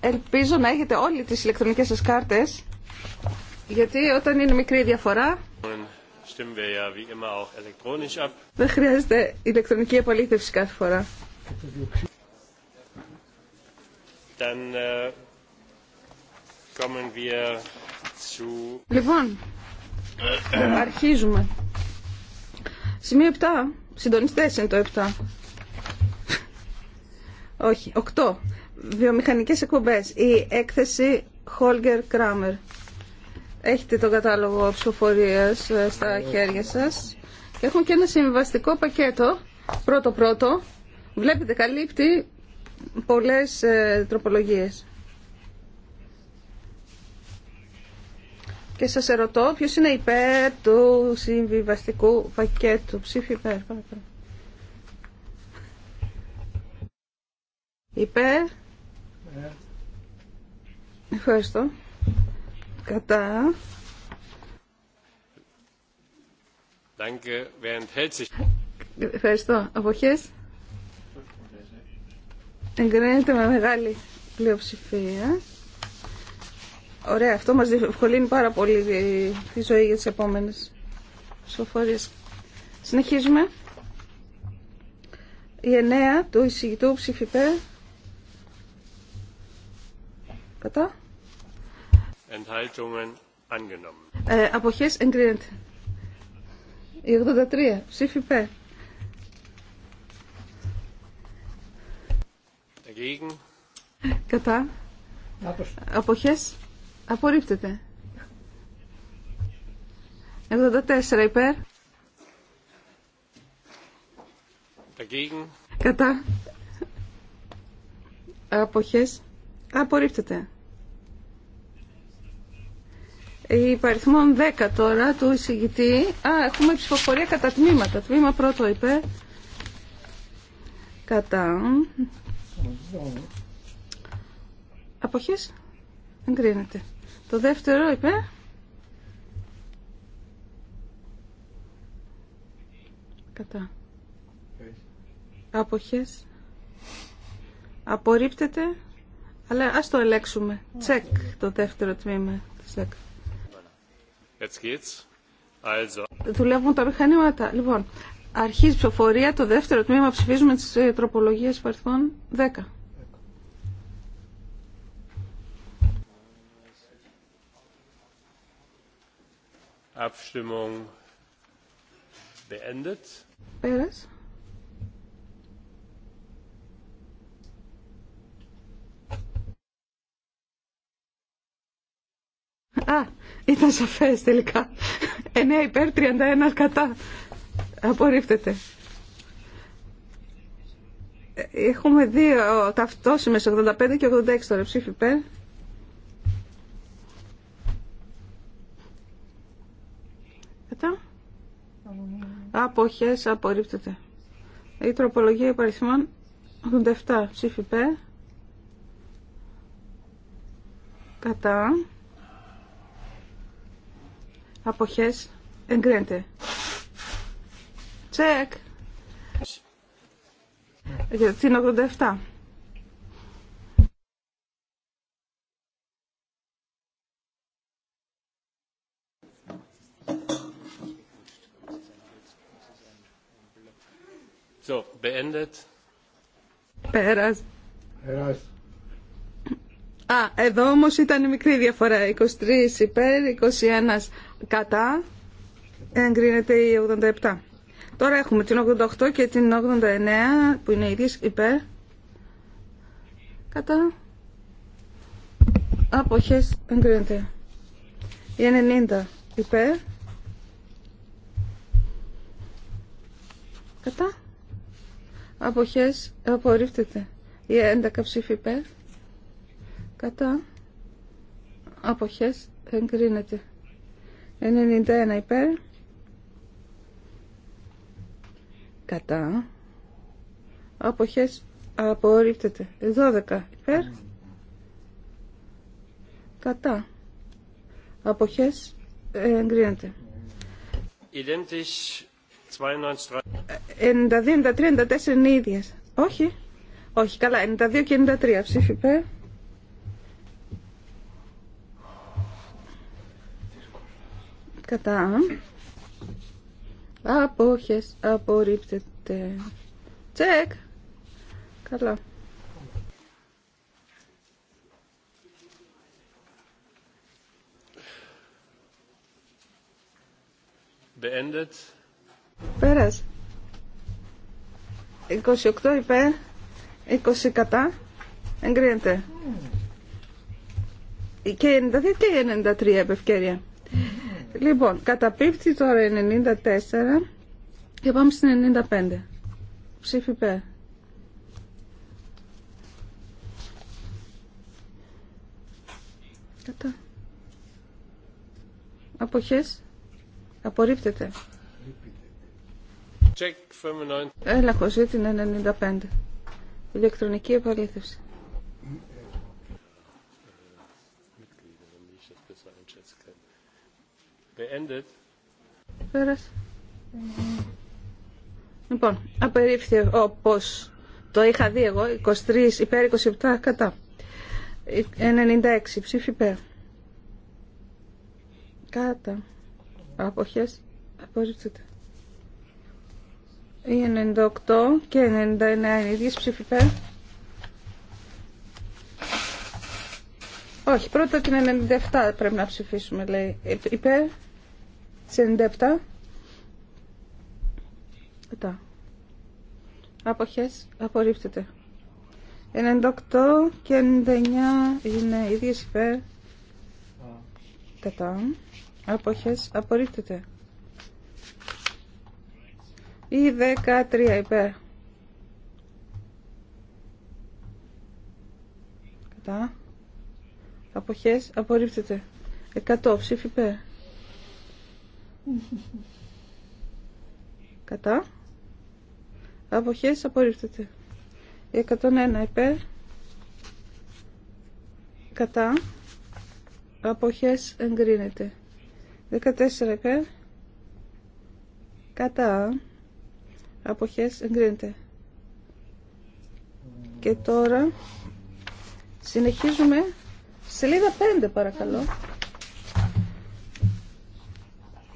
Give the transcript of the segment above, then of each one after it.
Ελπίζω να έχετε όλοι τις ηλεκτρονικές σας κάρτες, γιατί όταν είναι μικρή διαφορά, δεν χρειάζεται ηλεκτρονική επαλήθευση κάθε φορά. Λοιπόν, αρχίζουμε. Σημείο 7. Συντονιστές είναι το 7 όχι, οκτώ. Βιομηχανικές εκπομπές. Η έκθεση Holger Kramer. Έχετε τον κατάλογο ψηφοφορία ε, στα χέρια σας. Και έχουμε και ένα συμβαστικό πακέτο. Πρώτο-πρώτο. Βλέπετε, καλύπτει πολλές ε, τροπολογίες. Και σας ερωτώ ποιος είναι υπέρ του συμβιβαστικού πακέτου. Ψήφι υπέρ, παρακαλώ. Υπέρ. Ευχαριστώ. Κατά. Ευχαριστώ. Αποχές. Εγκρίνεται με μεγάλη πλειοψηφία. Ωραία, αυτό μας διευκολύνει πάρα πολύ τη ζωή για τις επόμενες ψηφοφορίες. Συνεχίζουμε. Η εννέα του εισηγητού ψηφιπέ Κατά. Enthaltungen angenommen. Ε, αποχές εγκρίνεται. Η 83. Ψήφι πέ. Dagegen. Κατά. Αποχές απορρίπτεται. 84 υπέρ. Dagegen. Κατά. Αποχές Απορρίπτεται. παριθμόν 10 τώρα του εισηγητή. Α, έχουμε ψηφοφορία κατά τμήματα. Τμήμα πρώτο είπε. Κατά. Αποχές. κρίνεται. Το δεύτερο είπε. Κατά. Αποχές. Απορρίπτεται. Αλλά ας το ελέξουμε. Τσεκ το δεύτερο τμήμα. Τσεκ. Δουλεύουν τα μηχανήματα. Λοιπόν, αρχίζει ψηφοφορία, το δεύτερο τμήμα ψηφίζουμε τις ε, τροπολογίες βαριθμών 10. Abstimmung beendet. Πέρας. Α, ήταν σαφέ τελικά. 9 υπέρ, 31 κατά. Απορρίπτεται. Έχουμε δύο ταυτόσημες, 85 και 86 τώρα ψήφι υπέρ. Κατά. Αποχές απορρίπτεται. Η τροπολογία υπαριθμών 87 ψήφι υπέρ. Κατά αποχές εγκρίνεται. Τσεκ. Για την 87. So, beendet. Peras. Peras. Α, εδώ όμως ήταν η μικρή διαφορά. 23 υπέρ, 21 κατά. Εγκρίνεται η 87. Τώρα έχουμε την 88 και την 89 που είναι ίδιες υπέρ. Κατά. Αποχές εγκρίνεται. Η 90 υπέρ. Κατά. Αποχές απορρίφτεται. Η 11 ψήφι υπέρ κατά αποχές εγκρίνεται 91 υπέρ κατά αποχές απορρίπτεται 12 υπέρ κατά αποχές εγκρίνεται Identisch 92 94 είναι ίδιες. Όχι. Όχι, καλά. 92 και 93 ψήφι υπέρ. κατά απόχες απορρίπτεται τσεκ καλά Beendet. Πέρας. 28 υπέρ, 20 κατά, εγκρίνεται. Και 92 και 93 επευκαιρία. Λοιπόν, καταπίπτει τώρα 94 και πάμε στην 95. Ψήφι πέ. Κατά. Αποχές. Απορρίπτεται. Check χωρίς την 95. Ηλεκτρονική επαλήθευση. Beendet. Λοιπόν, απερίφθη όπως το είχα δει εγώ, 23 υπέρ, 27 κατά. 96 ψήφι υπέρ. Κάτα. Αποχές. Απορρίπτεται. Η 98 και 99 είναι ίδιες ψήφι υπέρ. Όχι, πρώτα την 97 πρέπει να ψηφίσουμε, λέει. Ε, υπέρ. 97 Κατά. Αποχές απορρίπτεται. 98 και 99 είναι ίδιες υπέρ. Κατά. Αποχές απορρίπτεται. Ή 13 υπέρ. Κατά. Αποχές απορρίπτεται. 100 ψήφι υπέρ. Κατά. Αποχές απορρίπτεται. 101 υπέρ. Κατά. Αποχές εγκρίνεται. 14 υπέρ. Κατά. Αποχές εγκρίνεται. Και τώρα συνεχίζουμε σελίδα 5 παρακαλώ.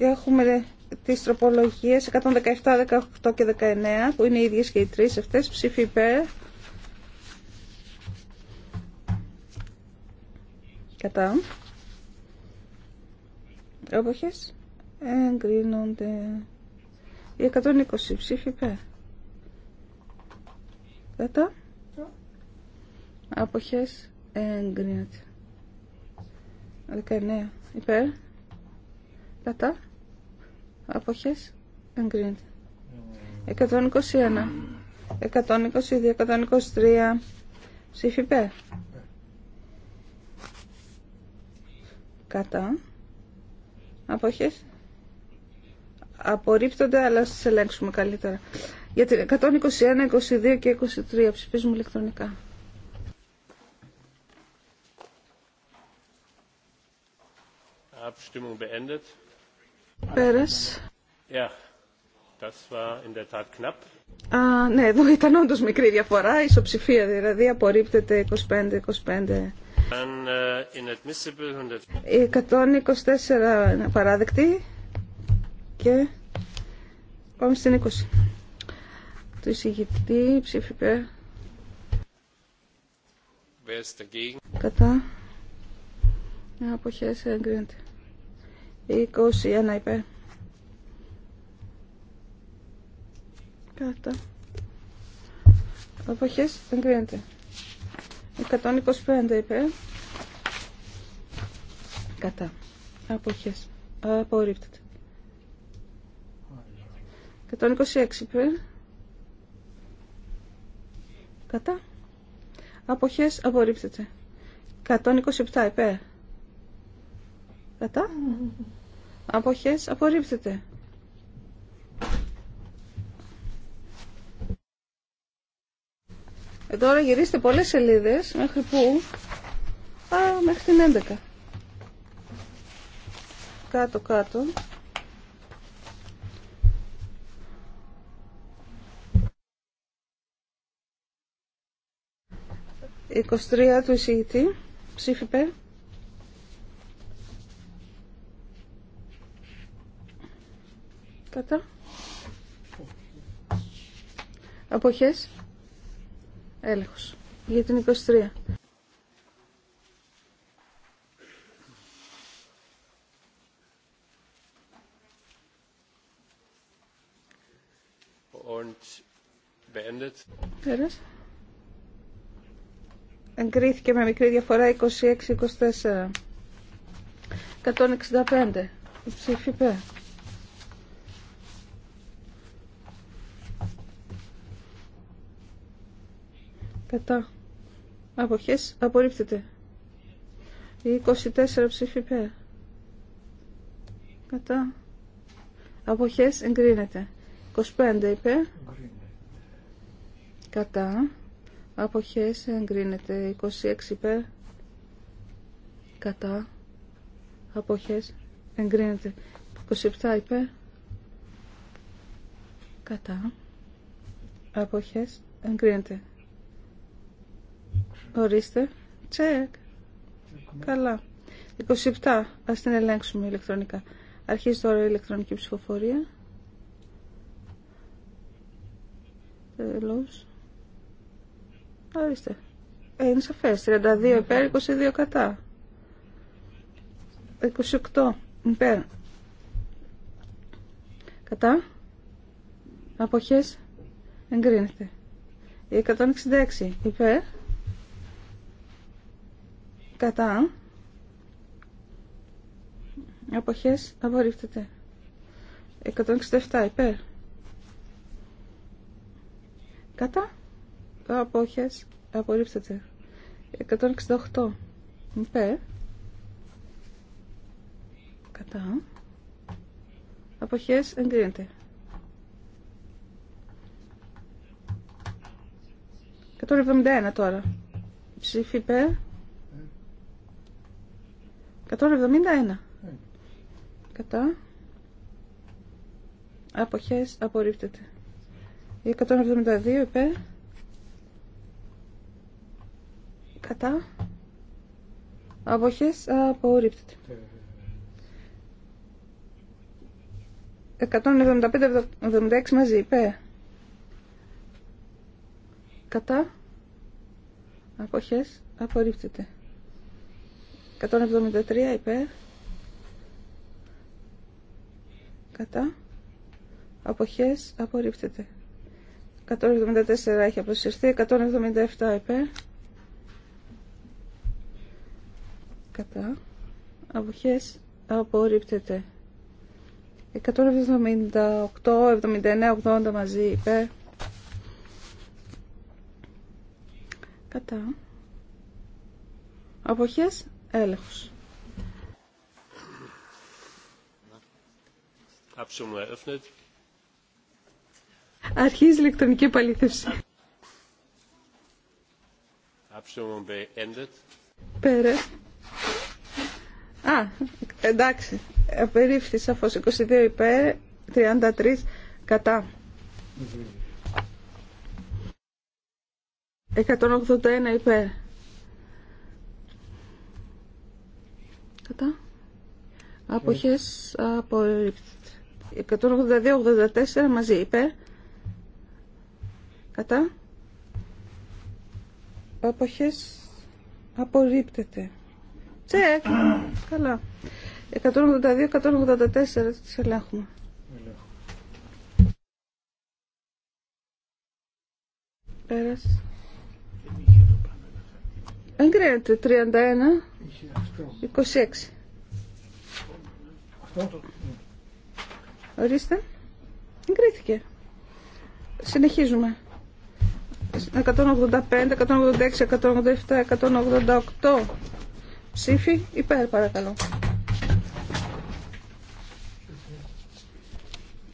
Έχουμε τις τροπολογίες 117, 18 και 19 που είναι οι ίδιες και οι τρεις αυτές. Ψήφι υπέρ. Κατά. Όποχες. Εγκρίνονται. Οι 120 ψήφι υπέρ. Κατά. Άποχες εγκρίνονται 19 υπέρ. Κατά. Αποχές. Εγκρίνεται. 121. 122. 123. Ψήφι Κατά. Αποχές. Απορρίπτονται, αλλά σας ελέγξουμε καλύτερα. Γιατί 121, 22 και 23 ψηφίζουμε ηλεκτρονικά. Abstimmung beendet ναι, εδώ ήταν όντως μικρή διαφορά, ισοψηφία δηλαδή, απορρίπτεται 25-25. 124 äh, είναι παράδεκτη και πάμε στην 20. Το εισηγητή, ψήφιπε. Κατά Κατά. Αποχές εγκρίνεται. 21 υπέρ. Κατά. Αποχές εγκρίνεται. 125 υπέρ. Κατά. Αποχές. Απορρίπτεται. 126 είπε. Κατά. Αποχές απορρίπτεται. 127 υπέρ. Κατά. Αποχές απορρίπτεται. Ε, τώρα γυρίστε πολλές σελίδες μέχρι που... Α, μέχρι την 11. Κάτω, κάτω. 23 του εισηγητή. Ψήφιπε. Κατά. Αποχές. Έλεγχος. Για την 23. Εγκρίθηκε με μικρή διαφορά 26-24. 165. Ψήφι πέρα. κατά αποχές απορρίπτεται. 24 ψήφι Κατά αποχές εγκρίνεται. 25 είπε, Κατά αποχές εγκρίνεται. 26 είπε. Κατά αποχές εγκρίνεται. 27 είπε. Κατά αποχές εγκρίνεται. Ορίστε. Τσεκ. Καλά. 27. Ας την ελέγξουμε ηλεκτρονικά. Αρχίζει τώρα η ηλεκτρονική ψηφοφορία. Τέλος. Ορίστε. Ε, είναι σαφές. 32 υπέρ, 22 κατά. 28 υπέρ. Κατά. Αποχές. Εγκρίνεται. 166 υπέρ κατά αποχές Απορρίφτεται. 167 υπέρ κατά αποχές Απορρίφτεται. 168 υπέρ κατά αποχές εγκρίνεται 171 τώρα ψήφι υπέρ 171. Κατά. Αποχές απορρίπτεται. 172 υπέρ. Κατά. Αποχές απορρίπτεται. 175-76 μαζί υπέ. Κατά. Αποχές απορρίπτεται. 173 υπέρ. Κατά. Αποχές απορρίπτεται. 174 έχει αποσυρθεί. 177 υπέρ. Κατά. Αποχές απορρίπτεται. 178, 79, 80 μαζί υπέρ. Κατά. Αποχές έλεγχος. Αρχίζει η ηλεκτρονική επαλήθευση. Πέρα. Α, εντάξει. Απερίφθη σαφώ 22 υπέρ, 33 κατά. 181 υπέρ. Κατά. Αποχές από 182-84 μαζί υπέρ. Κατά. Αποχές απορρίπτεται. Τσεκ. Καλά. 182-184 τις ελέγχουμε. πέρασε Εγκρίνεται 31 26. Ορίστε. Εγκρίθηκε. Συνεχίζουμε. 185, 186, 187, 188 ψήφι υπέρ παρακαλώ.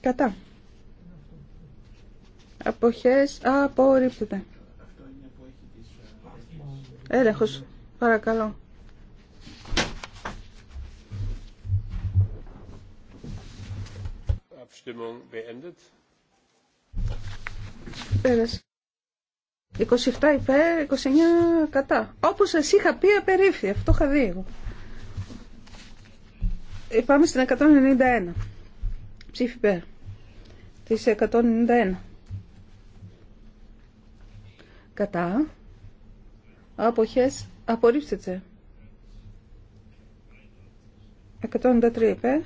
Κατά. Αποχές απορρίπτεται. Έλεγχος παρακαλώ. Abstimmung beendet. 27 υπέρ, 29 κατά. Όπω σα είχα πει, απερίφθη. Αυτό είχα δει εγώ. Πάμε στην 191. Ψήφι υπέρ. Τη 191. Κατά. Αποχές. Απορρίψτε. 193 υπέρ.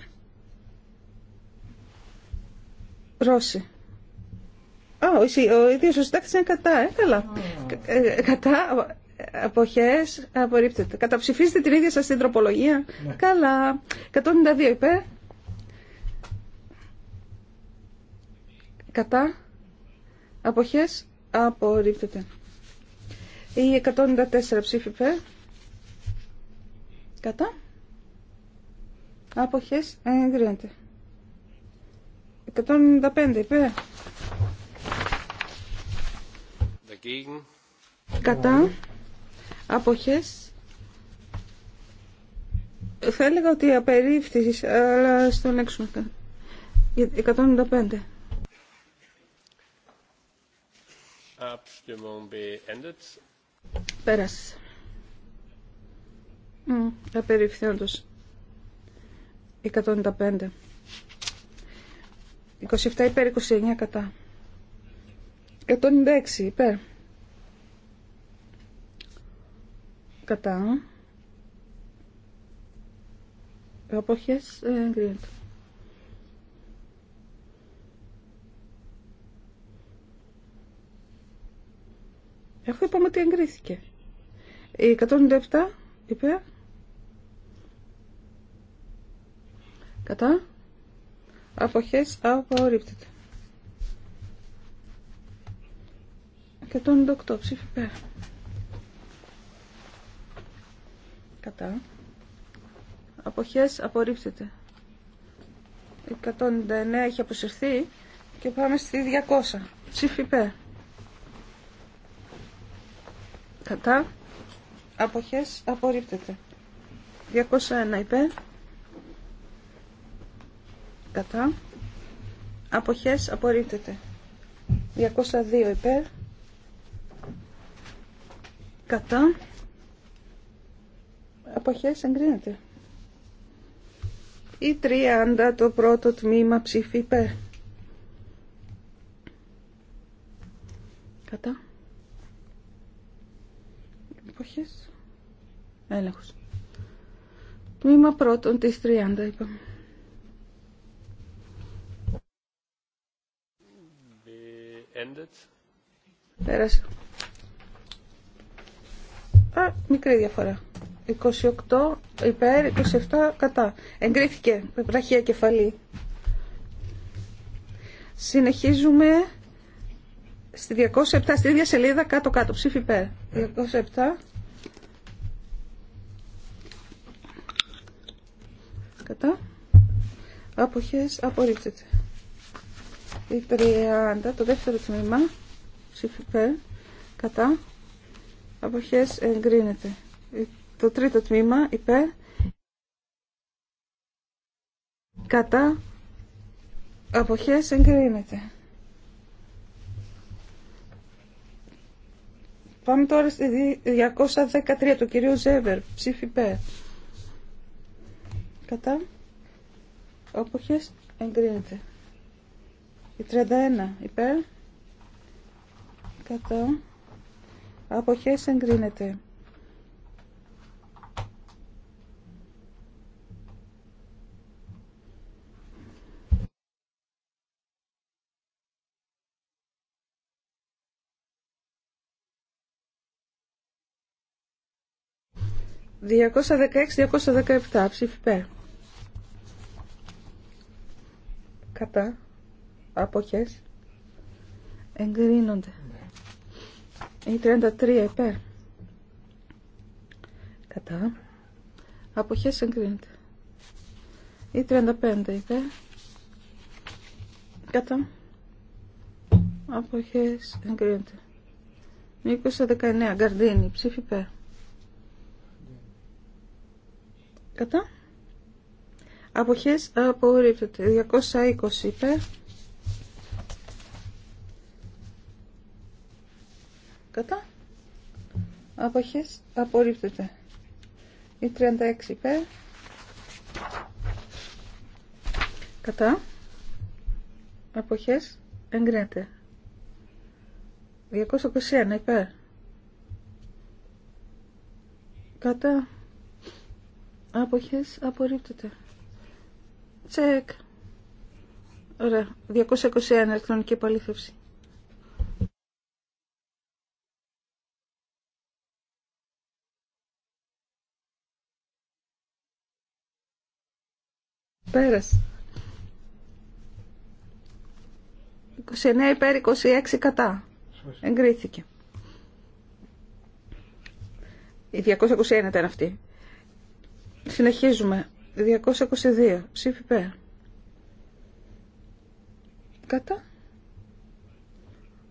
Ρώση. Α, ο ίδιος ο συντάκτης είναι κατά, ε, καλά. Ε, κατά, αποχές, απορρίπτεται. Καταψηφίζετε την ίδια σας την τροπολογία. Ναι. Καλά. 192 υπέρ. Κατά, αποχές, απορρίπτεται. Η 194 ψήφι υπέρ. Κατά. Αποχές εγκρίνεται. 195 υπέρ. Κατά. Αποχές. Θα έλεγα ότι απερίφθησης, αλλά στον έξω. 195. Πέρας. Mm, απερίφθη όντως. 195. 27 υπέρ, 29 κατά. 196 υπέρ. Κατά. Απόχες ε, εγκρίνεται. Έχω είπαμε ότι εγκρίθηκε. Η 197 υπέρ. Κατά αποχές απορρίπτεται. 108 ψήφι πέρα. Κατά. Αποχές απορρίπτεται. 199 έχει αποσυρθεί και πάμε στη 200. Ψήφι πέρα. Κατά. Αποχές απορρίπτεται. 201 υπέρ κατά αποχές απορρίπτεται 202 υπέρ κατά αποχές εγκρίνεται ή 30 το πρώτο τμήμα ψήφι υπέρ κατά αποχές έλεγχος τμήμα πρώτον της 30 είπαμε Πέρασε. Α, μικρή διαφορά. 28 υπέρ, 27 κατά. Εγκρίθηκε με βραχία κεφαλή. Συνεχίζουμε στη 207, στη ίδια σελίδα κάτω-κάτω. Ψήφι υπέρ. 207. Κατά. Αποχές απορρίπτεται. Η 30, το δεύτερο τμήμα, ψηφιπέρ, κατά, αποχές εγκρίνεται. Το τρίτο τμήμα, υπέρ, κατά, αποχές εγκρίνεται. Πάμε τώρα στη 213 του κυρίου Ζέβερ, ψήφι Κατά, αποχές εγκρίνεται. Η 31 υπέρ. Κατά. Αποχές εγκρίνεται. Διακόσια δεκαέξι, διακόσια δεκαεπτά, ψήφι Κατά. Αποχές. Εγκρίνονται. Η 33 υπέρ. Κατά. Αποχές εγκρίνεται. Η 35 υπέρ. Κατά. εγκρίνονται. Μήκος 20-19 Γκαρδίνη. Ψήφι υπέρ. Κατά. Αποχές απορρίπτεται. 220 υπέρ. Κατά. Αποχές. Απορρίπτεται. Η 36 υπέρ. Κατά. Αποχές. Εγκρίνεται. 221 υπέρ. Κατά. Αποχές. Απορρίπτεται. Τσεκ. Ωραία. 221 ηλεκτρονική επαλήθευση. Πέρασε. 29 υπέρ 26 κατά. Εγκρίθηκε. Η 221 ήταν αυτή. Συνεχίζουμε. 222. Ψήφι πέρα. Κατά.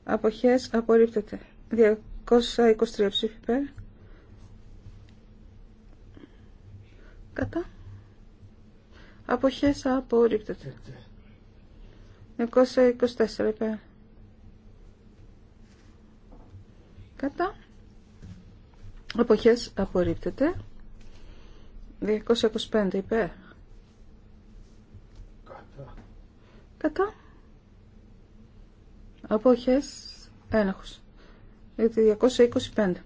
Αποχές απορρίπτεται. 223 ψήφι πέρα. Κατά. Αποχές απορρίπτεται. 224 υπέρ. Κατά. Αποχές απορρίπτεται. 225 υπέρ. Κατά. Κατά. Αποχές ένοχος. Γιατί 225.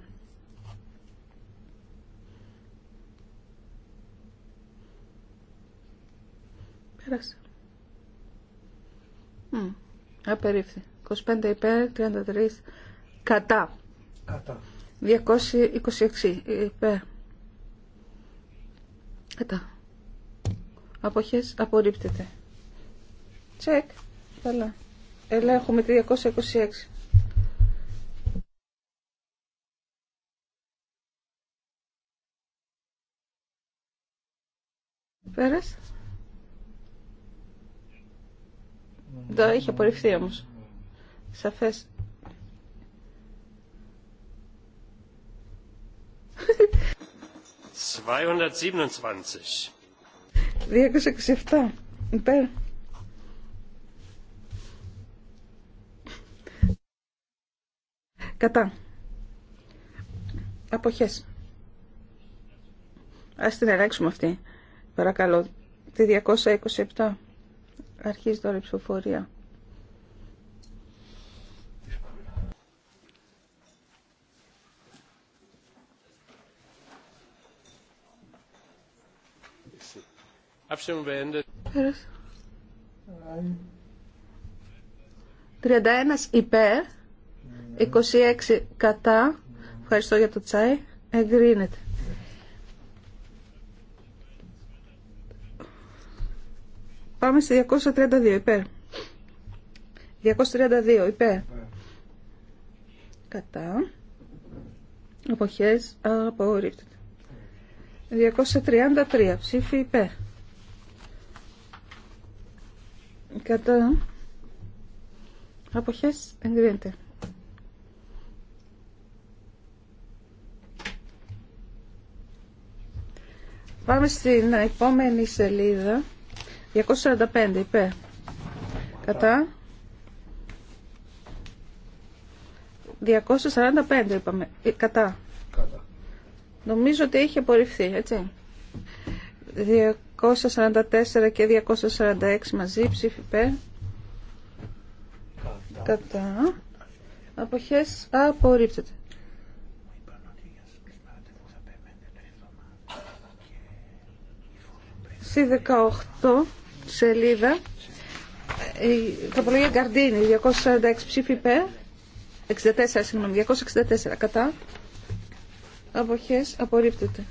Πέρασε. Mm. Απερίφθη. 25 υπέρ, 33 κατά. Κατά. 226 υπέρ. Κατά. Αποχές απορρίπτεται. Τσεκ. Καλά. Ελέγχουμε τη 226. Πέρασε. Το είχε απορριφθεί όμως. Σαφές. ...227 υπέρ. Κατά. Αποχές. Ας την ελέγξουμε αυτή. Παρακαλώ. Τη 227. Αρχίζει τώρα η ψηφοφορία. 31 υπέρ, 26 κατά. Ευχαριστώ για το τσάι. Εγκρίνεται. Πάμε στη 232 υπέρ. 232 υπέρ. Κατά. Εποχές. απορρίπτεται. 233 ψήφι υπέρ. Κατά. Αποχές εγκρίνεται. Πάμε στην επόμενη σελίδα. 245 είπε Κατά. 245 είπαμε. Ε, κατά. Κατά. Νομίζω ότι έχει απορριφθεί, έτσι. 244 και 246 μαζί ψήφι Κατά. Κατά. Αποχές απορρίπτεται. Στη 18 σελίδα. Ε, η τροπολογία Γκαρντίνη, 246 ψήφι υπέρ, 64 συγγνώμη, 264 κατά. Αποχές απορρίπτεται.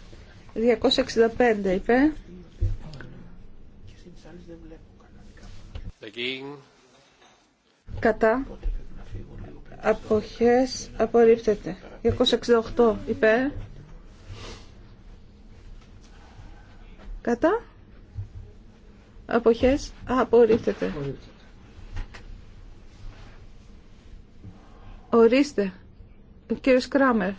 265 υπέρ. Κατά. Αποχές απορρίπτεται. 268 υπέρ. Κατά. Αποχές. Απορρίφτεται. Ορίστε. Κύριε Κράμερ.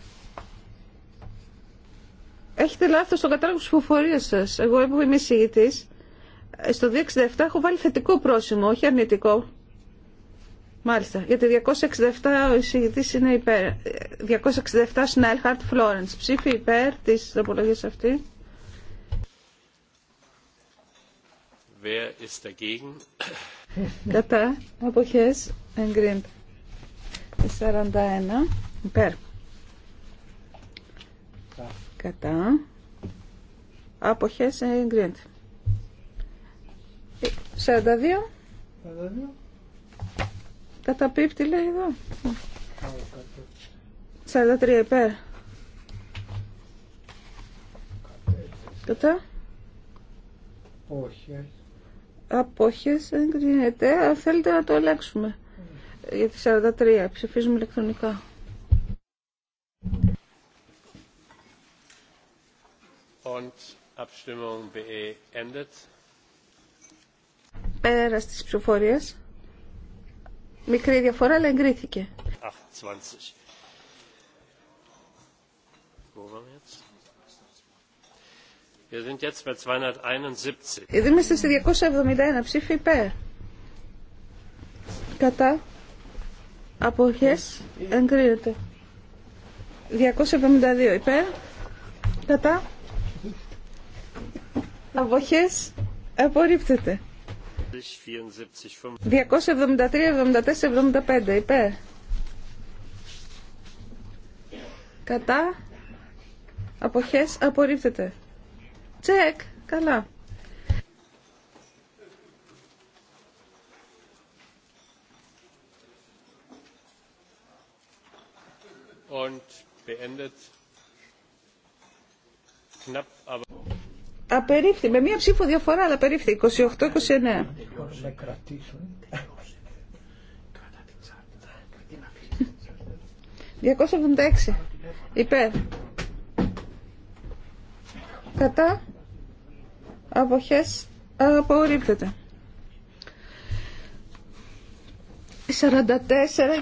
Έχετε λάθος στον κατάλογο της ψηφοφορίας σας. Εγώ είμαι εισηγητής. Στο 267 έχω βάλει θετικό πρόσημο, όχι αρνητικό. Μάλιστα. γιατί 267 ο εισηγητή είναι υπέρ. 267 Σνέλχαρτ Φλόρεντ. Ψήφι υπέρ τη τροπολογία αυτή. Κατά αποχές εγκρίνεται. 41 υπέρ. Κατά αποχές εγκρίνεται. 42. 42. πίπτη λέει εδώ. 43 υπέρ. Κατά. Όχι. Απόχες εγκρίνεται, αλλά θέλετε να το ελέγξουμε. Για τη 43 ψηφίζουμε ηλεκτρονικά. Und Abstimmung Πέρα στις ψηφορίες. Μικρή διαφορά, αλλά εγκρίθηκε. 28. Wo ε, είμαστε στη 271 ψήφι υπέρ. Κατά. Αποχές. Εγκρίνεται. 272 υπέρ. Κατά. Αποχές. Απορρίπτεται. 273, 74, 75 υπέρ. Κατά. Αποχές. Απορρίπτεται. Τσεκ. Καλά. Απερίφθη, με μία ψήφο διαφορά, αλλά απερίφθη, 28-29. 276. υπέρ. Κατά αποχές απορρίπτεται. 44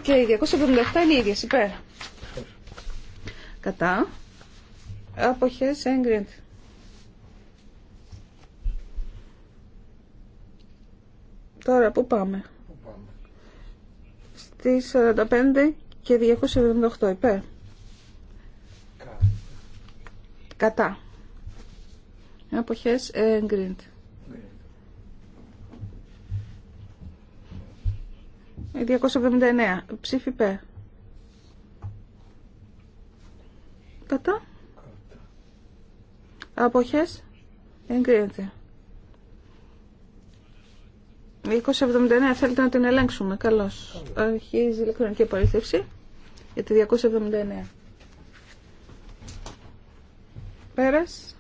και 277 είναι ίδιες, υπέρ. Κατά. Αποχές Έγκριντ. Τώρα, πού πάμε. Στι 45 και 278, υπέρ. Κατά. Αποχές ε, εγκρίνεται. Η ε, 279. Ψήφι πέ. Κατά. Αποχές εγκρίνεται. Η 279 θέλετε να την ελέγξουμε. Καλώς. Αρχίζει η ηλεκτρονική απορρίθευση για τη 279. Πέρας.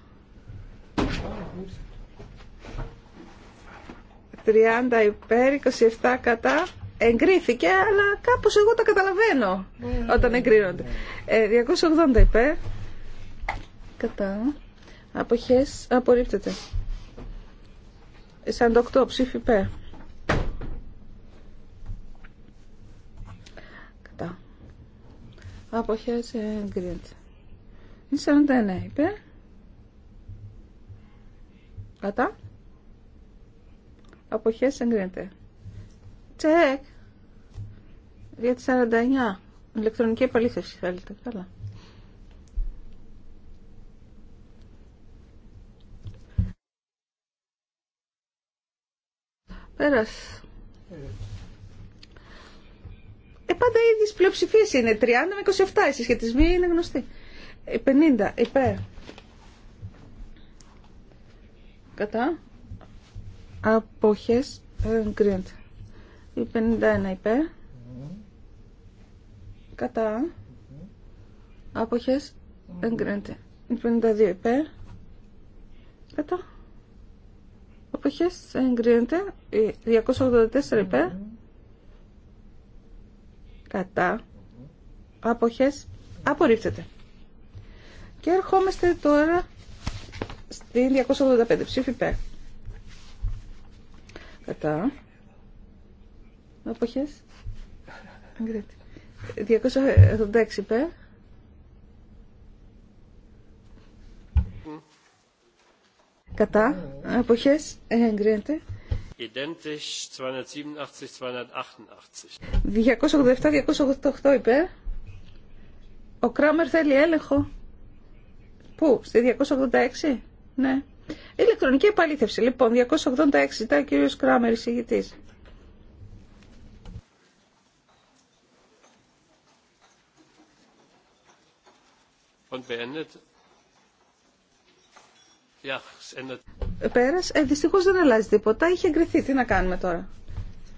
30 υπέρ, 27 κατά. Εγκρίθηκε, αλλά κάπως εγώ τα καταλαβαίνω όταν εγκρίνονται. 280 ε, υπέρ. Κατά. Αποχές απορρίπτεται. 48 ψήφι υπέρ. Κατά. Αποχές εγκρίνεται. 49 υπέρ. Κατά. Αποχές εγκρίνεται. Τσεκ. Για τη 49. Ηλεκτρονική επαλήθευση θέλετε. Καλά. Πέρας. Ε, πάντα οι ίδιες πλειοψηφίες είναι. 30 με 27. Οι συσχετισμοί είναι γνωστοί. 50. Ε, Υπέρ. Κατά. Απόχες εγκρίνεται. Η 51 υπέρ. Κατά. Απόχες εγκρίνεται. Η 52 υπέρ. Κατά. Απόχες εγκρίνεται. Η 284 υπέρ. Κατά. Απόχες απορρίπτεται. Και ερχόμαστε τώρα στην 285 ψήφι υπέρ. Κατά. Αποχές. 286 είπε. κατα Κατά. Αποχές. Εγκρίνεται. 287-288 είπε. Ο Κράμερ θέλει έλεγχο. Πού, στη 286. Ναι. Ηλεκτρονική επαλήθευση. Λοιπόν, 286 ζητάει ο κύριος Κράμερ, εισηγητής. Πέρας, ε, δυστυχώς δεν αλλάζει τίποτα, είχε εγκριθεί. Τι να κάνουμε τώρα.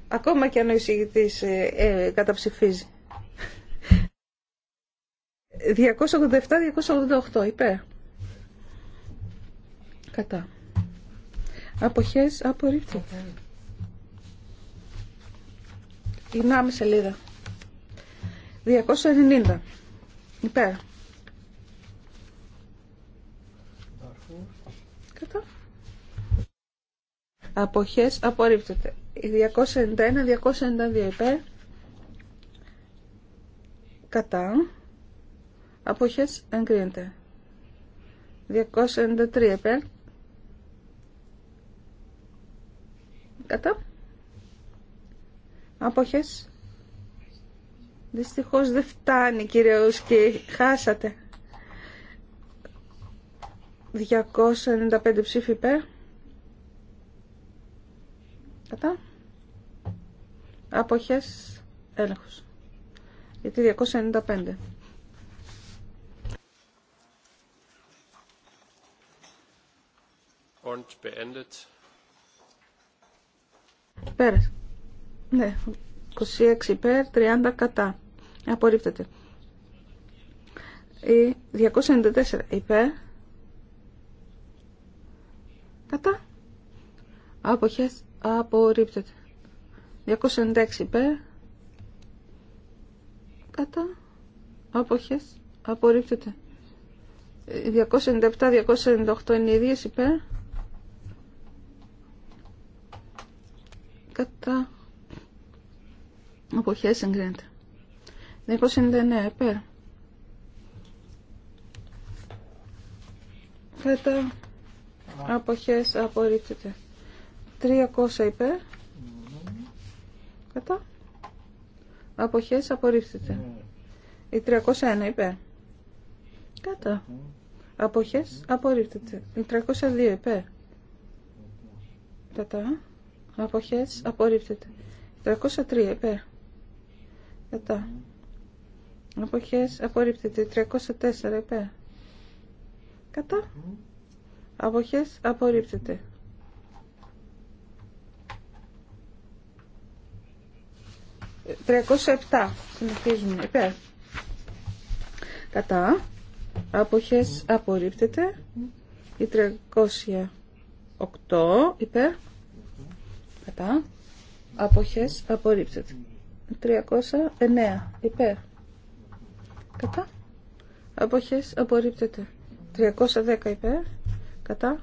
Ακόμα και αν ο εισηγητής ε, ε καταψηφίζει. 287-288, υπέρ. Κατά. Αποχές απορρίπτεται. Γυρνάμε σελίδα. 290. Υπέρ. Κατά. Αποχές απορρίπτεται. 291-292 υπέρ. Κατά. Αποχές εγκρίνεται. 293 υπέρ. Κατά. Αποχές. Δυστυχώς δεν φτάνει κυρίως και χάσατε. 295 ψήφοι υπέρ. Κατά. Αποχές. Έλεγχος. Γιατί 295. Und beendet. Πέρασε. Ναι, 26 υπέρ, 30 κατά. Απορρίπτεται. 294 υπέρ. Κατά. Αποχές. Απορρίπτεται. 296 υπέρ. Κατά. Αποχές. Απορρίπτεται. 297-298 είναι οι ίδιες υπέρ. κατά αποχές εγκρίνεται. 299 υπέρ. Κατά αποχές απορρίπτεται. 300 υπέρ. Κατά αποχές απορρίπτεται. Η 301 υπέρ. Κατά. Αποχές απορρίπτεται. Η 302 υπέρ. Κατά. Αποχές απορρίπτεται. 303 επέ, Κατά. Αποχές απορρίπτεται. 304 επέ, Κατά. Αποχές απορρίπτεται. 307. Συνεχίζουμε. επέ, Κατά. Αποχές απορρίπτεται. Η 308 υπέρ. Κατά. Αποχές. Απορρίπτεται. 309. Υπέρ. Κατά. Αποχές. Απορρίπτεται. 310 υπέρ. Κατά.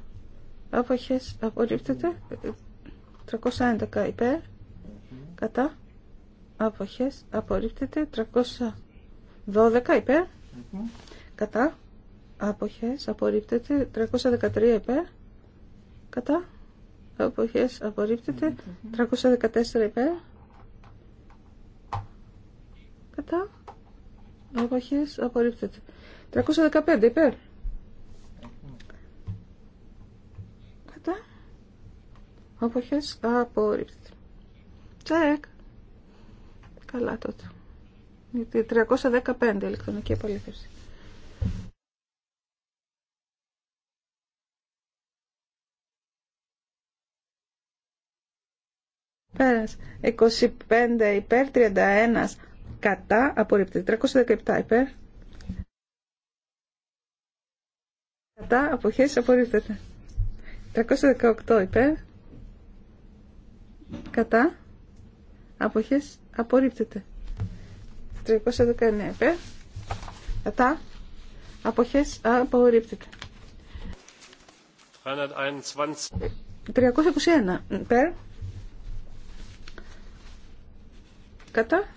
Αποχές. Απορρίπτεται. 311 υπέρ. Κατά. Αποχές. Απορρίπτεται. 312 υπέρ. Κατά. Αποχές. Απορρίπτεται. 313 υπέρ. Κατά αποχές απορρίπτεται 314 υπέρ κατά αποχές απορρίπτεται 315 υπέρ κατά αποχές απορρίπτεται τσεκ καλά τότε γιατί 315 ηλεκτρονική απολύθευση Πέρας. 25 υπέρ, 31 κατά, απορρίπτεται. 317 υπέρ. Κατά, αποχές, απορρίπτεται. 318 υπέρ. Κατά, αποχές, απορρίπτεται. 319 υπέρ. Κατά, αποχές, απορρίπτεται. 321 υπέρ. Κατά.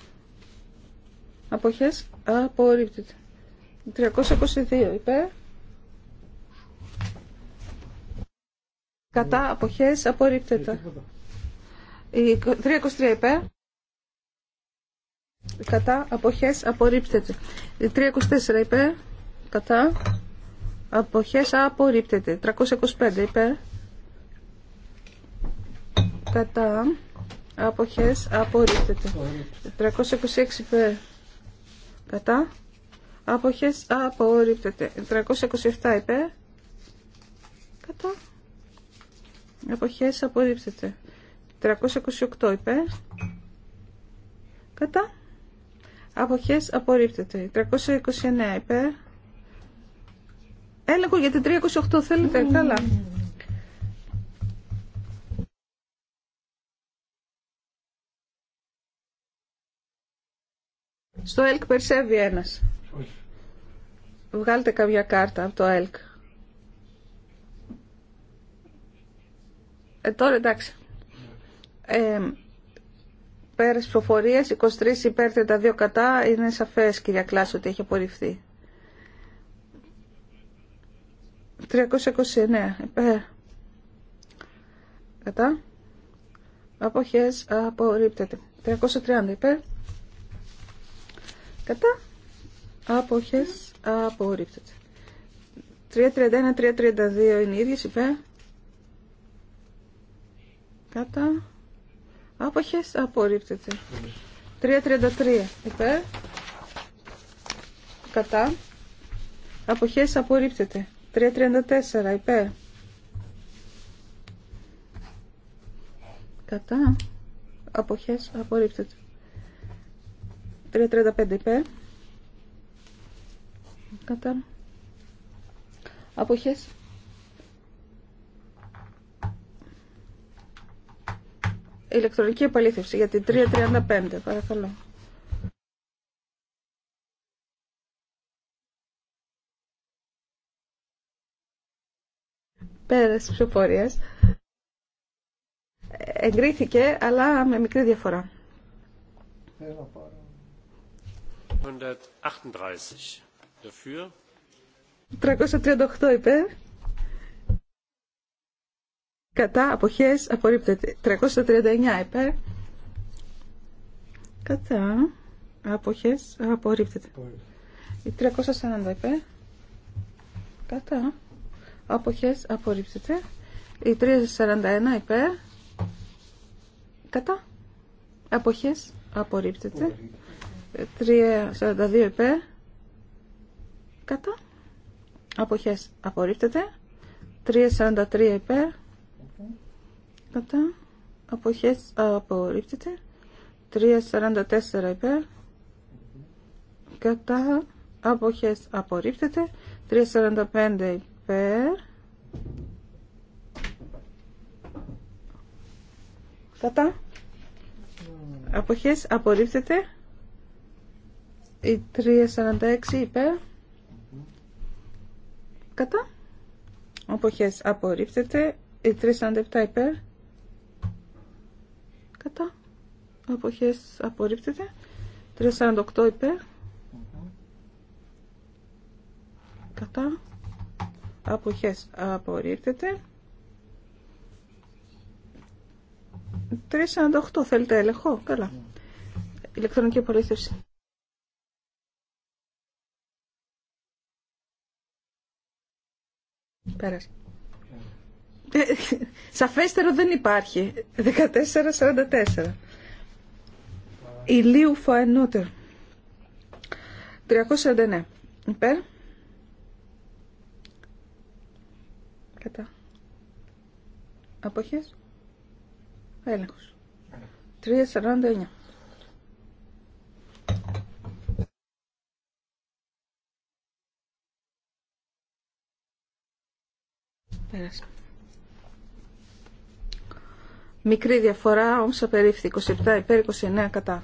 Αποχές. Απορρίπτεται. 322 υπέρ. Κατά. Αποχές. Απορρίπτεται. 323 υπέρ. Κατά. Αποχές. Απορρίπτεται. 324 υπέρ. Κατά. Αποχές. Απορρίπτεται. 325 υπέρ. Κατά Αποχές απορρίπτεται. 326 υπέρ. Κατά. Αποχές απορρίπτεται. 327 υπέρ. Κατά. Αποχές απορρίπτεται. 328 υπέρ. Κατά. Αποχές απορρίπτεται. 329 υπέρ. Έλεγχο για την 328 θέλετε. Καλά. Στο ΕΛΚ περισσεύει ένας. Βγάλτε κάποια κάρτα από το ΕΛΚ. Ε, τώρα εντάξει. Ε, πέρας 23 υπέρ 32 κατά, είναι σαφές κυρία Κλάς ότι έχει απορριφθεί. 329 υπέρ. Κατά. Αποχές απορρίπτεται. 330 υπέρ. Κατά. Απόχες. Απορρίπτεται. 3.31, 3.32 είναι οι ίδιες υπέρ. Κατά. Άποχες. Απορρίπτεται. 3.33 υπέρ. Κατά. Αποχές. Απορρίπτεται. 3.34 είπε. Κατά. Αποχές. Απορρίπτεται. 3.35 υπέρ. Κατά. Αποχές. Ηλεκτρονική επαλήθευση για την 3.35 παρακαλώ. στις ψηφοφορίας. Ε, εγκρίθηκε αλλά με μικρή διαφορά. 338 υπέρ. Κατά αποχές απορρίπτεται. 339 υπέρ. Κατά αποχές απορρίπτεται. 340 υπέρ. Κατά αποχές απορρίπτεται. Η 341 υπέρ. Κατά αποχές απορρίπτεται. 3.42 υπέρ. Κατά. Αποχές απορρίπτεται. 3.43 υπέρ. Κατά. Αποχές απορρίπτεται. 3.44 υπέρ. Κατά. Αποχές απορρίπτεται. 3.45 υπέρ. Κατά. Αποχές απορρίπτεται. Η 346 υπέρ. Κατά. Αποχές απορρίπτεται. Η 347 υπέρ. Κατά. Αποχές απορρίπτεται. 348 υπέρ. Κατά. Αποχές απορρίπτεται. 348 θέλετε έλεγχο. Καλά. Ηλεκτρονική απολύθευση Ε, σαφέστερο δεν υπάρχει. 14. 1444. Ηλίου φαενότερ. 349. Υπέρ. Κατά. Αποχές. Έλεγχος. 349. Μικρή διαφορά, όμως απερίφθη. 27 υπέρ, 29 κατά.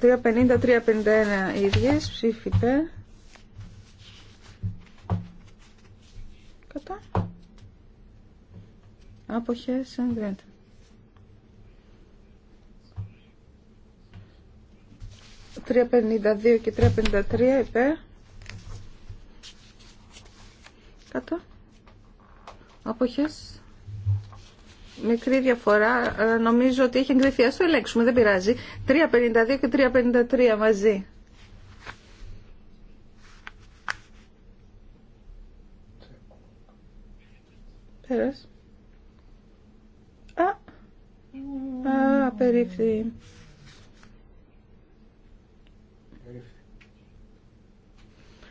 350-351 ίδιες, ψήφι υπέρ. Κατά. Άποχες, εγκρίνεται. 352 και 353 υπέρ. Κατά. Αποχές. Μικρή διαφορά. Ε, νομίζω ότι έχει εγκριθεί. Ας το ελέγξουμε. Δεν πειράζει. 3.52 και 3.53 μαζί. Πέρας. Α. Α,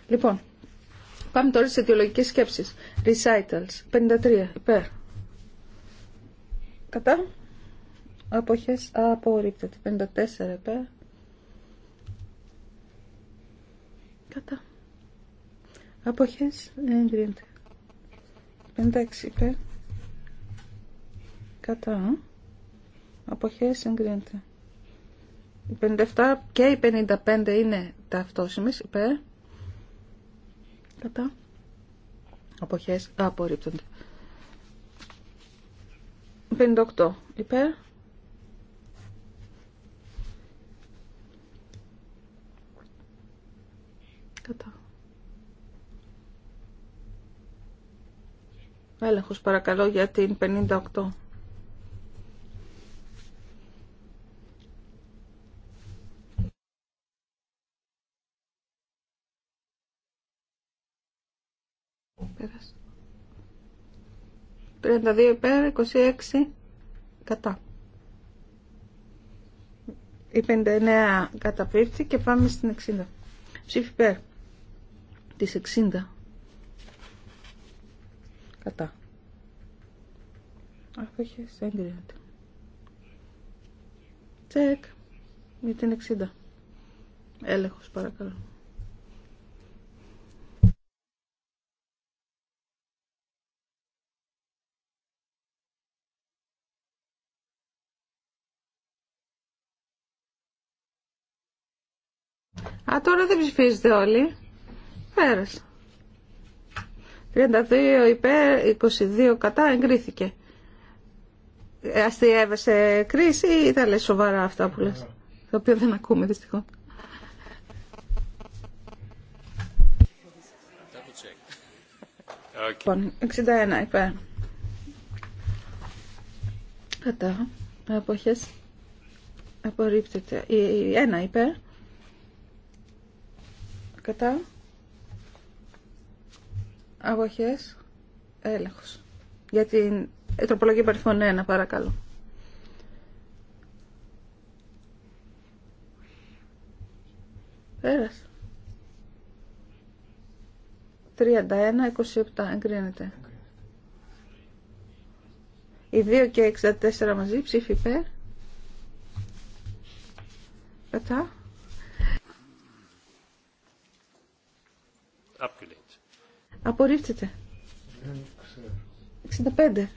Λοιπόν, Πάμε τώρα σε αιτιολογικές σκέψεις. Recitals. 53. Υπέρ. Κατά. Αποχές. Απορρίπτεται. 54. Υπέρ. Κατά. Αποχές. εγκρίνεται. 56. Υπέρ. Κατά. Αποχές. Εγκρίνεται. Οι 57 και οι 55 είναι ταυτόσιμες. Υπέρ. Κατά. Αποχές. Απορρίπτονται. 58. Υπέρ. Κατά. Έλεγχος παρακαλώ για την 58. 32 υπέρ, 26 κατά. Η 59 καταπίπτει και πάμε στην 60. Ψήφι υπέρ της 60. Κατά. Αφού έχεις έγκρινεται. Τσεκ. για την 60. Έλεγχος παρακαλώ. Α, τώρα δεν ψηφίζετε όλοι. Πέρασε. 32 υπέρ, 22 κατά, εγκρίθηκε. Ε, Αστιεύεσαι κρίση ή τα λες σοβαρά αυτά που λες. Το οποίο δεν ακούμε δυστυχώς. Λοιπόν, 61 υπέρ. Κατά. Αποχές. Απορρίπτεται. Η 1 υπέρ. Κατά. Αγωχέ. Έλεγχος. Για την τροπολογία παριθμόν 1, παρακαλώ. Πέρασε. 31-27 εγκρίνεται. Οι 2 και 64 μαζί ψήφι υπέρ. Κατά. ξέρω. 65.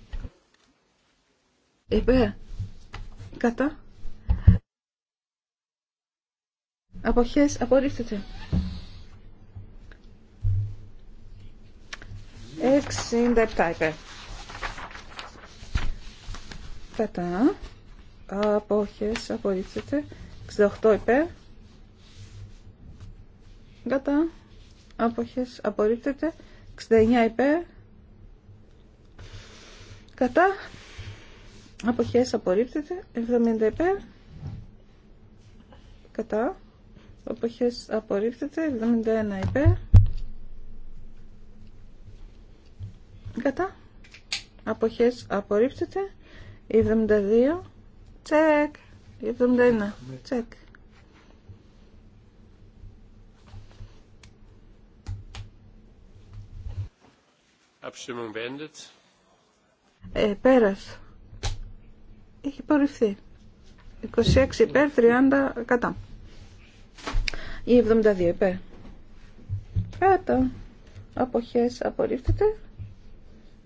Είπε. Κατά. Αποχές. Απορρίπτεται. 67 είπε. Κατά. Αποχές. Απορρίπτεται. 68 είπε. Κατά. Αποχές. Απορρίφτεται. 69 υπέρ. Κατά. Αποχές απορρίπτεται. 70 υπέρ. Κατά. Αποχές απορρίπτεται. 71 υπέρ. Κατά. Αποχές απορρίπτεται. 72. Τσεκ. 71. Τσεκ. Abstimmung beendet. Ε, πέρας. Έχει υπορριφθεί. 26 υπέρ, 30 κατά. Ή 72 υπέρ. Κατά. Αποχές απορρίφτεται.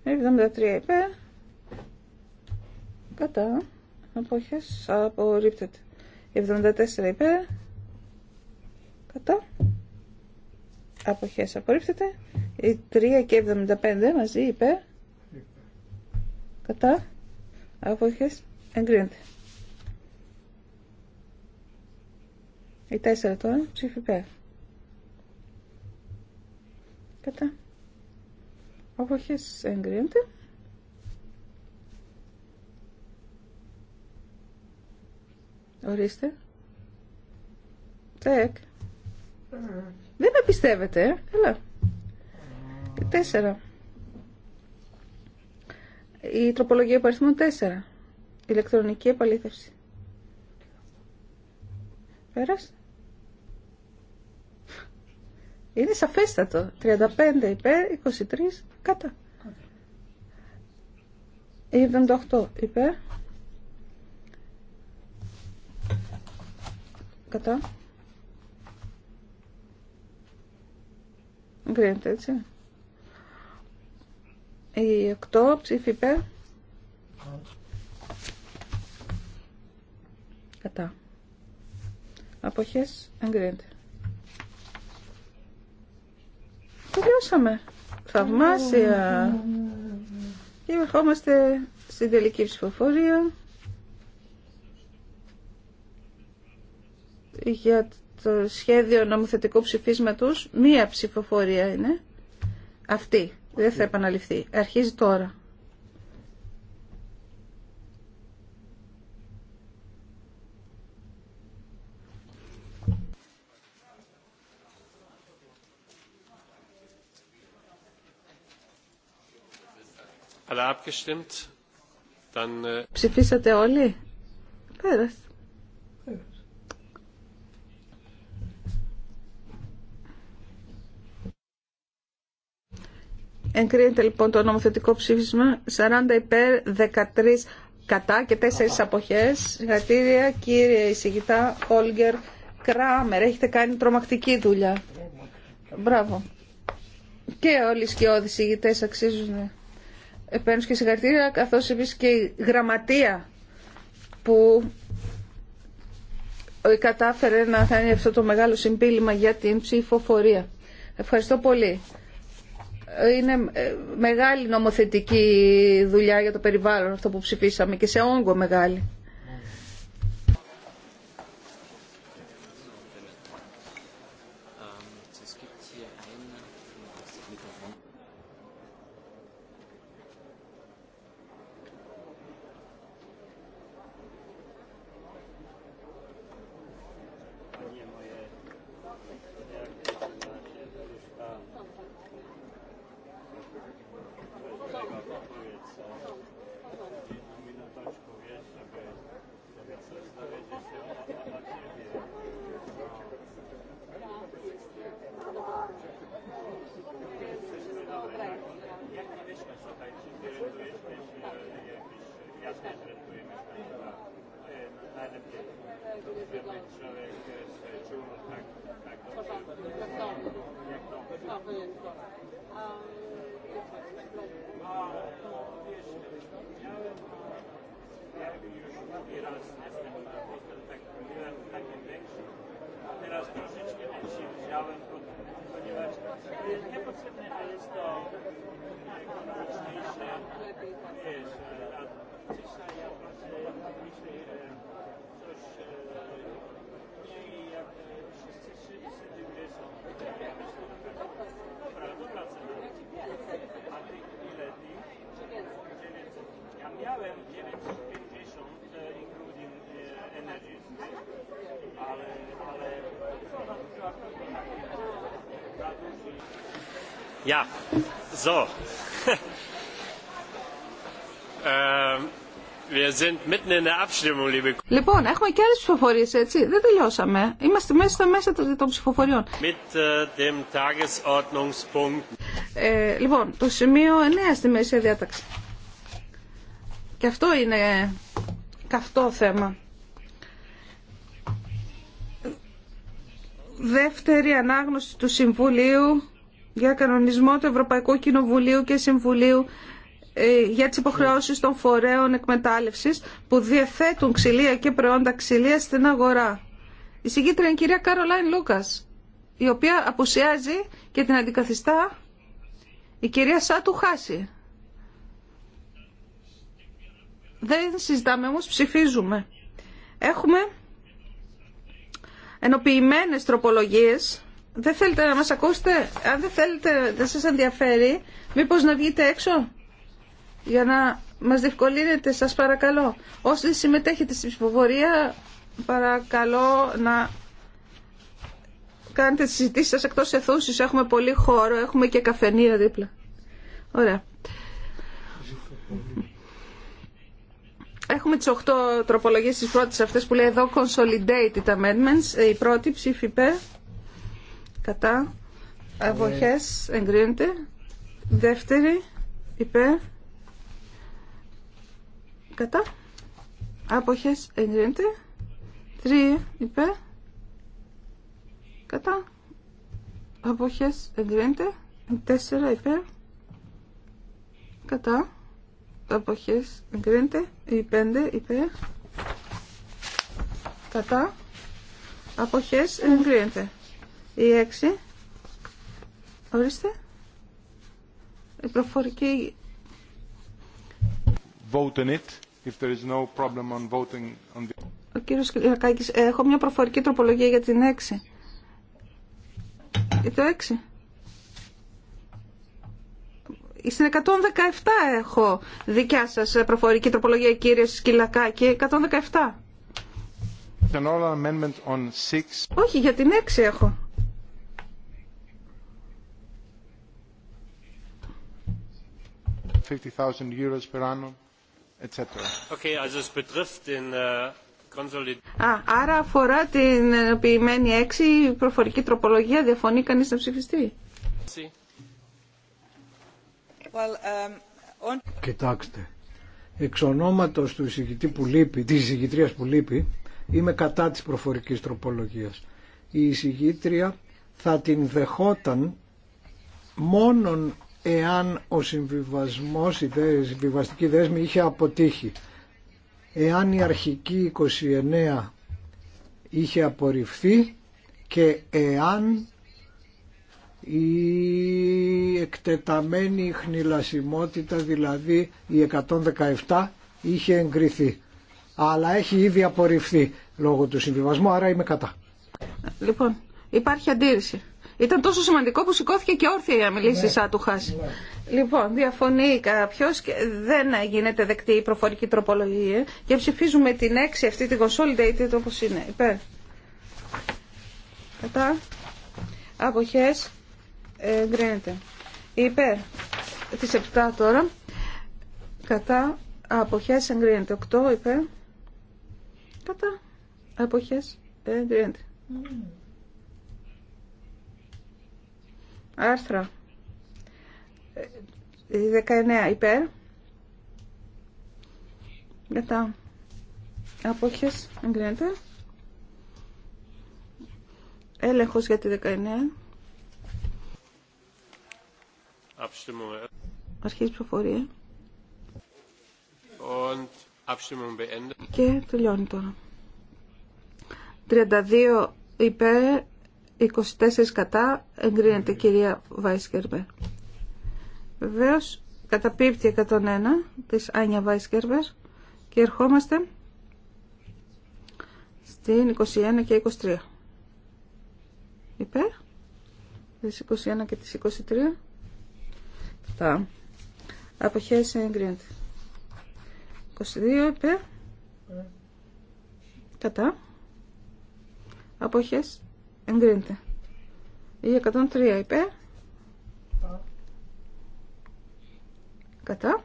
73 υπέρ. Κατά. Αποχές απορρίπτεται. 74 υπέρ. Κατά αποχές απορρίπτεται. Η 3 και 75 μαζί υπέρ. Κατά αποχές εγκρίνεται. Η 4 τώρα ψήφι υπέρ. Κατά αποχές εγκρίνεται. Ορίστε. Τεκ. Δεν με πιστεύετε, έλα. Ε? Τέσσερα. Η τροπολογία υπαριθμών 4. Ηλεκτρονική επαλήθευση. Πέρας. Είναι σαφέστατο. 35 υπέρ, 23 κατά. 78 υπέρ. Κατά. Εγκρίνεται έτσι. Η οκτώ ψήφι υπέρ. Κατά. Αποχές εγκρίνεται. Τελειώσαμε. Θαυμάσια. Και ερχόμαστε στην τελική ψηφοφορία για το σχέδιο νομοθετικού ψηφίσματος, μία ψηφοφορία είναι. Αυτή. Δεν θα επαναληφθεί. Αρχίζει τώρα. Äh, Ψηφίσατε όλοι. Πέρασε. Εγκρίνεται λοιπόν το νομοθετικό ψήφισμα 40 υπέρ 13 κατά και 4 αποχές. Συγχαρητήρια κύριε εισηγητά Όλγκερ Κράμερ. Έχετε κάνει τρομακτική δουλειά. Μπράβο. Και όλοι οι σκιώδη εισηγητές αξίζουν Επένω και συγχαρητήρια καθώ επίση και η γραμματεία που ε, κατάφερε να κάνει αυτό το μεγάλο συμπίλημα για την ψηφοφορία. Ευχαριστώ πολύ είναι ε, μεγάλη νομοθετική δουλειά για το περιβάλλον αυτό που ψηφίσαμε και σε όγκο μεγάλη. Λοιπόν, έχουμε και άλλε ψηφοφορίε έτσι. Δεν τελειώσαμε. Είμαστε μέσα στα μέσα των ψηφοφοριών. Äh, ε, λοιπόν, το σημείο 9 στη μέση διάταξη. Και αυτό είναι καυτό θέμα. Δεύτερη ανάγνωση του Συμβουλίου για κανονισμό του Ευρωπαϊκού Κοινοβουλίου και Συμβουλίου ε, για τις υποχρεώσεις των φορέων εκμετάλλευσης που διαθέτουν ξυλία και προϊόντα ξυλία στην αγορά. Η συγκίτρια είναι η κυρία Καρολάιν Λούκας, η οποία απουσιάζει και την αντικαθιστά η κυρία Σάτου Χάση. Δεν συζητάμε όμως, ψηφίζουμε. Έχουμε ενοποιημένες τροπολογίες. Δεν θέλετε να μας ακούσετε, αν δεν θέλετε δεν σας ενδιαφέρει, μήπως να βγείτε έξω για να μας διευκολύνετε, σας παρακαλώ. Όσοι συμμετέχετε στην ψηφοφορία, παρακαλώ να κάνετε τις συζητήσεις σας εκτός εθούσης. Έχουμε πολύ χώρο, έχουμε και καφενεία δίπλα. Ωραία. Έχουμε τις 8 τροπολογίες της πρώτης αυτές που λέει εδώ Consolidated Amendments. Η πρώτη ψήφι υπέρ, κατά, αβοχές εγκρίνεται. Δεύτερη, υπέρ, κατά άποχε εγκρίνεται 3 υπε. κατά άποχες εγκρίνεται Τέσσερα υπέ. κατά άποχες η πέντε, υπέρ κατά απόχέ εγκρίνεται η έξι. ορίστε η προφορική vote if there is no problem on voting on the... Ο κύριος Κυριακάκης, ε, έχω μια προφορική τροπολογία για την 6. Για το 6. Στην 117 έχω δικιά σας προφορική τροπολογία κύριε Σκυλακάκη, 117. An oral amendment on 6. Όχι, για την 6 έχω. €50,000 per annum. Äh, άρα αφορά την ε, ποιημένη έξι προφορική τροπολογία. Διαφωνεί κανείς να ψηφιστεί. Um, Κοιτάξτε, εξ ονόματος του εισηγητή που λείπει, της εισηγητρίας που λείπει, είμαι κατά της προφορικής τροπολογίας. Η εισηγήτρια θα την δεχόταν μόνον εάν ο συμβιβασμός, η συμβιβαστική δέσμη είχε αποτύχει. Εάν η αρχική 29 είχε απορριφθεί και εάν η εκτεταμένη χνηλασιμότητα, δηλαδή η 117, είχε εγκριθεί. Αλλά έχει ήδη απορριφθεί λόγω του συμβιβασμού, άρα είμαι κατά. Λοιπόν, υπάρχει αντίρρηση. Ήταν τόσο σημαντικό που σηκώθηκε και όρθια για να μιλήσει σαν του χάσει. Ναι. Λοιπόν, διαφωνεί κάποιο και δεν γίνεται δεκτή η προφορική τροπολογία και ψηφίζουμε την 6 αυτή την consolidated όπω είναι. Υπέρ. Κατά. Αποχέ. Εγκρίνεται. Υπέρ. Τη 7 τώρα. Κατά. Αποχέ. Εγκρίνεται. 8 υπέρ. Κατά. Αποχέ. Εγκρίνεται. Ναι. Άρθρα ε, 19 υπέρ. Μετά. Απόχες. Εγκρίνεται. Έλεγχος για τη 19. Äh. Αρχίζει ψηφοφορία. Και τελειώνει τώρα. 32 υπέρ 24 κατά εγκρίνεται ναι. κυρία Βάισκερμπερ. Βεβαίω καταπίπτει 101 της Άνια Βάισκερμπερ και ερχόμαστε στην 21 και 23. Υπέρ τη 21 και τη 23. κατά Αποχές εγκρίνεται. 22 υπέρ. Ναι. Κατά. Αποχές Εγκρίνεται. Η 103 είπε. Κατά.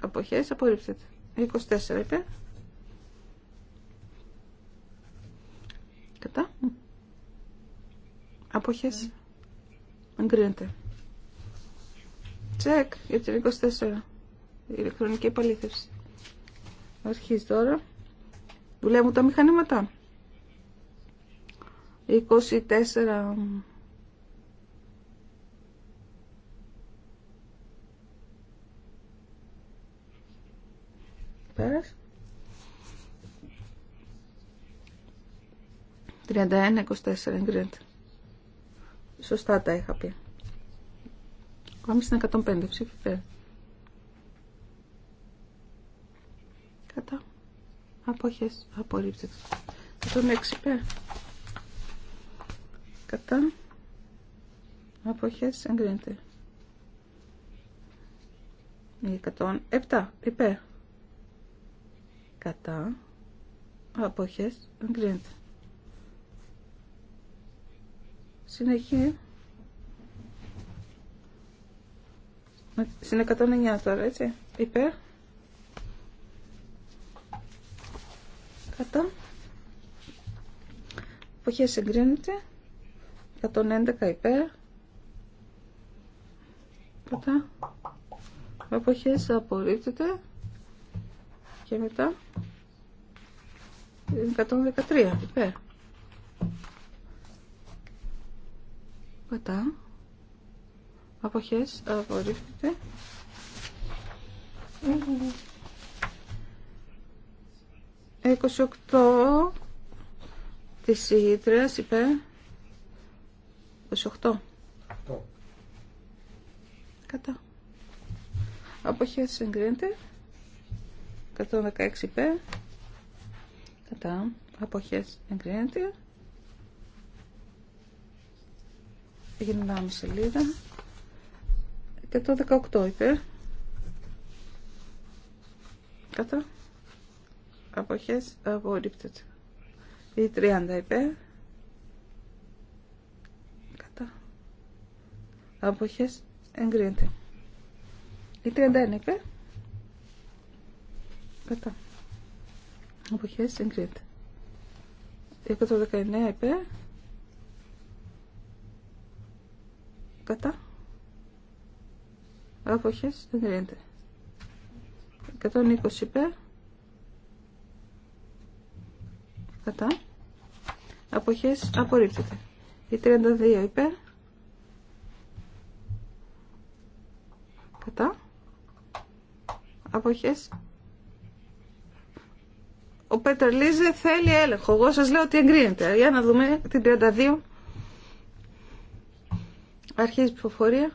Αποχές απορρίπτεται. 24 είπε. Κατά. Αποχές. Εγκρίνεται. Τσεκ για την 24. ηλεκτρονική επαλήθευση. Αρχίζει τώρα. Δουλεύουν τα μηχανήματα. 24 πέρας 31-24 εγκρίνεται σωστά τα είχα πει πάμε στην 105 ψήφι πέρα κατά αποχές απορρίπτεται 106 πέρα κατά αποχές εγκρίνεται 107 υπέρ κατά αποχές εγκρίνεται Συνεχή. Στην 109 τώρα, έτσι. Υπέρ. Κατά. Ποχές εγκρίνεται. 111 υπέρ. Κατά. Αποχές απορρίπτεται. Και μετά. 113 υπέρ. Κατά. Αποχές απορρίπτεται. 28 της ηγήτριας υπέρ 8 Κατά. Αποχές εγκρίνεται. 116 υπέρ. Κατά. Αποχές εγκρίνεται. Γυρνάμε σελίδα. 118 υπέρ. Κατά. Αποχές απορρίπτεται. Η 30 υπέρ. άποχε εγκρίνεται. Η 31 υπέρ. Κατά. Αποχέ εγκρίνεται. Η 119 υπέρ. Κατά. Αποχέ εγκρίνεται. Η 120 υπέρ. Κατά. Αποχέ απορρίπτεται. Η 32 υπέρ. Κατά. Αποχές. Ο Λίζε θέλει έλεγχο. Εγώ σας λέω ότι εγκρίνεται. Για να δούμε την 32. Αρχίζει η ψηφοφορία.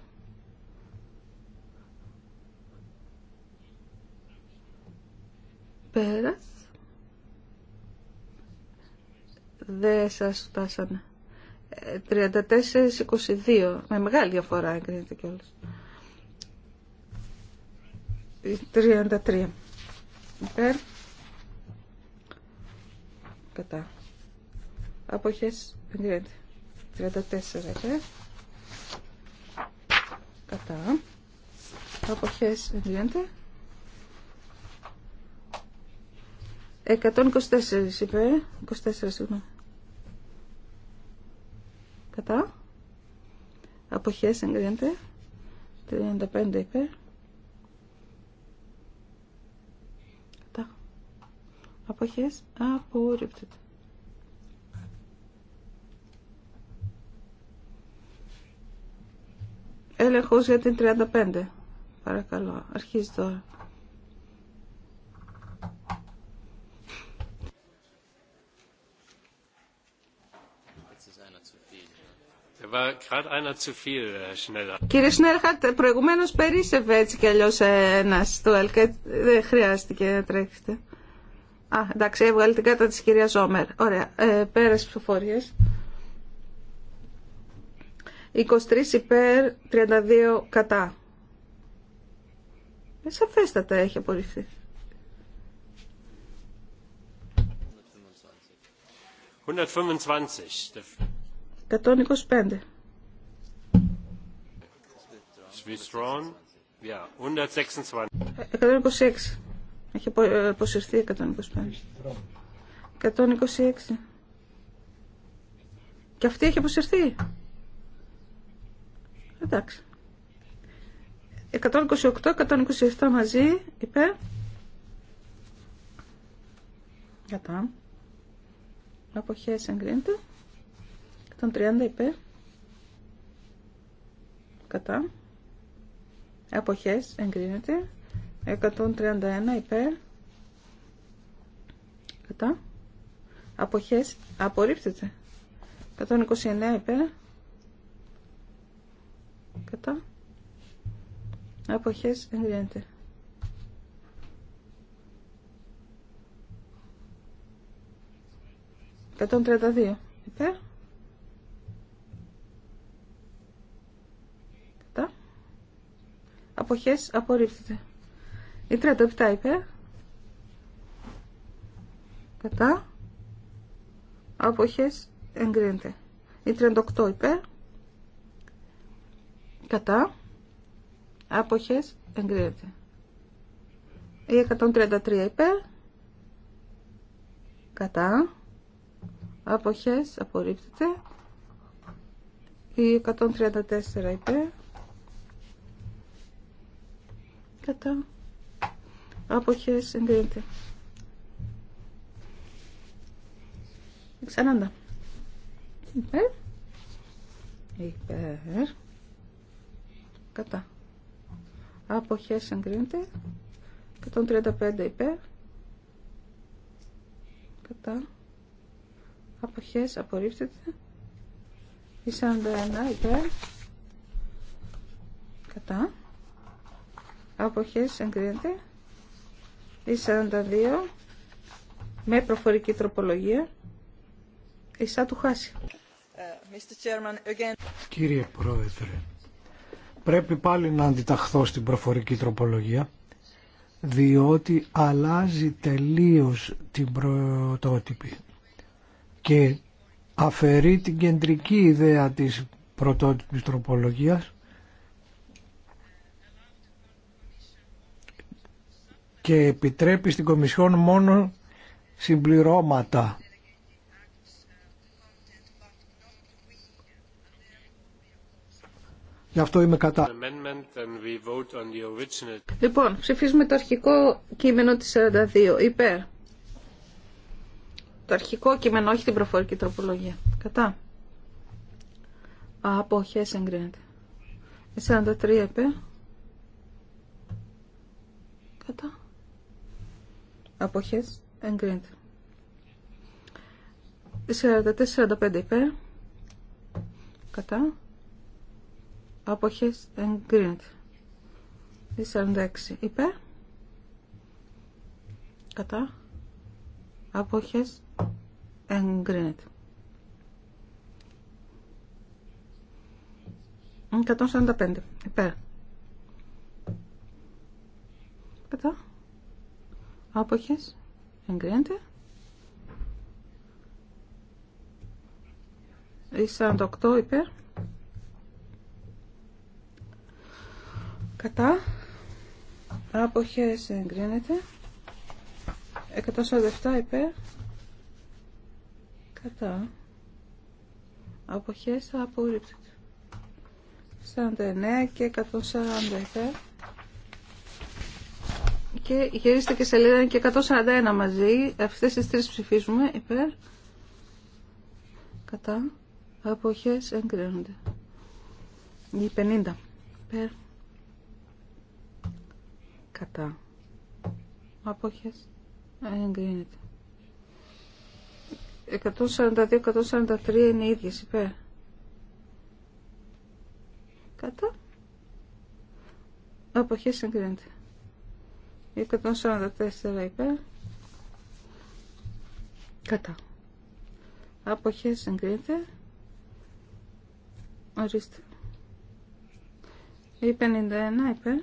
Πέρας. Δεν σας φτάσανε. 34-22. Ε, Με μεγάλη διαφορά εγκρίνεται κιόλας. 33. Υπέρ. Κατά. Αποχές. 34. Υπέρ. Κατά. Αποχές. 124 υπέρ. 24 συγγνώμη. Κατά. Αποχές 35 υπέρ. αποχές απορρίπτεται. Έλεγχος για την 35. Παρακαλώ, αρχίζει τώρα. Äh, Κύριε Σνέρχαρτ, προηγουμένω περίσευε έτσι κι αλλιώ ένα του ΕΛΚΕ. Δεν χρειάστηκε να τρέχετε. Α, εντάξει, έβγαλε την κάρτα της κυρία Ζόμερ. Ωραία, ε, πέρας ψηφοφορίες. 23 υπέρ, 32 κατά. Ε, σαφέστατα έχει απορριφθεί. 125. 126. Έχει ε, αποσυρθεί 125. 126. Και αυτή έχει αποσυρθεί. Εντάξει. 128, 127 μαζί, υπέρ. Κατά. Αποχές εγκρίνεται. 130 υπέρ. Κατά. Αποχές εγκρίνεται. 131 υπέρ κατά αποχές απορρίπτεται 129 υπέρ κατά αποχές εγκρίνεται 132 υπέρ κατά αποχές απορρίφθηκε. Η 37 υπέρ. Κατά. Αποχές εγκρίνεται. Η 38 είπε Κατά. Αποχές εγκρίνεται. Η 133 είπε Κατά. Αποχές απορρίπτεται. Η 134 είπε Κατά. Αποχές εγκρίνεται. Ξανάντα. Υπέρ. Υπέρ. Κατά. Αποχές εγκρίνεται. 135 υπέρ. Κατά. Αποχές απορρίπτεται. Η 41 υπέρ. Κατά. Αποχές εγκρίνεται. Η 42 με προφορική τροπολογία. Η του χάσει. Κύριε Πρόεδρε, πρέπει πάλι να αντιταχθώ στην προφορική τροπολογία διότι αλλάζει τελείως την πρωτότυπη και αφαιρεί την κεντρική ιδέα της πρωτότυπης τροπολογίας και επιτρέπει στην Κομισιόν μόνο συμπληρώματα. Γι' αυτό είμαι κατά. Λοιπόν, ψηφίζουμε το αρχικό κείμενο της 42. Υπέρ. Το αρχικό κείμενο, όχι την προφορική τροπολογία. Κατά. Αποχές εγκρίνεται. 43 υπέρ. Κατά αποχές εγκρίνεται. 44-45 υπέρ κατά αποχές εγκρίνεται. 46 υπέρ κατά αποχές εγκρίνεται. 145 υπέρ κατά Άποχες. Εγκρίνεται. Η 48 υπέρ. Κατά. Άποχες εγκρίνεται. 147 υπέρ. Κατά. Αποχές απορρίπτεται. 49 και 140 υπέρ και γυρίστε και σελίδα και 141 μαζί. Αυτές τις τρεις ψηφίζουμε υπέρ. Κατά. Αποχές εγκρίνονται. Η 50. Υπέρ. Κατά. Αποχές εγκρίνεται. 142-143 είναι οι ίδιες υπέρ. Κατά. Αποχές εγκρίνεται. 144 υπέρ. Κατά. Αποχές εγκρίνεται. Ορίστε. Η 51 υπέρ.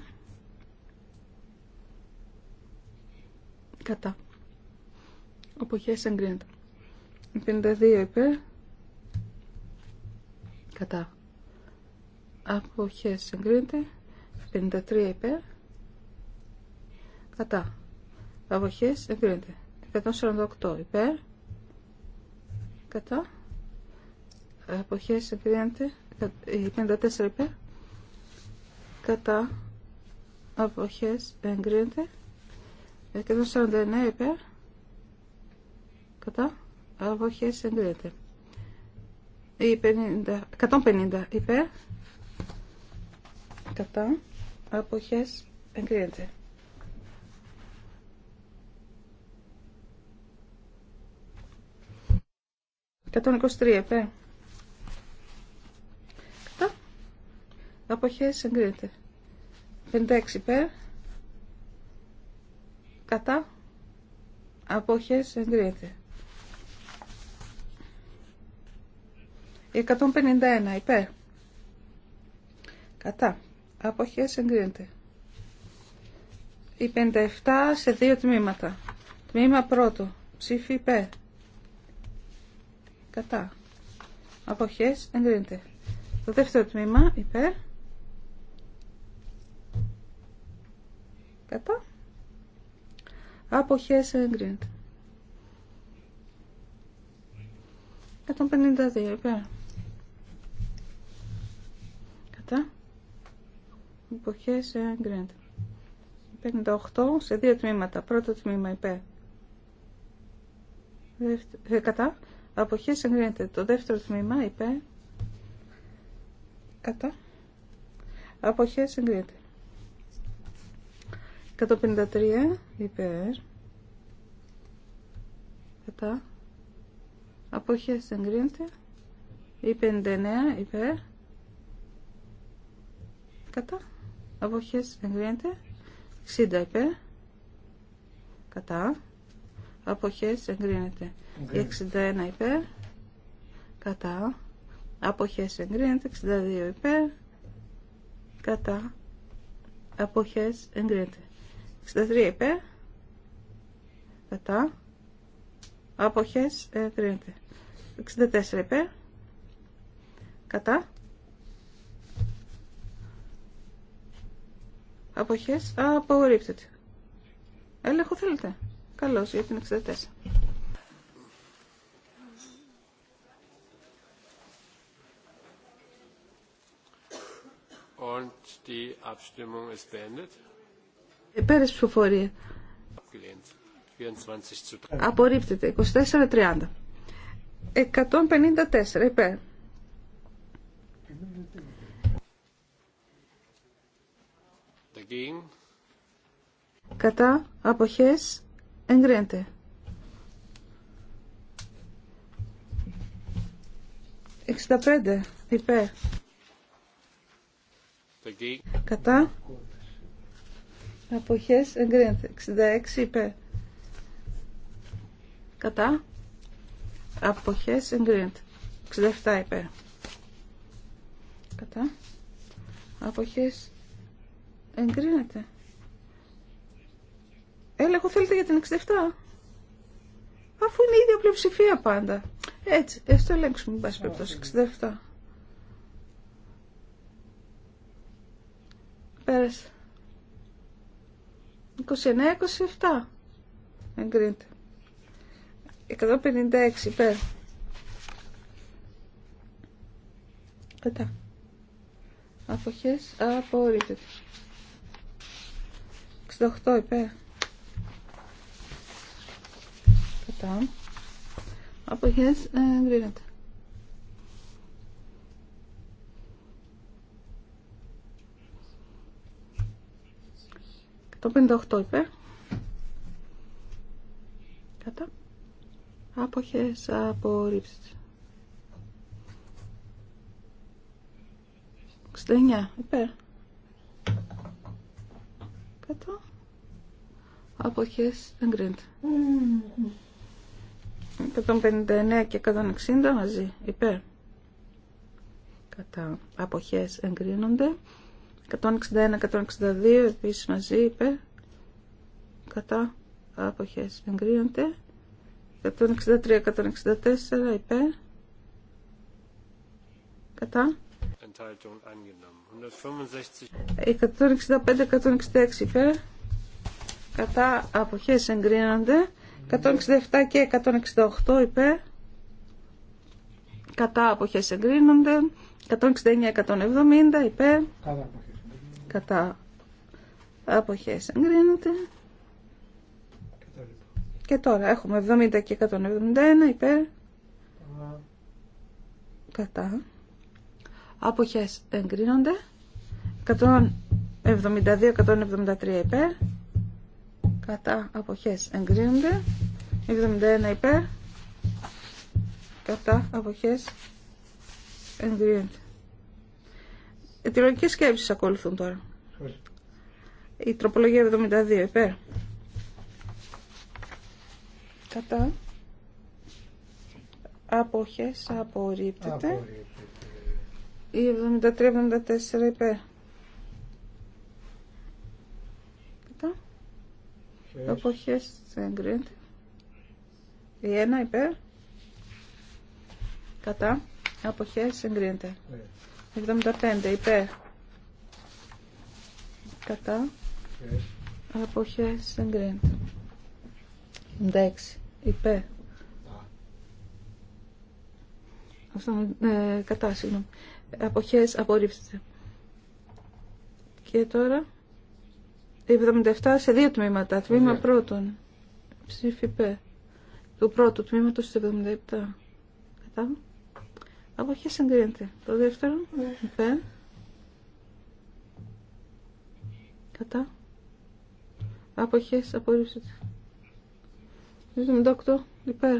Κατά. Αποχές εγκρίνεται. Η 52 υπέρ. Κατά. Αποχές εγκρίνεται. 53 υπέρ. Κατά. Αποχές εγκρίνεται. 148 υπέρ. Κατά. Αποχές εγκρίνεται. 54 υπέρ. Κατά. αποχέ, εγκρίνεται. 149 υπέρ. Κατά. Αποχές εγκρίνεται. 50, 150 υπέρ. Κατά. Αποχές εγκρίνεται. 123 επέ. Κατά. Αποχές εγκρίνεται. 56 πέ. Κατά. Αποχές εγκρίνεται. 151 υπέρ. Κατά. Αποχές εγκρίνεται. Η 57 σε δύο τμήματα. Τμήμα πρώτο. Ψήφι υπέρ κατά. Αποχές εγκρίνεται. Το δεύτερο τμήμα υπέρ. Κατά. Αποχές εγκρίνεται. 152 υπέρ. Κατά. Αποχές εγκρίνεται. 58 σε δύο τμήματα. Πρώτο τμήμα υπέρ. Ε, κατά. Αποχές εγκρίνεται. Το δεύτερο τμήμα είπε. Κατά. Αποχέ εγκρίνεται. 153 υπέρ. Κατά. Αποχές εγκρίνεται. Η 59 υπέρ. Κατά. αποχέ εγκρίνεται. 60 υπέρ. Κατά. Αποχές εγκρίνεται. 61 υπέρ. Κατά. Αποχές εγκρίνεται. 62 υπέρ. Κατά. Αποχές εγκρίνεται. 63 υπέρ. Κατά. Αποχές εγκρίνεται. 64 υπέρ. Κατά. Αποχές απορρίπτεται. Έλεγχο θέλετε. Καλώς για την 64. Und die ψηφοφορια ε, ψηφοφορία. Απορρίπτεται. 24-30. 154 υπέρ. Κατά αποχές εγκρίνεται. 65 υπέρ. Κατά. Αποχές εγκρίνεται. 66 είπε. Κατά. Αποχές εγκρίνεται. 67 είπε. Κατά. Αποχές εγκρίνεται. Έλεγχο θέλετε για την 67. Αφού είναι η ίδια πλειοψηφία πάντα. Έτσι, Έστω το ελέγξουμε, εν 67. Πέρασε. 29-27. Εγκρίνεται. 156 πέρα. Κατά. Αποχές απορρίπτεται. 68 υπέρ. Κατά. Αποχές εγκρίνεται. Το 58 υπέρ. Κατά. Άποχες απορρίψεις. 69 υπέρ. Κατά. Άποχες εγκρίνεται. 159 και 160 μαζί υπέρ. Κατά. Αποχές εγκρίνονται. 161-162 επίσης μαζί είπε. κατά αποχές εγκρίνονται 163-164 είπε. κατά 165-166 είπε. κατά αποχές εγκρίνονται 167 και 168 είπε. κατα κατά αποχές εγκρίνονται 169-170 υπέρ κατά κατά αποχές εγκρίνεται. Και τώρα έχουμε 70 και 171 υπέρ κατά αποχές εγκρίνονται. 172-173 υπέρ κατά αποχές εγκρίνονται. 71 υπέρ κατά αποχές εγκρίνονται. Αιτιολογικές σκέψεις ακολουθούν τώρα. Η τροπολογία 72 υπέρ. Κατά. Αποχές απορρίπτεται. Η 73-74 υπέρ. Κατά. Αποχές εγκρίνεται. Η 1 υπέρ. Κατά. Αποχές εγκρίνεται. Yeah. 75 υπέρ κατά αποχές εγκρίνεται 76 Υπέ. Αυτό είναι κατά, συγγνώμη. Αποχές απορρίφθηκε. Και τώρα, 77 σε δύο τμήματα. Τμήμα πρώτον, ψήφι Π. Του πρώτου τμήματο του 77. Κατά ποιο συγκρίνεται. Το δεύτερο ναι. υπέρ. Κατά. Αποχές απορρίψεται. 78 υπέρ.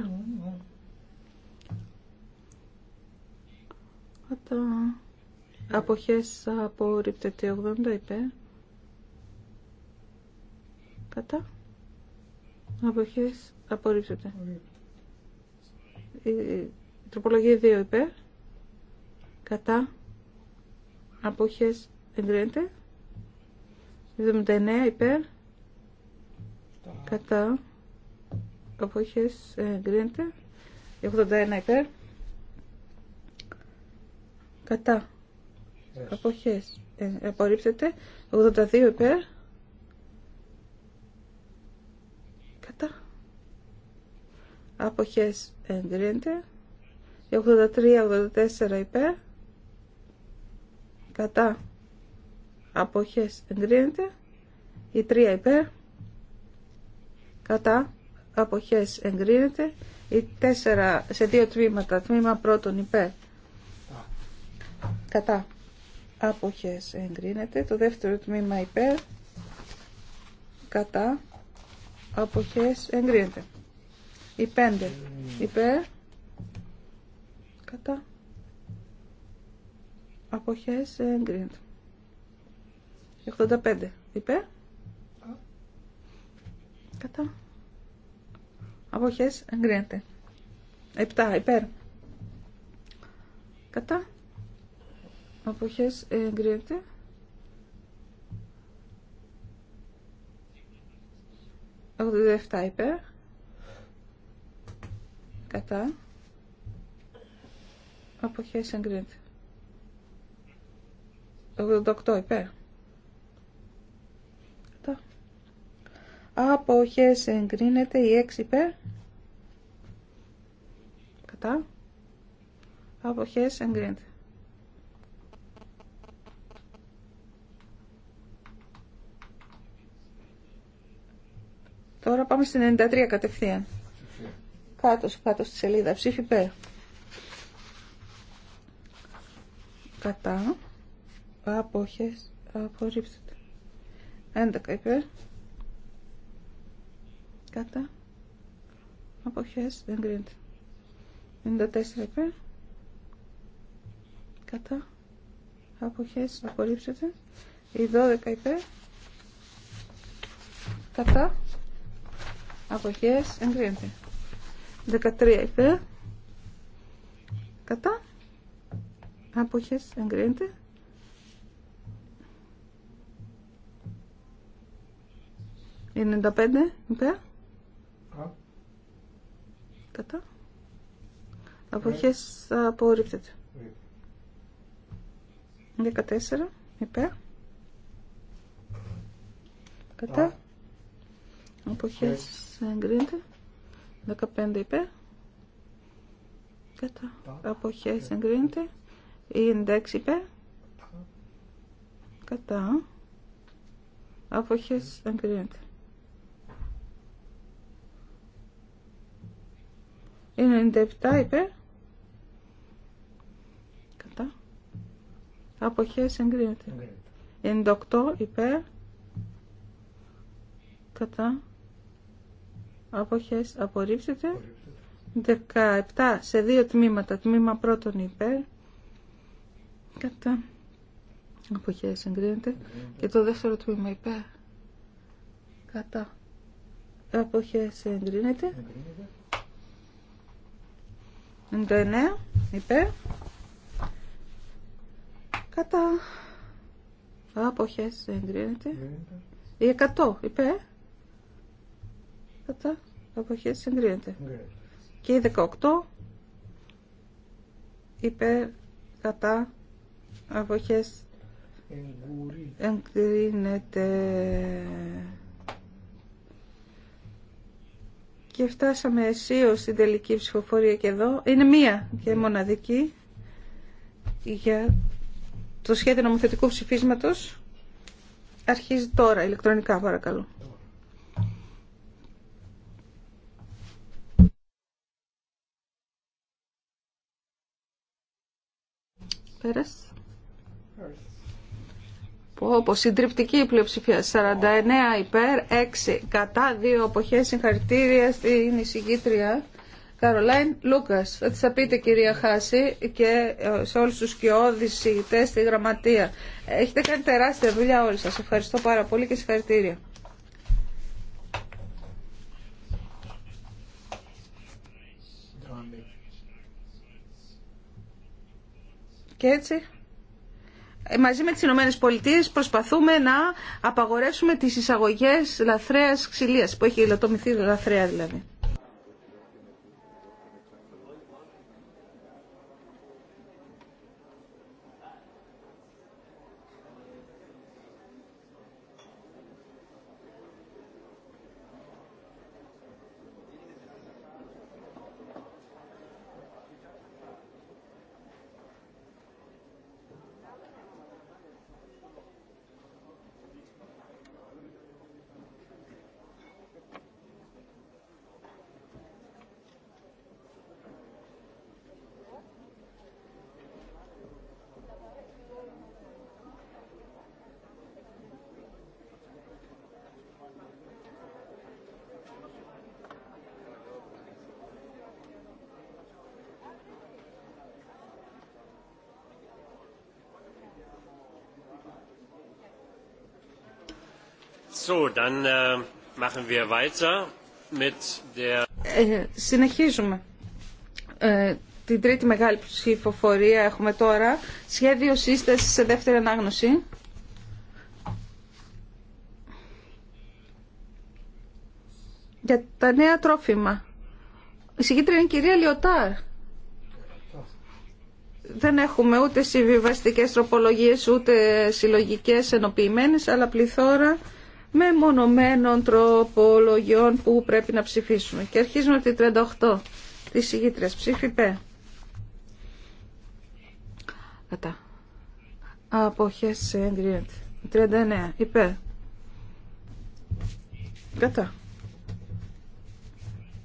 Κατά. Αποχές απορρίπτεται 80 υπέρ. Κατά. Αποχέ, απορρίπτεται. τροπολογία 2 υπέρ κατά αποχές εγκρίνεται 79 υπέρ κατά αποχές εγκρίνεται 81 υπέρ κατά αποχές ε, απορρίπτεται 82 υπέρ κατά αποχές εγκρίνεται 83-84 υπέρ κατά αποχές εγκρίνεται η 3 υπέρ κατά αποχές εγκρίνεται η 4 σε δύο τμήματα τμήμα πρώτον υπέρ κατά αποχές εγκρίνεται το δεύτερο τμήμα υπέρ κατά αποχές εγκρίνεται η 5 υπέρ κατά Αποχές ε, εγκρίνεται. 85. Υπέρ. Κατά. Αποχές εγκρίνεται. 7. Υπέρ. Κατά. Αποχές εγκρίνεται. 87 υπέρ. Κατά. Αποχές εγκρίνεται. 88 υπέρ. Κατά. Αποχές εγκρίνεται η 6 υπέρ. Κατά. Αποχές εγκρίνεται. Τώρα πάμε στην 93 κατευθείαν. Κάτω, κάτω στη σελίδα. Ψήφι υπέρ. Κατά. Απόχες. Απορρίψετε. 11 υπέρ. Κατά. Απόχες. Δεν κρίνεται. 94 υπέρ. Κατά. Απόχες. Απορρίψετε. Η 12 υπέρ. Κατά. Αποχές εγκρίνεται. 13 υπέρ. Κατά. Αποχές εγκρίνεται. 95 υπέ. Κατά. Αποχές απορρίπτεται. 14 είπε Κατά. Αποχές εγκρίνεται. 15 είπε Κατά. Αποχές εγκρίνεται. 96 είπε Κατά. Αποχές εγκρίνεται. 97 υπέρ. Κατά. Αποχές εγκρίνεται. 98 υπέρ. Κατά. Αποχές απορρίψεται. 17 σε δύο τμήματα. Τμήμα πρώτον υπέρ. Κατά. Αποχές εγκρίνεται. Και το δεύτερο τμήμα υπέρ. Κατά. Αποχές εγκρίνεται. 99 υπέρ κατά αποχές εγκρίνεται ή 100 υπέρ κατά αποχές εγκρίνεται και η 18 υπέρ κατά αποχές εγκρίνεται και φτάσαμε αισίως στην τελική ψηφοφορία και εδώ. Είναι μία και μοναδική για το σχέδιο νομοθετικού ψηφίσματος. Αρχίζει τώρα ηλεκτρονικά παρακαλώ. Πέρασε πω συντριπτική πλειοψηφία. 49 υπέρ, 6 κατά, δύο αποχές. Συγχαρητήρια στην εισηγήτρια. Καρολάιν Λούκας. Θα της θα πείτε κυρία Χάση και ε, σε όλους τους κοιόδης συγητές, στη γραμματεία. Έχετε κάνει τεράστια δουλειά όλοι σας. Ευχαριστώ πάρα πολύ και συγχαρητήρια. Και έτσι μαζί με τις Ηνωμένες Πολιτείες προσπαθούμε να απαγορεύσουμε τις εισαγωγές λαθρέας ξυλίας, που έχει λατομηθεί λαθρέα δηλαδή. Äh, ε, συνεχίζουμε. Ε, την τρίτη μεγάλη ψηφοφορία έχουμε τώρα. Σχέδιο σύσταση σε δεύτερη ανάγνωση. Για τα νέα τρόφιμα. Η συγκίτρια είναι η κυρία Λιωτάρ. Δεν έχουμε ούτε συμβιβαστικές τροπολογίες, ούτε συλλογικές ενοποιημένε, αλλά πληθώρα με μονομένων τροπολογιών που πρέπει να ψηφίσουμε. Και αρχίζουμε από τη 38 της ηγήτρες. Ψήφι Π. Κατά. Αποχές εγκρίνεται. 39. υπέ Κατά.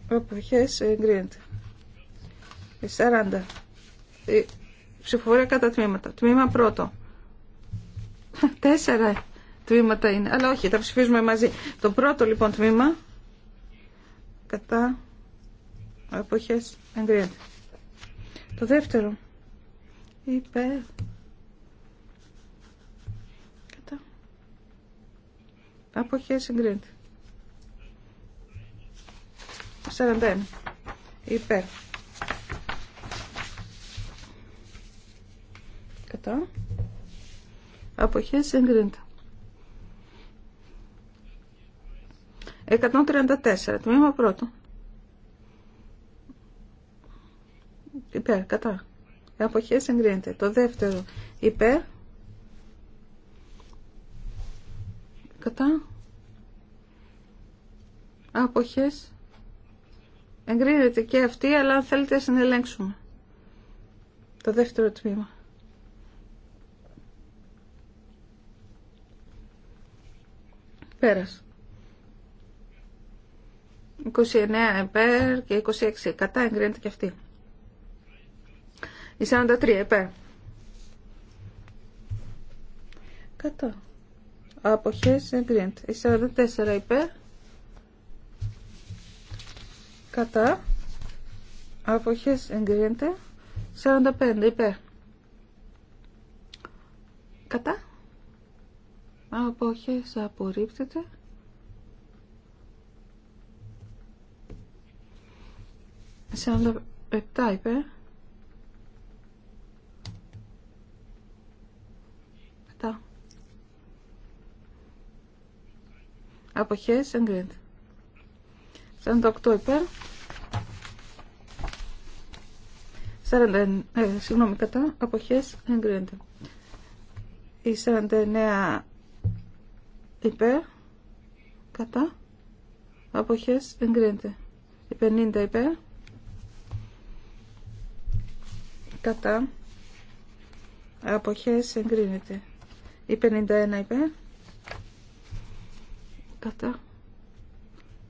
Αποχές εγκρίνεται. 40. Ε, ψηφοφορία κατά τμήματα. Τμήμα πρώτο. 4 τμήματα είναι. Αλλά όχι, τα ψηφίζουμε μαζί. Το πρώτο λοιπόν τμήμα κατά αποχές εγκρίνεται. Το δεύτερο υπέρ κατά αποχές εγκρίνεται. 41 υπέρ κατά αποχές εγκρίνεται. 134, τμήμα πρώτο. Υπέρ, κατά. Αποχές εγκρίνεται. Το δεύτερο, υπέρ. Κατά. Αποχές. Εγκρίνεται και αυτή, αλλά αν θέλετε συνελέγξουμε. Το δεύτερο τμήμα. Πέρασε. 29 υπέρ και 26 κατά εγκρίνεται και αυτή. Η 43 υπέρ. Κατά. Αποχές εγκρίνεται. Η 44 υπέρ. Κατά. Αποχές εγκρίνεται. 45 υπέρ. Κατά. Αποχές απορρίπτεται. 47 υπέρ. Κατά. Αποχές εγκρίνεται. 48 υπέρ. ε, συγγνώμη, κατά. Αποχές εγκρίνεται. Η 49 υπέρ. Κατά. Αποχές εγκρίνεται. Η 50 υπέρ. κατά αποχές εγκρίνεται η 51 είπε, κατά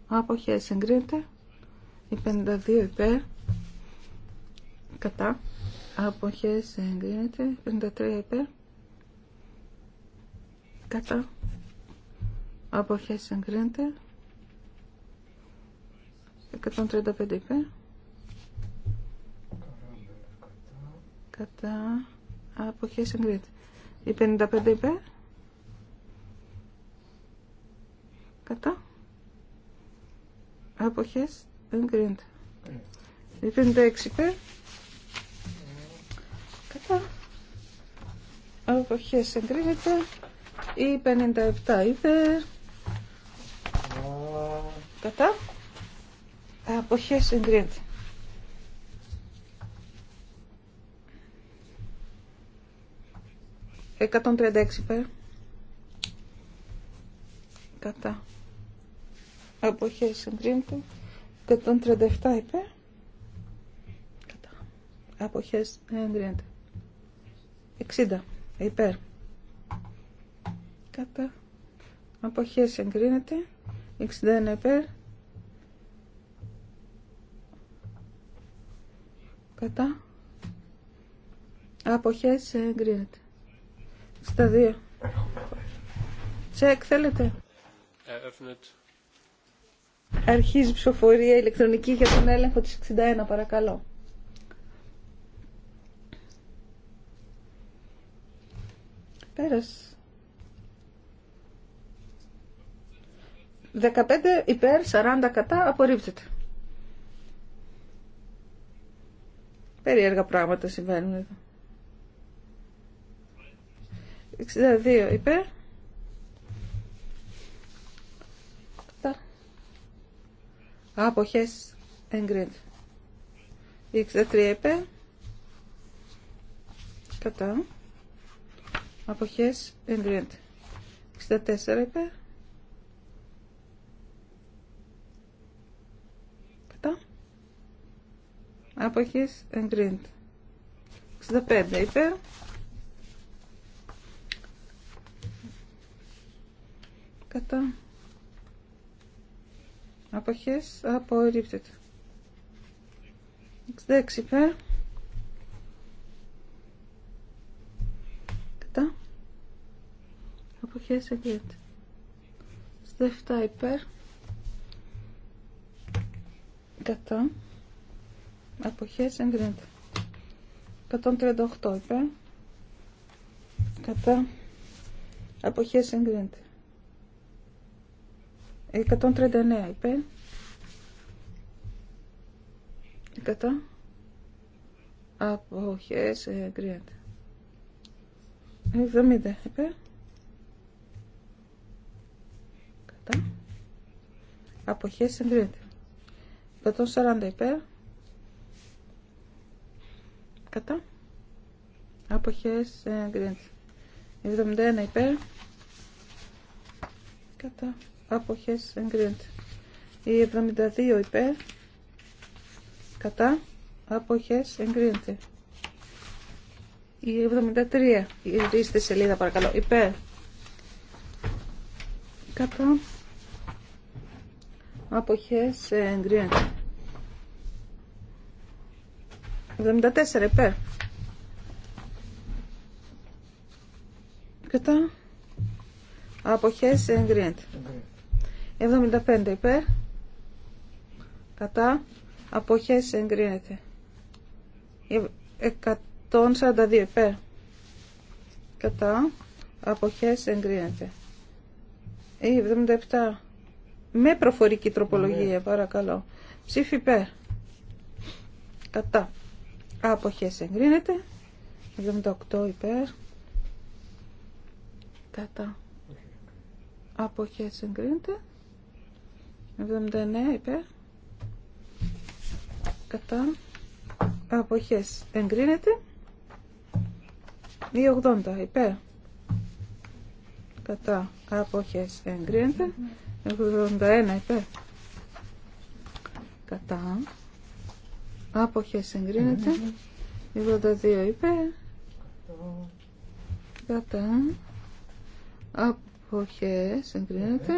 αποχές εγκρίνεται η 52 είπε. κατά αποχές εγκρίνεται 53 υπέρ κατά αποχές εγκρίνεται 135 υπέρ κατά αποχές εγκρίνεται. Η 55 υπέρ κατά αποχές εγκρίνεται. Η 56 υπέρ κατά αποχές εγκρίνεται. Η 57 υπέρ κατά αποχές εγκρίνεται. 136 υπέρ. Κατά. Αποχές εγκρίνεται. 137 υπέρ. Κατά. Αποχές εγκρίνεται. 60 υπέρ. Κατά. Αποχές εγκρίνεται. 61 υπέρ. Κατά. Αποχές εγκρίνεται. Στα δύο. Τσεκ θέλετε. Αρχίζει η ψηφοφορία ηλεκτρονική για τον έλεγχο της 61 παρακαλώ. Πέρασε. 15 υπέρ, 40 κατά, απορρίπτεται. Περίεργα πράγματα συμβαίνουν εδώ. 62 υπέρ. Αποχές εγκρίνεται. 63 υπέρ. Κατά. Αποχές εγκρίνεται. 64 υπέρ. Κατά. Αποχές εγκρίνεται. 65 υπέρ. κατά αποχές απορρίπτεται 66 υπέρ κατά αποχές εγκρίνεται 67 υπέρ κατά αποχές εγκρίνεται 138 υπέρ κατά αποχές εγκρίνεται 139 είπε. 100. Αποχές εγκρίνεται. 70 είπε. 100. Αποχές εγκρίνεται. 140 είπε. 100. Αποχές εγκρίνεται. 71 είπε. 100 αποχές εγκρίνεται. Η 72 υπέρ κατά αποχές εγκρίνεται. Η 73 στη σελίδα παρακαλώ υπέρ κατά αποχές εγκρίνεται. 74 υπέρ κατά αποχές εγκρίνεται. 75 υπέρ. Κατά. Αποχές εγκρίνεται. 142 υπέρ. Κατά. Αποχές εγκρίνεται. 77. Με προφορική τροπολογία, ναι. παρακαλώ. Ψήφι υπέρ. Κατά. Αποχές εγκρίνεται. 78 υπέρ. Κατά. Αποχές εγκρίνεται. 79 υπέρ κατά αποχές εγκρίνεται ή 80 υπέρ κατά αποχές εγκρίνεται 81 υπέρ κατά αποχές εγκρίνεται 82 υπέρ κατά αποχές εγκρίνεται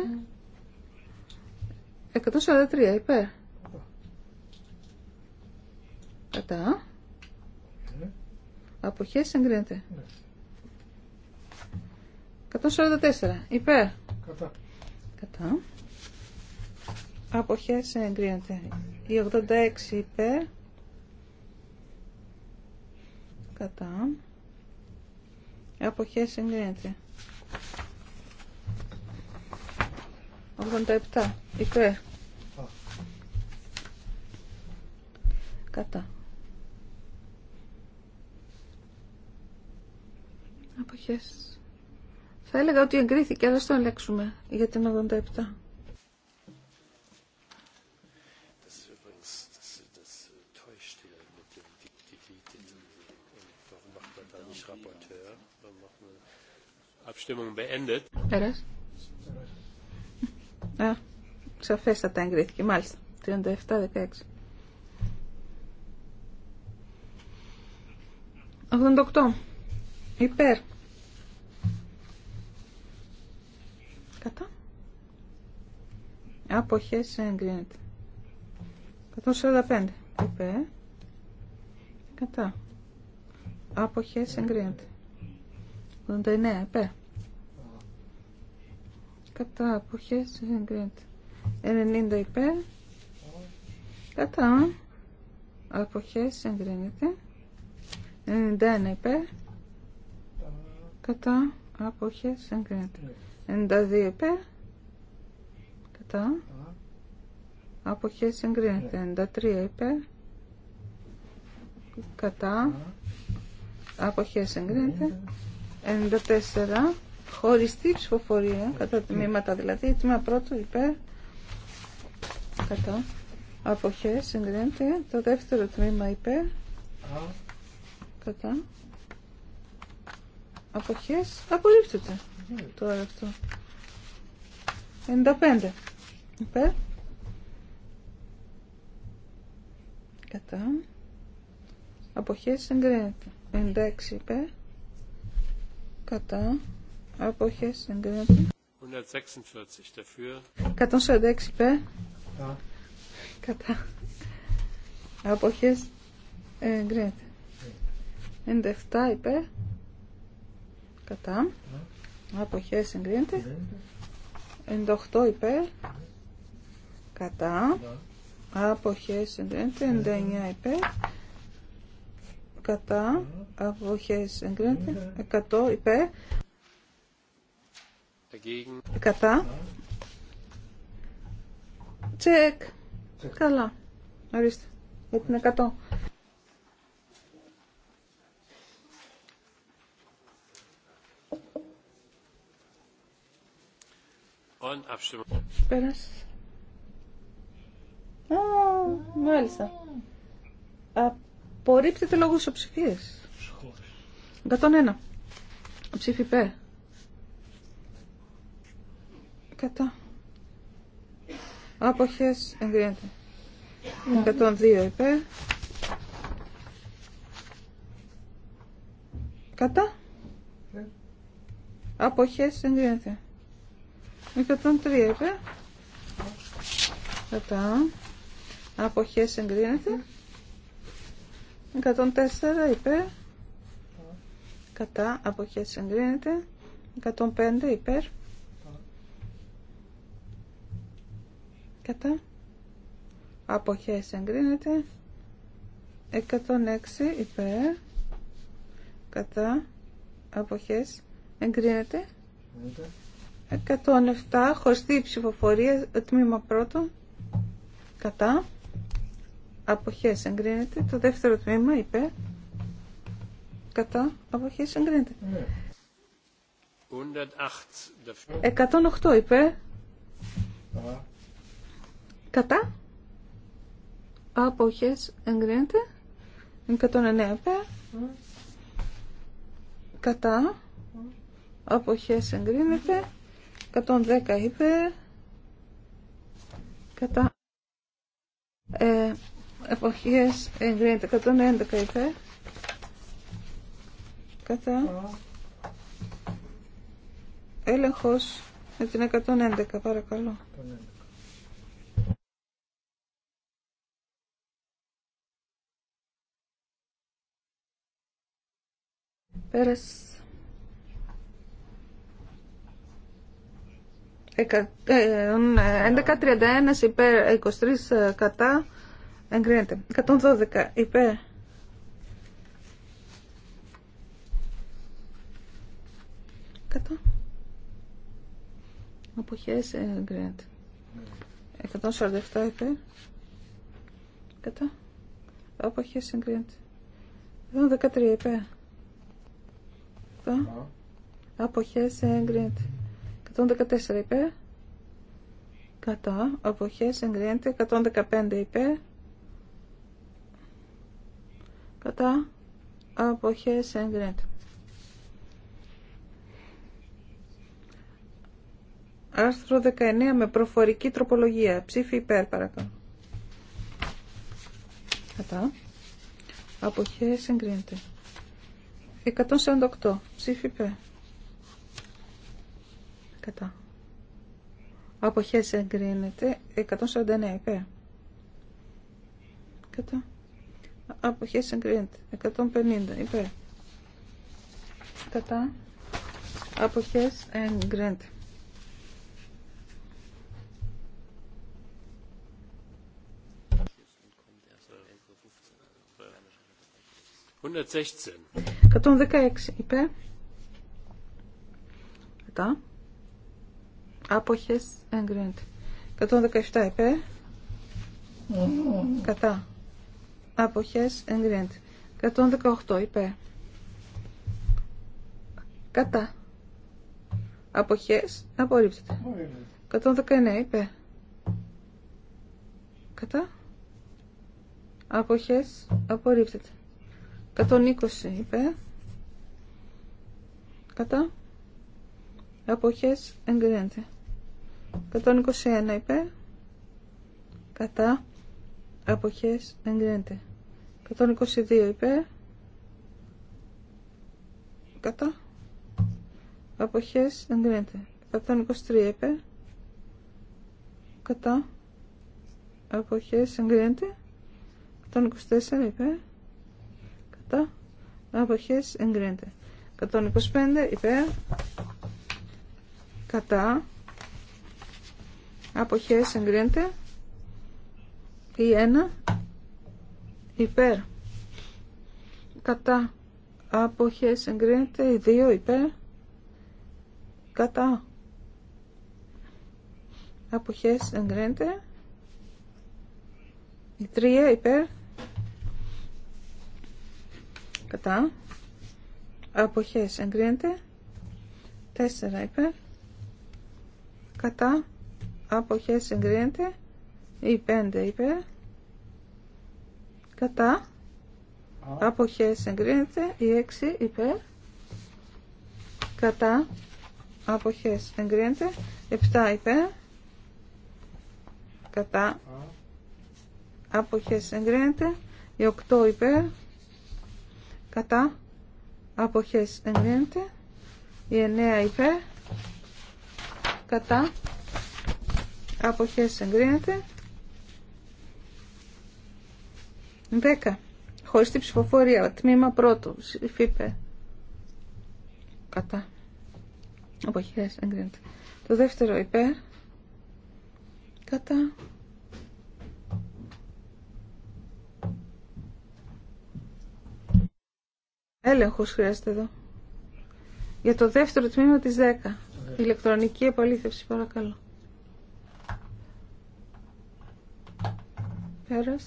143 υπέρ. Κατά. Okay. Ναι. Αποχές εγκρίνεται. 144 ναι. υπέρ. Κατά. Κατά. Αποχές εγκρίνεται. Η 86 υπέρ. Κατά. Αποχές εγκρίνεται. 87 υπέρ. Κατά. Αποχές. Θα έλεγα ότι εγκρίθηκε, αλλά το ελέξουμε για την 87. Πέρας. Α, σαφέστατα εγκρίθηκε. Μάλιστα. 37-16. 88. Υπέρ. Κατά. Αποχές εγκρίνεται. 145. Υπέρ. Κατά. Αποχές εγκρίνεται. 89. Υπέρ κατά αποχές εγκρίνεται 90 υπέρ κατά αποχές εγκρίνεται 91 υπέρ κατά αποχές εγκρίνεται 92 υπέρ κατά αποχές εγκρίνεται 93 υπέρ κατά αποχές εγκρίνεται 94 χωριστή ψηφοφορία, κατά τμήματα δηλαδή, τμήμα πρώτο υπέρ, κατά, αποχές, εγκρίνεται, το δεύτερο τμήμα υπέρ, κατά, αποχές, απορρίπτεται τώρα αυτό. 95 υπέρ, κατά, αποχές, συγκρίνεται 96 υπέρ, κατά, Αποχές εγκρίνεται. 146 υπέρ. Κατά. Αποχέ. εγκρίνεται. 97 υπέρ. Κατά. Αποχές εγκρίνεται. 98 υπέρ. Κατά. άποχέ εγκρίνεται. 99 υπέρ. Κατά. απόχέ εγκρίνεται. 100 υπέρ. Κατά. Τσεκ. Καλά. Ορίστε. Για την 100. Πέρασε. Α, μάλιστα. Απορρίπτεται λόγω Εκατόν 101. Ψήφι υπέρ κατά άποχες εγκρίνεται 102 υπέρ κατά άποχες εγκρίνεται 103 είπε. κατά άποχες εγκρίνεται 104 υπέρ κατά αποχές εγκρίνεται 105 υπέρ κατά αποχές εγκρίνεται 106 υπέρ κατά αποχές εγκρίνεται 107 χωριστή ψηφοφορία τμήμα πρώτο κατά αποχές εγκρίνεται το δεύτερο τμήμα υπέρ κατά αποχές εγκρίνεται 108 ναι. υπέρ Κατά. Αποχές εγκρίνεται. 109 υπέρ. Κατά. Αποχές εγκρίνεται. 110 είπε, Κατά. Ε, εποχές εγκρίνεται. 111 είπε, Κατά. Έλεγχος με την 111 παρακαλώ. Πέρας. 11.31 ε, ε, υπέρ, 23 ε, κατά, εγκρίνεται. 112 υπέρ. Κατά. Αποχές εγκρίνεται. 147 υπέρ. Κατά. Αποχές εγκρίνεται. 113 υπέρ. Κατά. Αποχές εγκρίνεται. 114 υπέρ. Κατά. Αποχές εγκρίνεται. 115 υπέρ. Κατά. Αποχές εγκρίνεται. Άρθρο 19 με προφορική τροπολογία. Ψήφι υπέρ παρακαλώ. Κατά. Αποχές εγκρίνεται. 148. Ψήφι πέ. Κατά. Αποχές εγκρίνεται. 149 Υπέ. Κατά. Αποχές εγκρίνεται. 150 Υπέ. Κατά. Αποχές εγκρίνεται. 116 είπε. Κατά. Άποχες εγκρίνεται. 117 είπε. Κατά. Άποχες εγκρίνεται. 118 είπε. Κατά. Αποχές απορρίπτεται. 119 είπε. Κατά. Αποχές απορρίπτεται. 120 είπε. Κατά. Αποχές εγκρίνεται. 121 είπε. Κατά. Αποχές εγκρίνεται. 122 είπε. Κατά. Αποχές εγκρίνεται. 123 είπε. Κατά. Αποχές εγκρίνεται. 124 είπε. 125 υπέρ κατά αποχές εγκρίνεται ή 1 υπέρ κατά αποχές εγκρίνεται ή 2 υπέρ κατά αποχές εγκρίνεται η 3 υπέρ Κατά. Αποχές εγκρίνεται. 4 υπέρ. Κατά. Αποχές εγκρίνεται. Ή 5 υπέρ. Κατά. Αποχές εγκρίνεται. Ή 6 υπέρ. Κατά. Αποχές εγκρίνεται. 7 υπέρ. Κατά. Αποχές εγκρίνεται. Η 8 υπέρ κατά αποχές εγκρίνεται η εννέα υπέρ κατά αποχές εγκρίνεται Δέκα. χωρίς την ψηφοφορία τμήμα πρώτο ΦΥΠΕ κατά αποχές εγκρίνεται το δεύτερο υπέρ κατά Έλεγχος χρειάζεται εδώ. Για το δεύτερο τμήμα της 10. Ηλεκτρονική επαλήθευση, παρακαλώ. Πέρας.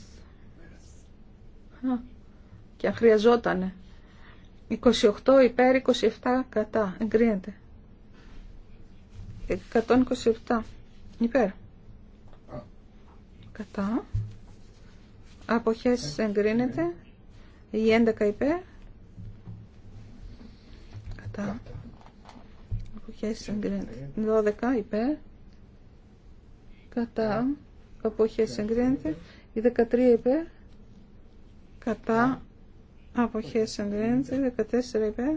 και αν χρειαζότανε. 28 υπέρ, 27 κατά. Εγκρίνεται. 127 υπέρ. Κατά. Αποχές εγκρίνεται. Η 11 υπέρ. Κατά. Αποχές εγκρίνεται. 12 υπέρ. Κατά. Αποχές εγκρίνεται. Η 13 υπέρ. Κατά. Αποχές εγκρίνεται. 14 υπέρ.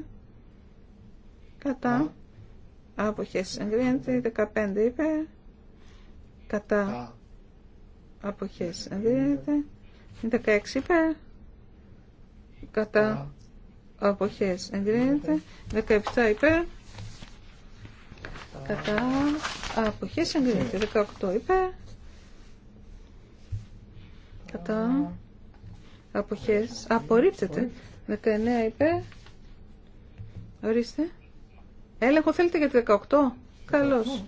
Κατά. Αποχές εγκρίνεται. 15 υπέρ. Κατά. Αποχές εγκρίνεται. 16 υπέρ. Κατά αποχές εγκρίνεται 17 υπέρ κατά αποχές εγκρίνεται 18 υπέρ κατά αποχές απορρίπτεται 19 υπέρ ορίστε έλεγχο θέλετε για τη 18 καλώς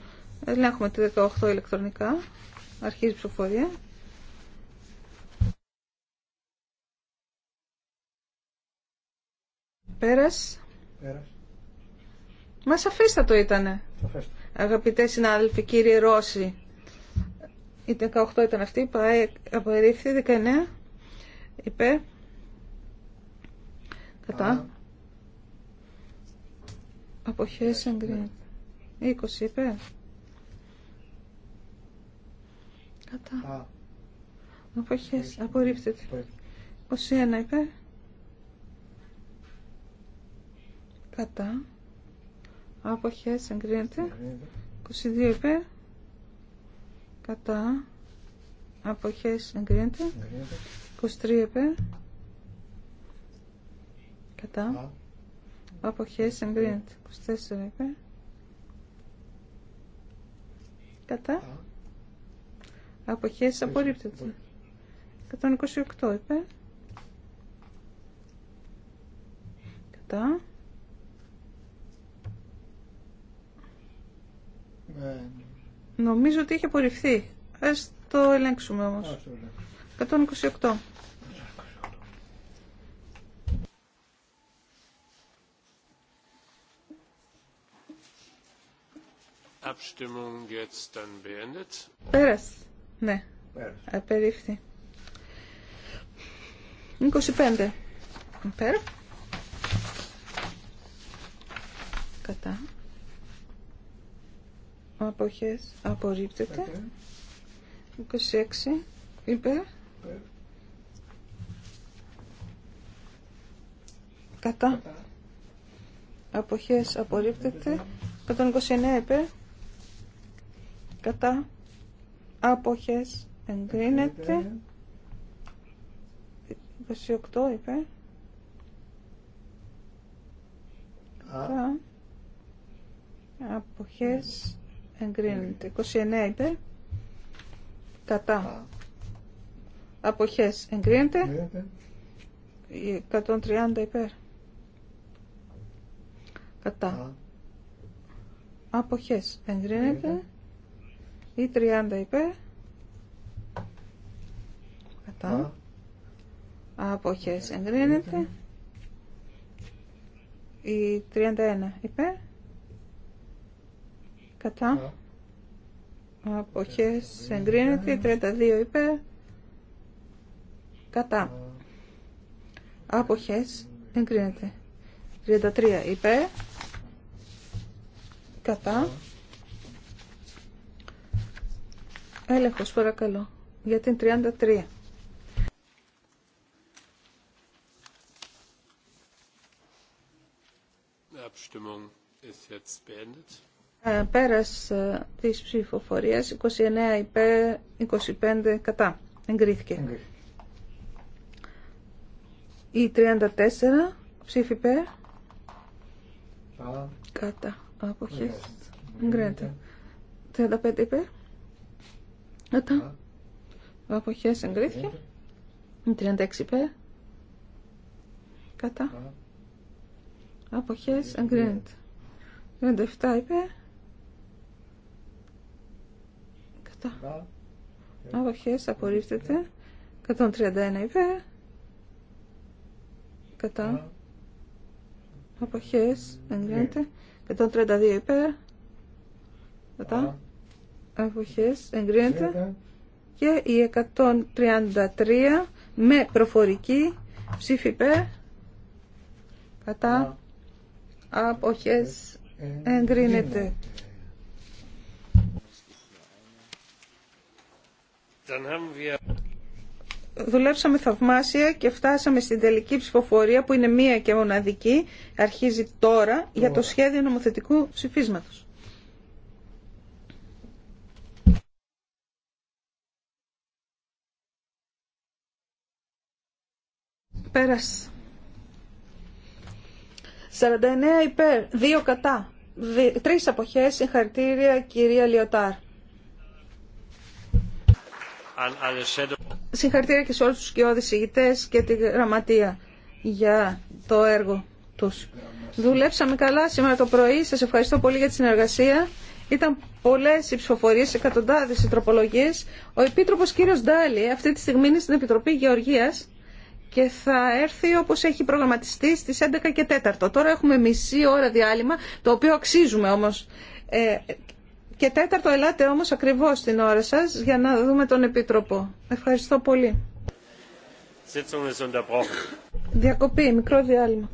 ελέγχουμε τη 18 ηλεκτρονικά αρχίζει η ψηφοφορία Πέρας. Πέρας. Μα σαφέστατο ήτανε. Σαφέστατο. Αγαπητέ συνάδελφοι, κύριε Ρώση. Η 18 ήταν αυτή, πάει απορρίφθη, 19. υπέ, Κατά. Αποχές εγκρίνεται. 20 είπε. Κατά. Α. Αποχές. Απορρίπτεται. Ναι. 21 είπε. κατά άποχες εγκρίνεται 22 υπέρ κατά άποχες εγκρίνεται 23 υπέρ κατά άποχες εγκρίνεται 24 υπέρ κατά από άποχες απορρίπτεται 128 υπέρ κατά Ε, νομίζω ότι είχε απορριφθεί. Α το ελέγξουμε όμως. 128. Abstimmung jetzt dann beendet. Πέρασε. Ναι. Απερίφθη. 25. Πέρα. Κατά αποχές απορρίπτεται 26 Είπε; κατά αποχές απορρίπτεται 129 Είπε; κατά αποχές εγκρίνεται 28 Είπε; κατά αποχές εγκρίνεται. 29 είπε Κατά. Αποχές εγκρίνεται. 130 υπέρ. Κατά. Αποχές εγκρίνεται. Ή 30 υπέρ. Κατά. Αποχές εγκρίνεται. Ή 31 υπέρ κατά αποχές εγκρίνεται 32 υπέρ κατά αποχές εγκρίνεται 33 υπέρ κατά έλεγχος παρακαλώ για την 33 ε, πέρας ε, της ψηφοφορίας 29 υπέρ 25 κατά. Εγκρίθηκε. Οι Η 34 ψήφι υπέρ κατά. Αποχές. Εγκρίνεται. 35 υπέρ. Κατά. Αποχές εγκρίθηκε. 36 υπέρ. Κατά. Αποχές εγκρίνεται. 37 υπέρ. Κατά. Αποχές απορρίφτεται. 131 υπέρ. Κατά. Αποχές εγκρίνεται. 132 υπέρ. Κατά. αποχέ, εγκρίνεται. Και η 133 με προφορική ψήφι υπέρ. Κατά. Αποχέ, εγκρίνεται. Δουλέψαμε θαυμάσια και φτάσαμε στην τελική ψηφοφορία που είναι μία και μοναδική, αρχίζει τώρα, για το σχέδιο νομοθετικού ψηφίσματος. Πέρασε. 49 υπέρ, 2 κατά, 3 αποχές, συγχαρητήρια κυρία Λιωτάρ. Συγχαρητήρια και σε όλους τους κοιόδης ηγητές και τη γραμματεία για το έργο τους. Δουλέψαμε καλά σήμερα το πρωί. Σας ευχαριστώ πολύ για τη συνεργασία. Ήταν πολλέ οι ψηφοφορίες, εκατοντάδε οι τροπολογίε. Ο Επίτροπος κύριο Ντάλι αυτή τη στιγμή είναι στην Επιτροπή Γεωργίας και θα έρθει όπω έχει προγραμματιστεί στι 11 και 4. Τώρα έχουμε μισή ώρα διάλειμμα, το οποίο αξίζουμε όμω. Ε, και τέταρτο, ελάτε όμως ακριβώς την ώρα σας για να δούμε τον Επίτροπο. Ευχαριστώ πολύ. Διακοπή, μικρό διάλειμμα.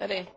Ready.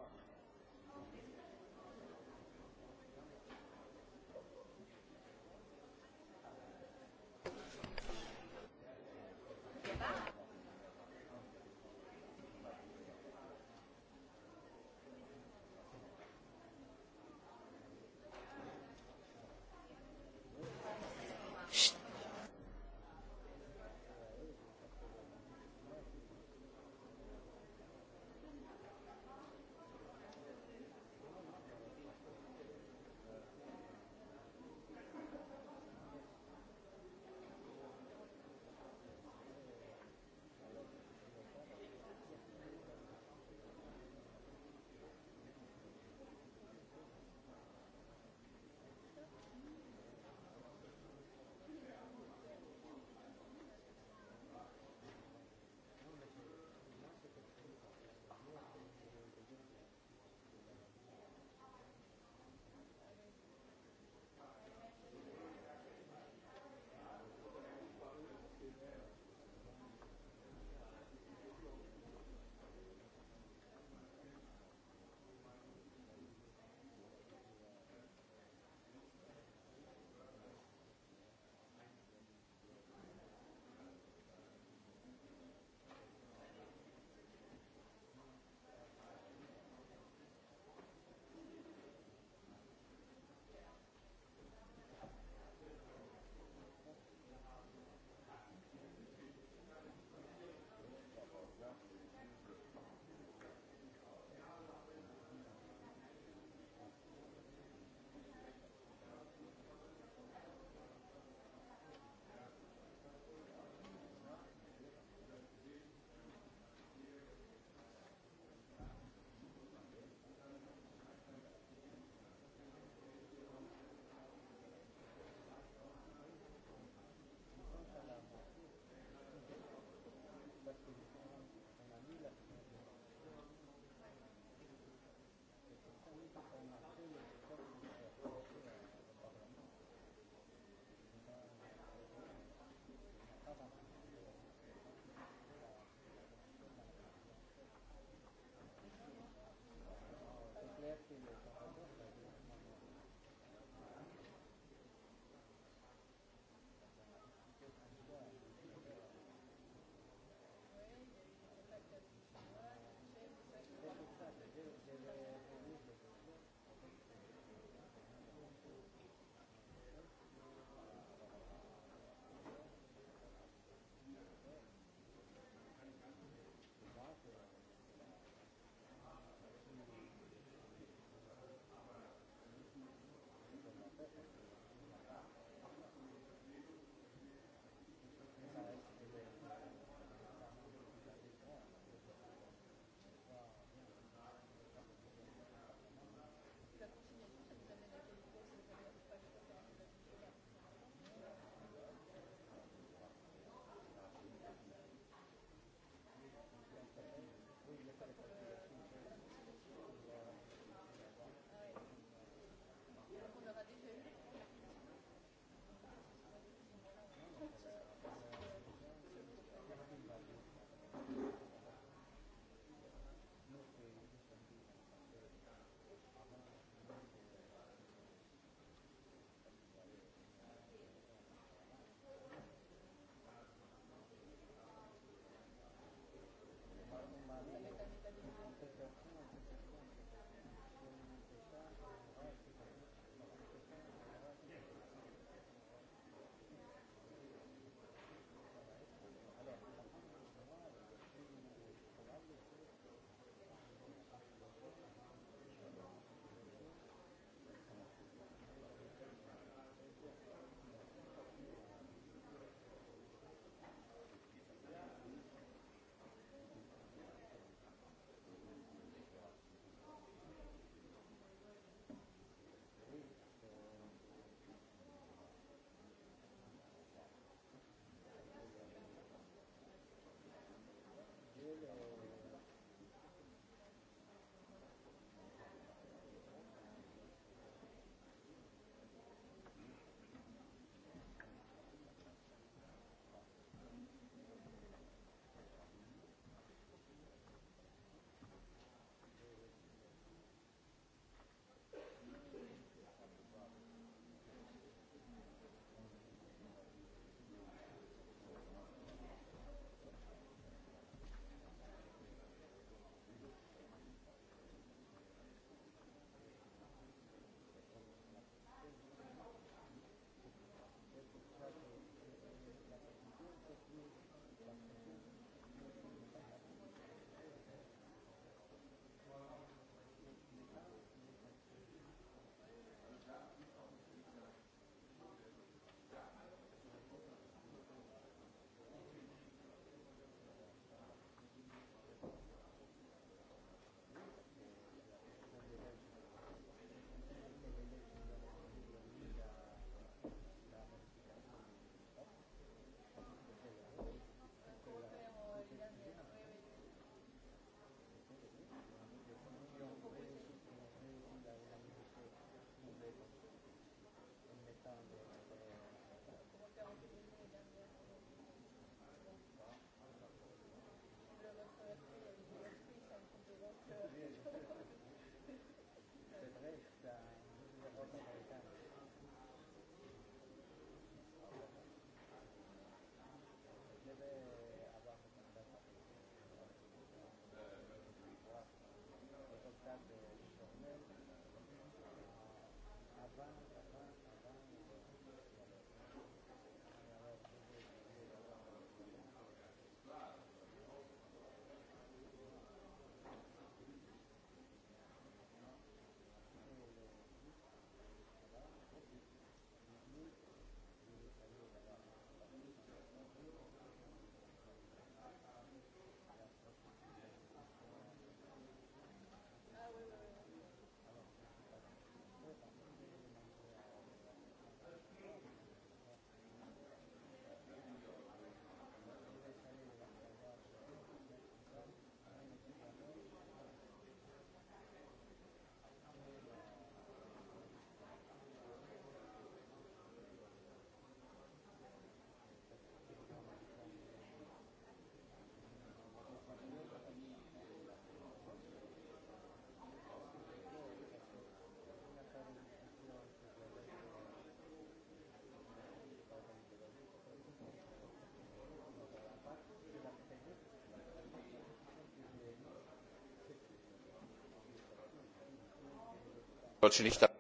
nicht dabei.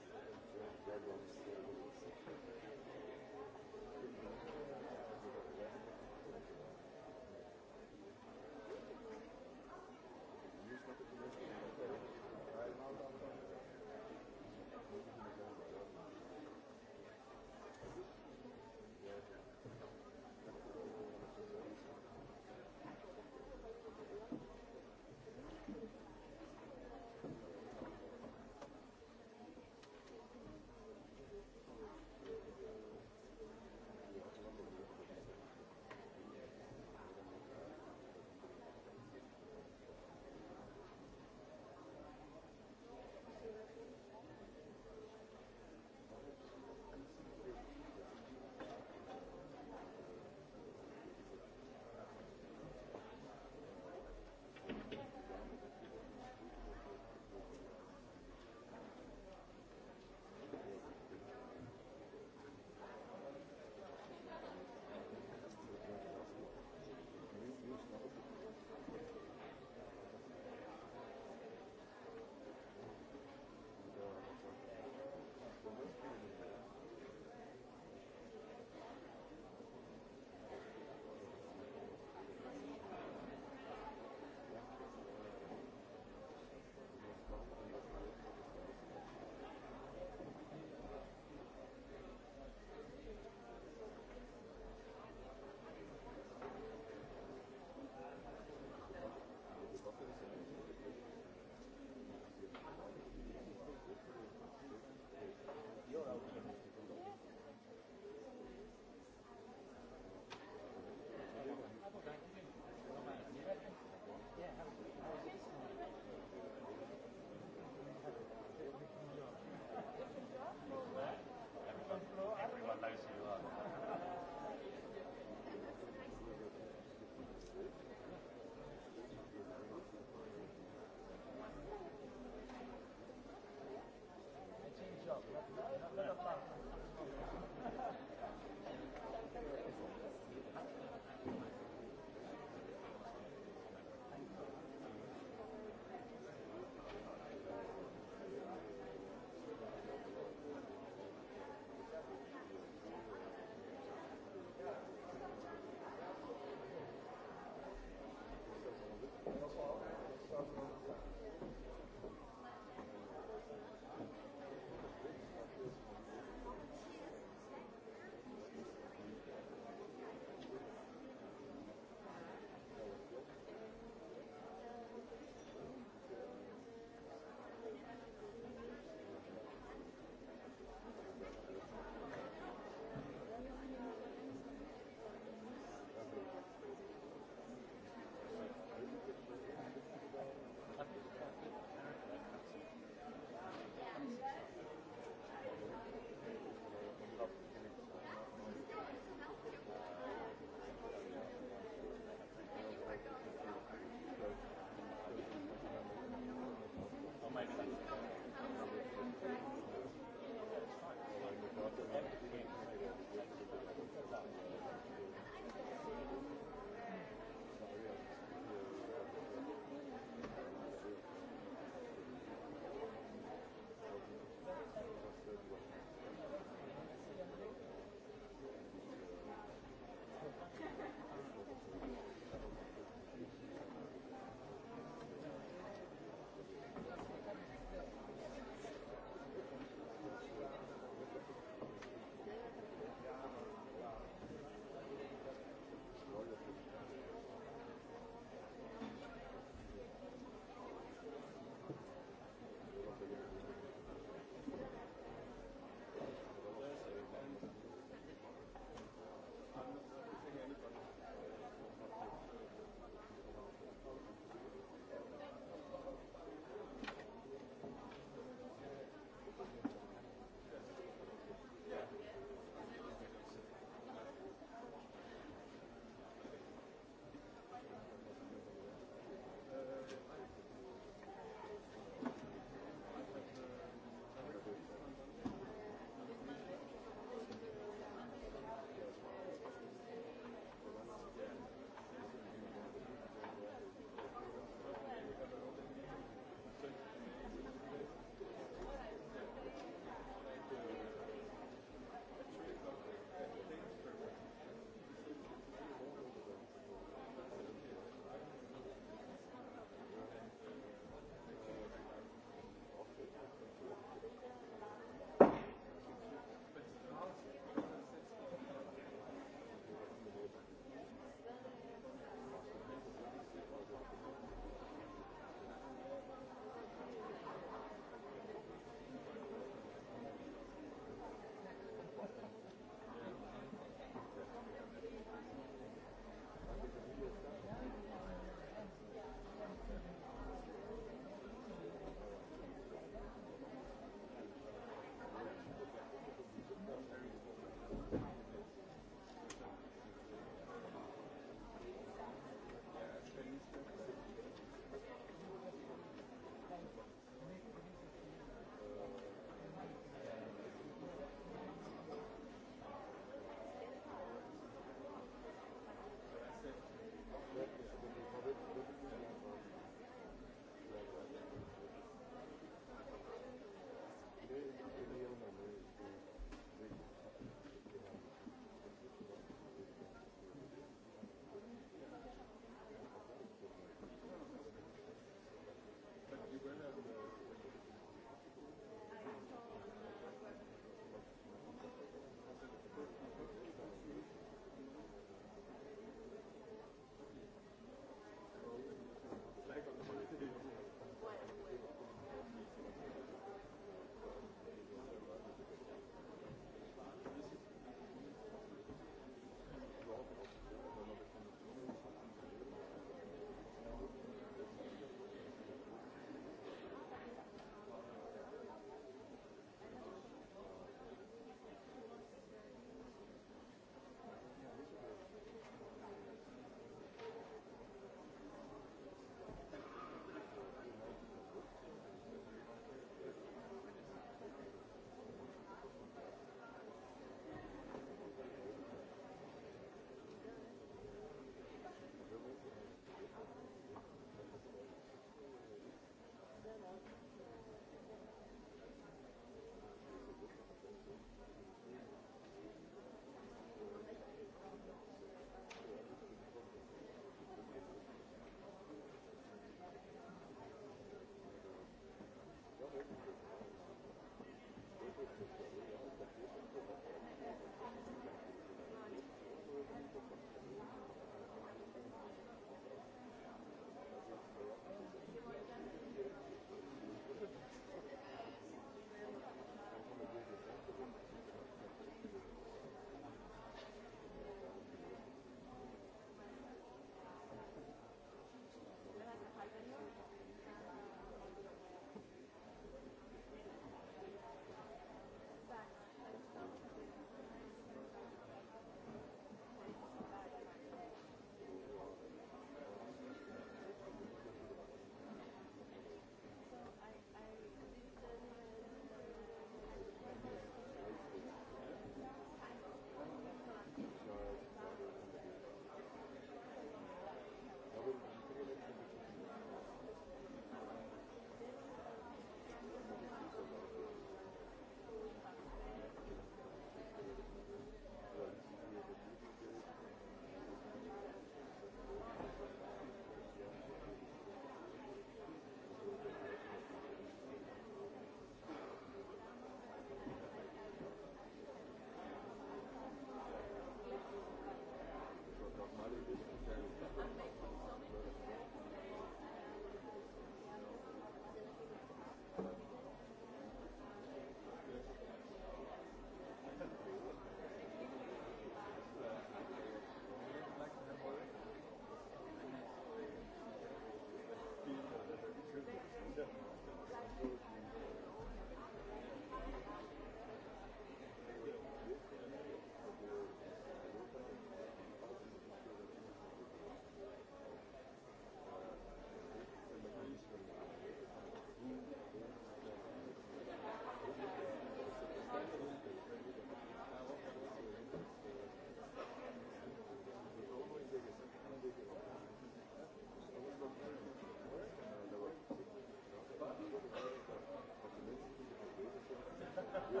Thank you.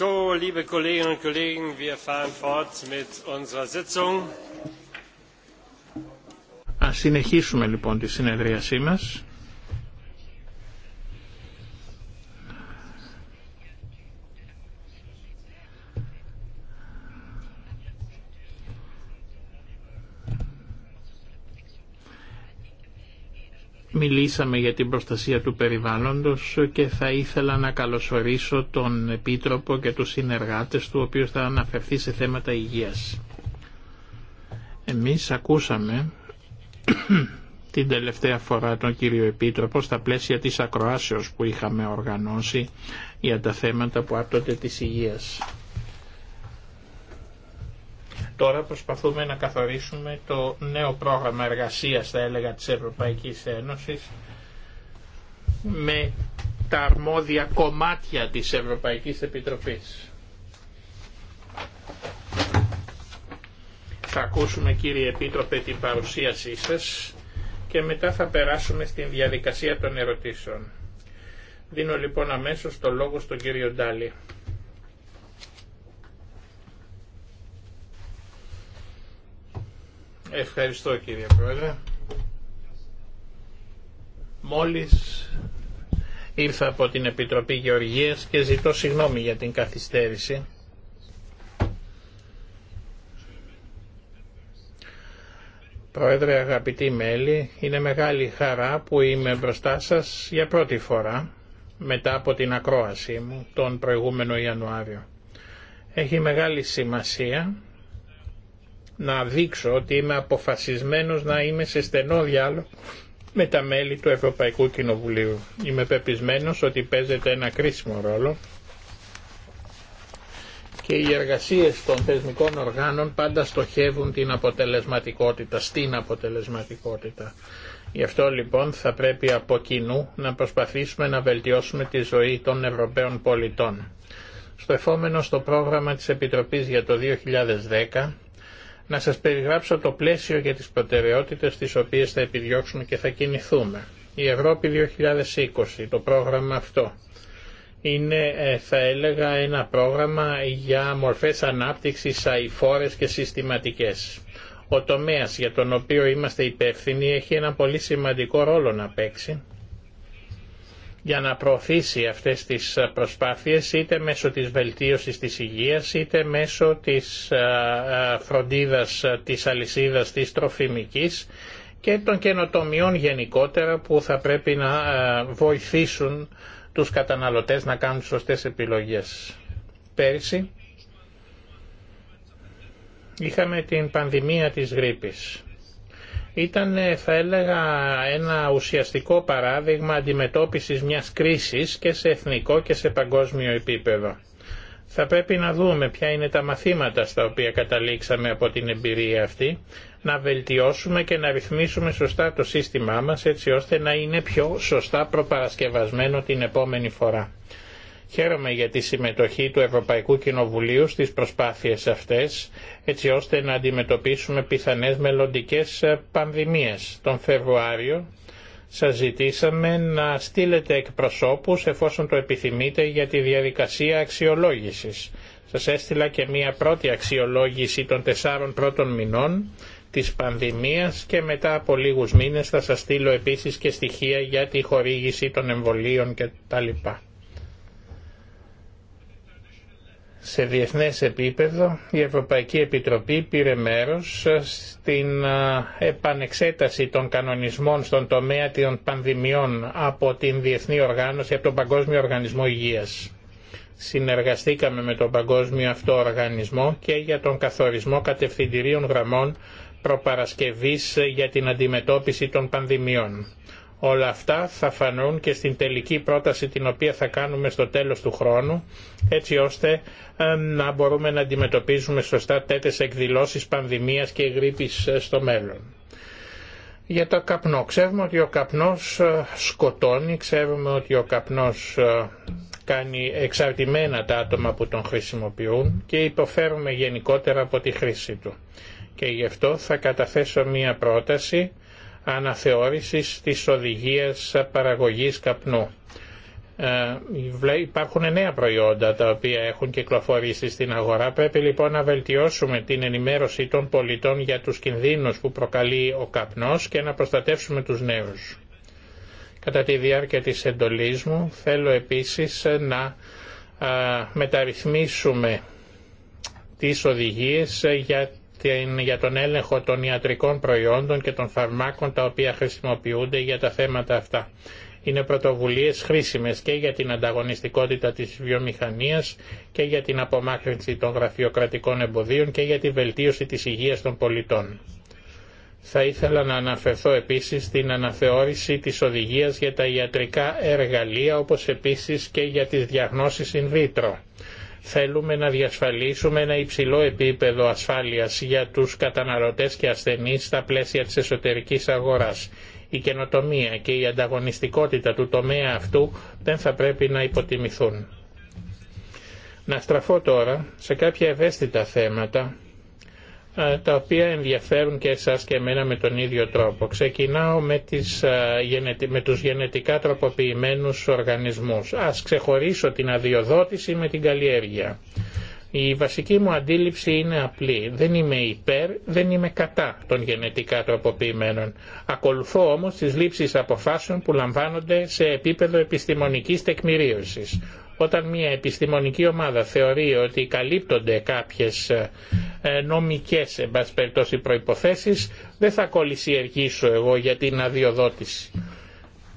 So, liebe Kolleginnen und Kollegen, wir fahren fort mit unserer Sitzung. Ας συνεχίσουμε λοιπόν τη συνεδρίασή μας. Μιλήσαμε για την προστασία του περιβάλλοντος και θα ήθελα να καλωσορίσω τον Επίτροπο και τους συνεργάτες του, ο οποίος θα αναφερθεί σε θέματα υγείας. Εμείς ακούσαμε την τελευταία φορά τον κύριο Επίτροπο στα πλαίσια της ακροάσεως που είχαμε οργανώσει για τα θέματα που άπτονται της υγείας. Τώρα προσπαθούμε να καθορίσουμε το νέο πρόγραμμα εργασίας, θα έλεγα, της Ευρωπαϊκής Ένωσης με τα αρμόδια κομμάτια της Ευρωπαϊκής Επιτροπής. Θα ακούσουμε κύριε Επίτροπε την παρουσίασή σας και μετά θα περάσουμε στην διαδικασία των ερωτήσεων. Δίνω λοιπόν αμέσως το λόγο στον κύριο Ντάλι. Ευχαριστώ κύριε Πρόεδρε. Μόλις ήρθα από την Επιτροπή Γεωργίας και ζητώ συγγνώμη για την καθυστέρηση. Πρόεδρε, αγαπητοί μέλη, είναι μεγάλη χαρά που είμαι μπροστά σας για πρώτη φορά μετά από την ακρόασή μου τον προηγούμενο Ιανουάριο. Έχει μεγάλη σημασία να δείξω ότι είμαι αποφασισμένος να είμαι σε στενό διάλογο με τα μέλη του Ευρωπαϊκού Κοινοβουλίου. Είμαι πεπισμένος ότι παίζεται ένα κρίσιμο ρόλο και οι εργασίες των θεσμικών οργάνων πάντα στοχεύουν την αποτελεσματικότητα, στην αποτελεσματικότητα. Γι' αυτό λοιπόν θα πρέπει από κοινού να προσπαθήσουμε να βελτιώσουμε τη ζωή των Ευρωπαίων πολιτών. Στο εφόμενο στο πρόγραμμα της Επιτροπής για το 2010 να σας περιγράψω το πλαίσιο για τις προτεραιότητες τις οποίες θα επιδιώξουμε και θα κινηθούμε. Η Ευρώπη 2020, το πρόγραμμα αυτό, είναι ε, θα έλεγα ένα πρόγραμμα για μορφές ανάπτυξης αηφόρες και συστηματικές. Ο τομέας για τον οποίο είμαστε υπεύθυνοι έχει ένα πολύ σημαντικό ρόλο να παίξει για να προωθήσει αυτές τις ε, προσπάθειες είτε μέσω της βελτίωσης της υγείας είτε μέσω της ε, ε, φροντίδας της αλυσίδας της τροφιμικής και των καινοτομιών γενικότερα που θα πρέπει να βοηθήσουν τους καταναλωτές να κάνουν σωστές επιλογές. Πέρυσι είχαμε την πανδημία της γρήπης ήταν θα έλεγα ένα ουσιαστικό παράδειγμα αντιμετώπισης μιας κρίσης και σε εθνικό και σε παγκόσμιο επίπεδο. Θα πρέπει να δούμε ποια είναι τα μαθήματα στα οποία καταλήξαμε από την εμπειρία αυτή, να βελτιώσουμε και να ρυθμίσουμε σωστά το σύστημά μας έτσι ώστε να είναι πιο σωστά προπαρασκευασμένο την επόμενη φορά. Χαίρομαι για τη συμμετοχή του Ευρωπαϊκού Κοινοβουλίου στις προσπάθειες αυτές, έτσι ώστε να αντιμετωπίσουμε πιθανές μελλοντικές ε, πανδημίες. Τον Φεβρουάριο σας ζητήσαμε να στείλετε εκπροσώπους εφόσον το επιθυμείτε για τη διαδικασία αξιολόγησης. Σας έστειλα και μία πρώτη αξιολόγηση των τεσσάρων πρώτων μηνών της πανδημίας και μετά από λίγους μήνες θα σας στείλω επίσης και στοιχεία για τη χορήγηση των εμβολίων κτλ. σε διεθνές επίπεδο η Ευρωπαϊκή Επιτροπή πήρε μέρος ε, στην ε, επανεξέταση των κανονισμών στον τομέα των πανδημιών από την Διεθνή Οργάνωση, από τον Παγκόσμιο Οργανισμό Υγείας. Συνεργαστήκαμε με τον Παγκόσμιο αυτό οργανισμό και για τον καθορισμό κατευθυντηρίων γραμμών προπαρασκευής ε, για την αντιμετώπιση των πανδημιών Όλα αυτά θα φανούν και στην τελική πρόταση την οποία θα κάνουμε στο τέλος του χρόνου έτσι ώστε ε, να μπορούμε να αντιμετωπίζουμε σωστά τέτοιες εκδηλώσεις πανδημίας και γρήπης ε, στο μέλλον. Για το καπνό. Ξέρουμε ότι ο καπνός ε, σκοτώνει, ξέρουμε ότι ο καπνός κάνει εξαρτημένα τα άτομα που τον χρησιμοποιούν και υποφέρουμε γενικότερα από τη χρήση του. Και γι' αυτό θα καταθέσω μία πρόταση αναθεώρησης της οδηγίας παραγωγής καπνού. Ε, υπάρχουν νέα προϊόντα τα οποία έχουν κυκλοφορήσει στην αγορά. Πρέπει λοιπόν να βελτιώσουμε την ενημέρωση των πολιτών για τους κινδύνους που προκαλεί ο καπνός και να προστατεύσουμε τους νέους. Κατά τη διάρκεια της εντολής μου θέλω επίσης να ε, μεταρρυθμίσουμε τις οδηγίες για για τον έλεγχο των ιατρικών προϊόντων και των φαρμάκων τα οποία χρησιμοποιούνται για τα θέματα αυτά. Είναι πρωτοβουλίες χρήσιμες και για την ανταγωνιστικότητα της βιομηχανίας και για την απομάκρυνση των γραφειοκρατικών εμποδίων και για τη βελτίωση της υγείας των πολιτών. Θα ήθελα να αναφερθώ επίσης στην αναθεώρηση της οδηγίας για τα ιατρικά εργαλεία όπως επίσης και για τις διαγνώσεις in vitro Θέλουμε να διασφαλίσουμε ένα υψηλό επίπεδο ασφάλειας για τους καταναλωτές και ασθενείς στα πλαίσια της εσωτερικής αγοράς. Η καινοτομία και η ανταγωνιστικότητα του τομέα αυτού δεν θα πρέπει να υποτιμηθούν. Να στραφώ τώρα σε κάποια ευαίσθητα θέματα τα οποία ενδιαφέρουν και εσάς και εμένα με τον ίδιο τρόπο. Ξεκινάω με, τις, με τους γενετικά τροποποιημένους οργανισμούς. Ας ξεχωρίσω την αδειοδότηση με την καλλιέργεια. Η βασική μου αντίληψη είναι απλή. Δεν είμαι υπέρ, δεν είμαι κατά των γενετικά τροποποιημένων. Ακολουθώ όμως τις λήψεις αποφάσεων που λαμβάνονται σε επίπεδο επιστημονικής τεκμηρίωσης. Όταν μια επιστημονική ομάδα θεωρεί ότι καλύπτονται κάποιες ε, νομικές εν προϋποθέσεις, δεν θα κολλησιεργήσω εγώ για την αδειοδότηση.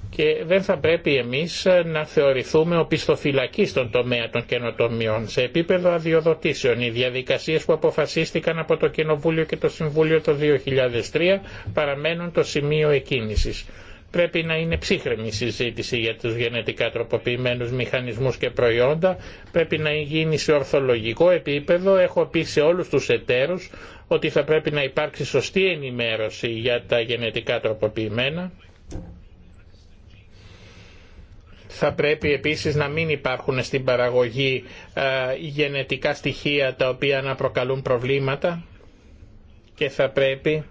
Και δεν θα πρέπει εμείς ε, να θεωρηθούμε οπισθοφυλακοί στον τομέα των καινοτομιών. Σε επίπεδο αδειοδοτήσεων, οι διαδικασίες που αποφασίστηκαν από το Κοινοβούλιο και το Συμβούλιο το 2003 παραμένουν το σημείο εκκίνησης. Πρέπει να είναι ψύχρεμη η συζήτηση για τους γενετικά τροποποιημένους μηχανισμούς και προϊόντα. Πρέπει να γίνει σε ορθολογικό επίπεδο. Έχω πει σε όλους τους εταίρους ότι θα πρέπει να υπάρξει σωστή ενημέρωση για τα γενετικά τροποποιημένα. Θα πρέπει επίσης να μην υπάρχουν στην παραγωγή γενετικά στοιχεία τα οποία να προκαλούν προβλήματα και θα πρέπει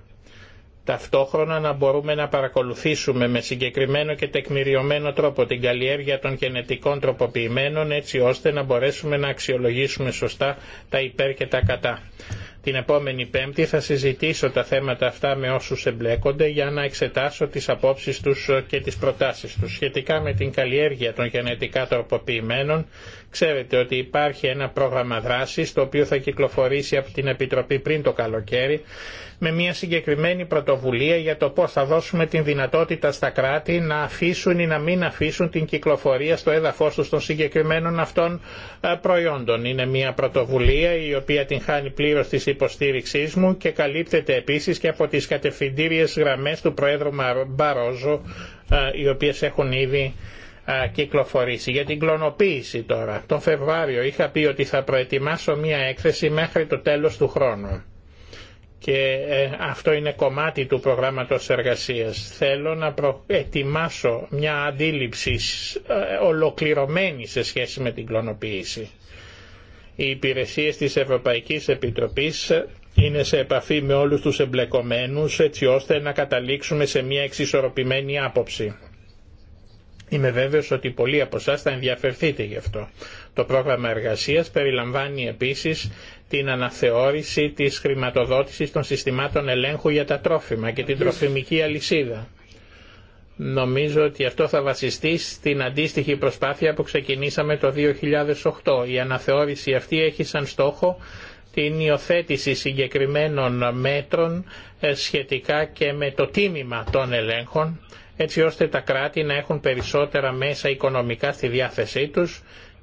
ταυτόχρονα να μπορούμε να παρακολουθήσουμε με συγκεκριμένο και τεκμηριωμένο τρόπο την καλλιέργεια των γενετικών τροποποιημένων έτσι ώστε να μπορέσουμε να αξιολογήσουμε σωστά τα υπέρ και τα κατά. Την επόμενη Πέμπτη θα συζητήσω τα θέματα αυτά με όσους εμπλέκονται για να εξετάσω τις απόψεις τους και τις προτάσεις τους. Σχετικά με την καλλιέργεια των γενετικά τροποποιημένων, ξέρετε ότι υπάρχει ένα πρόγραμμα δράσης το οποίο θα κυκλοφορήσει από την Επιτροπή πριν το καλοκαίρι με μια συγκεκριμένη πρωτοβουλία για το πώς θα δώσουμε την δυνατότητα στα κράτη να αφήσουν ή να μην αφήσουν την κυκλοφορία στο έδαφος τους των συγκεκριμένων αυτών ε, προϊόντων. Είναι μια πρωτοβουλία η οποία την χάνει πλήρως της υποστήριξής μου και καλύπτεται επίσης και από τις κατευθυντήριες γραμμές του Προέδρου Μπαρόζου, ε, οι οποίες έχουν ήδη ε, κυκλοφορήσει. Για την κλωνοποίηση τώρα. Τον Φεβρουάριο είχα πει ότι θα προετοιμάσω μια έκθεση μέχρι το τέλος του χρόνου και ε, αυτό είναι κομμάτι του προγράμματος εργασίας. Θέλω να ετοιμάσω μια αντίληψη ε, ολοκληρωμένη σε σχέση με την κλωνοποίηση. Οι υπηρεσίες της Ευρωπαϊκής Επιτροπής ε, είναι σε επαφή με όλους τους εμπλεκομένους έτσι ώστε να καταλήξουμε σε μια εξισορροπημένη άποψη. Είμαι βέβαιος ότι πολλοί από εσά θα ενδιαφερθείτε γι' αυτό. Το πρόγραμμα εργασίας περιλαμβάνει επίσης την αναθεώρηση της χρηματοδότησης των συστημάτων ελέγχου για τα τρόφιμα και την τροφιμική αλυσίδα. Νομίζω ότι αυτό θα βασιστεί στην αντίστοιχη προσπάθεια που ξεκινήσαμε το 2008. Η αναθεώρηση αυτή έχει σαν στόχο την υιοθέτηση συγκεκριμένων μέτρων ε, σχετικά και με το τίμημα των ελέγχων, έτσι ώστε τα κράτη να έχουν περισσότερα μέσα οικονομικά στη διάθεσή τους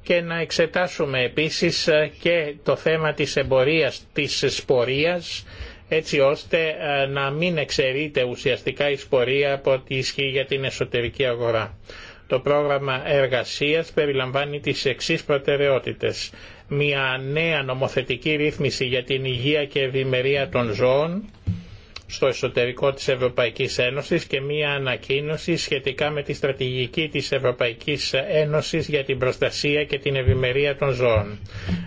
και να εξετάσουμε επίσης ε, και το θέμα της εμπορίας της σπορίας έτσι ώστε ε, να μην εξαιρείται ουσιαστικά η σπορία από ό,τι ισχύει για την εσωτερική αγορά. Το πρόγραμμα εργασίας περιλαμβάνει τις εξής προτεραιότητες. Μια νέα νομοθετική ρύθμιση για την υγεία και ευημερία των ζώων, στο εσωτερικό της Ευρωπαϊκής Ένωσης και μία ανακοίνωση σχετικά με τη στρατηγική της Ευρωπαϊκής Ένωσης για την προστασία και την ευημερία των ζώων.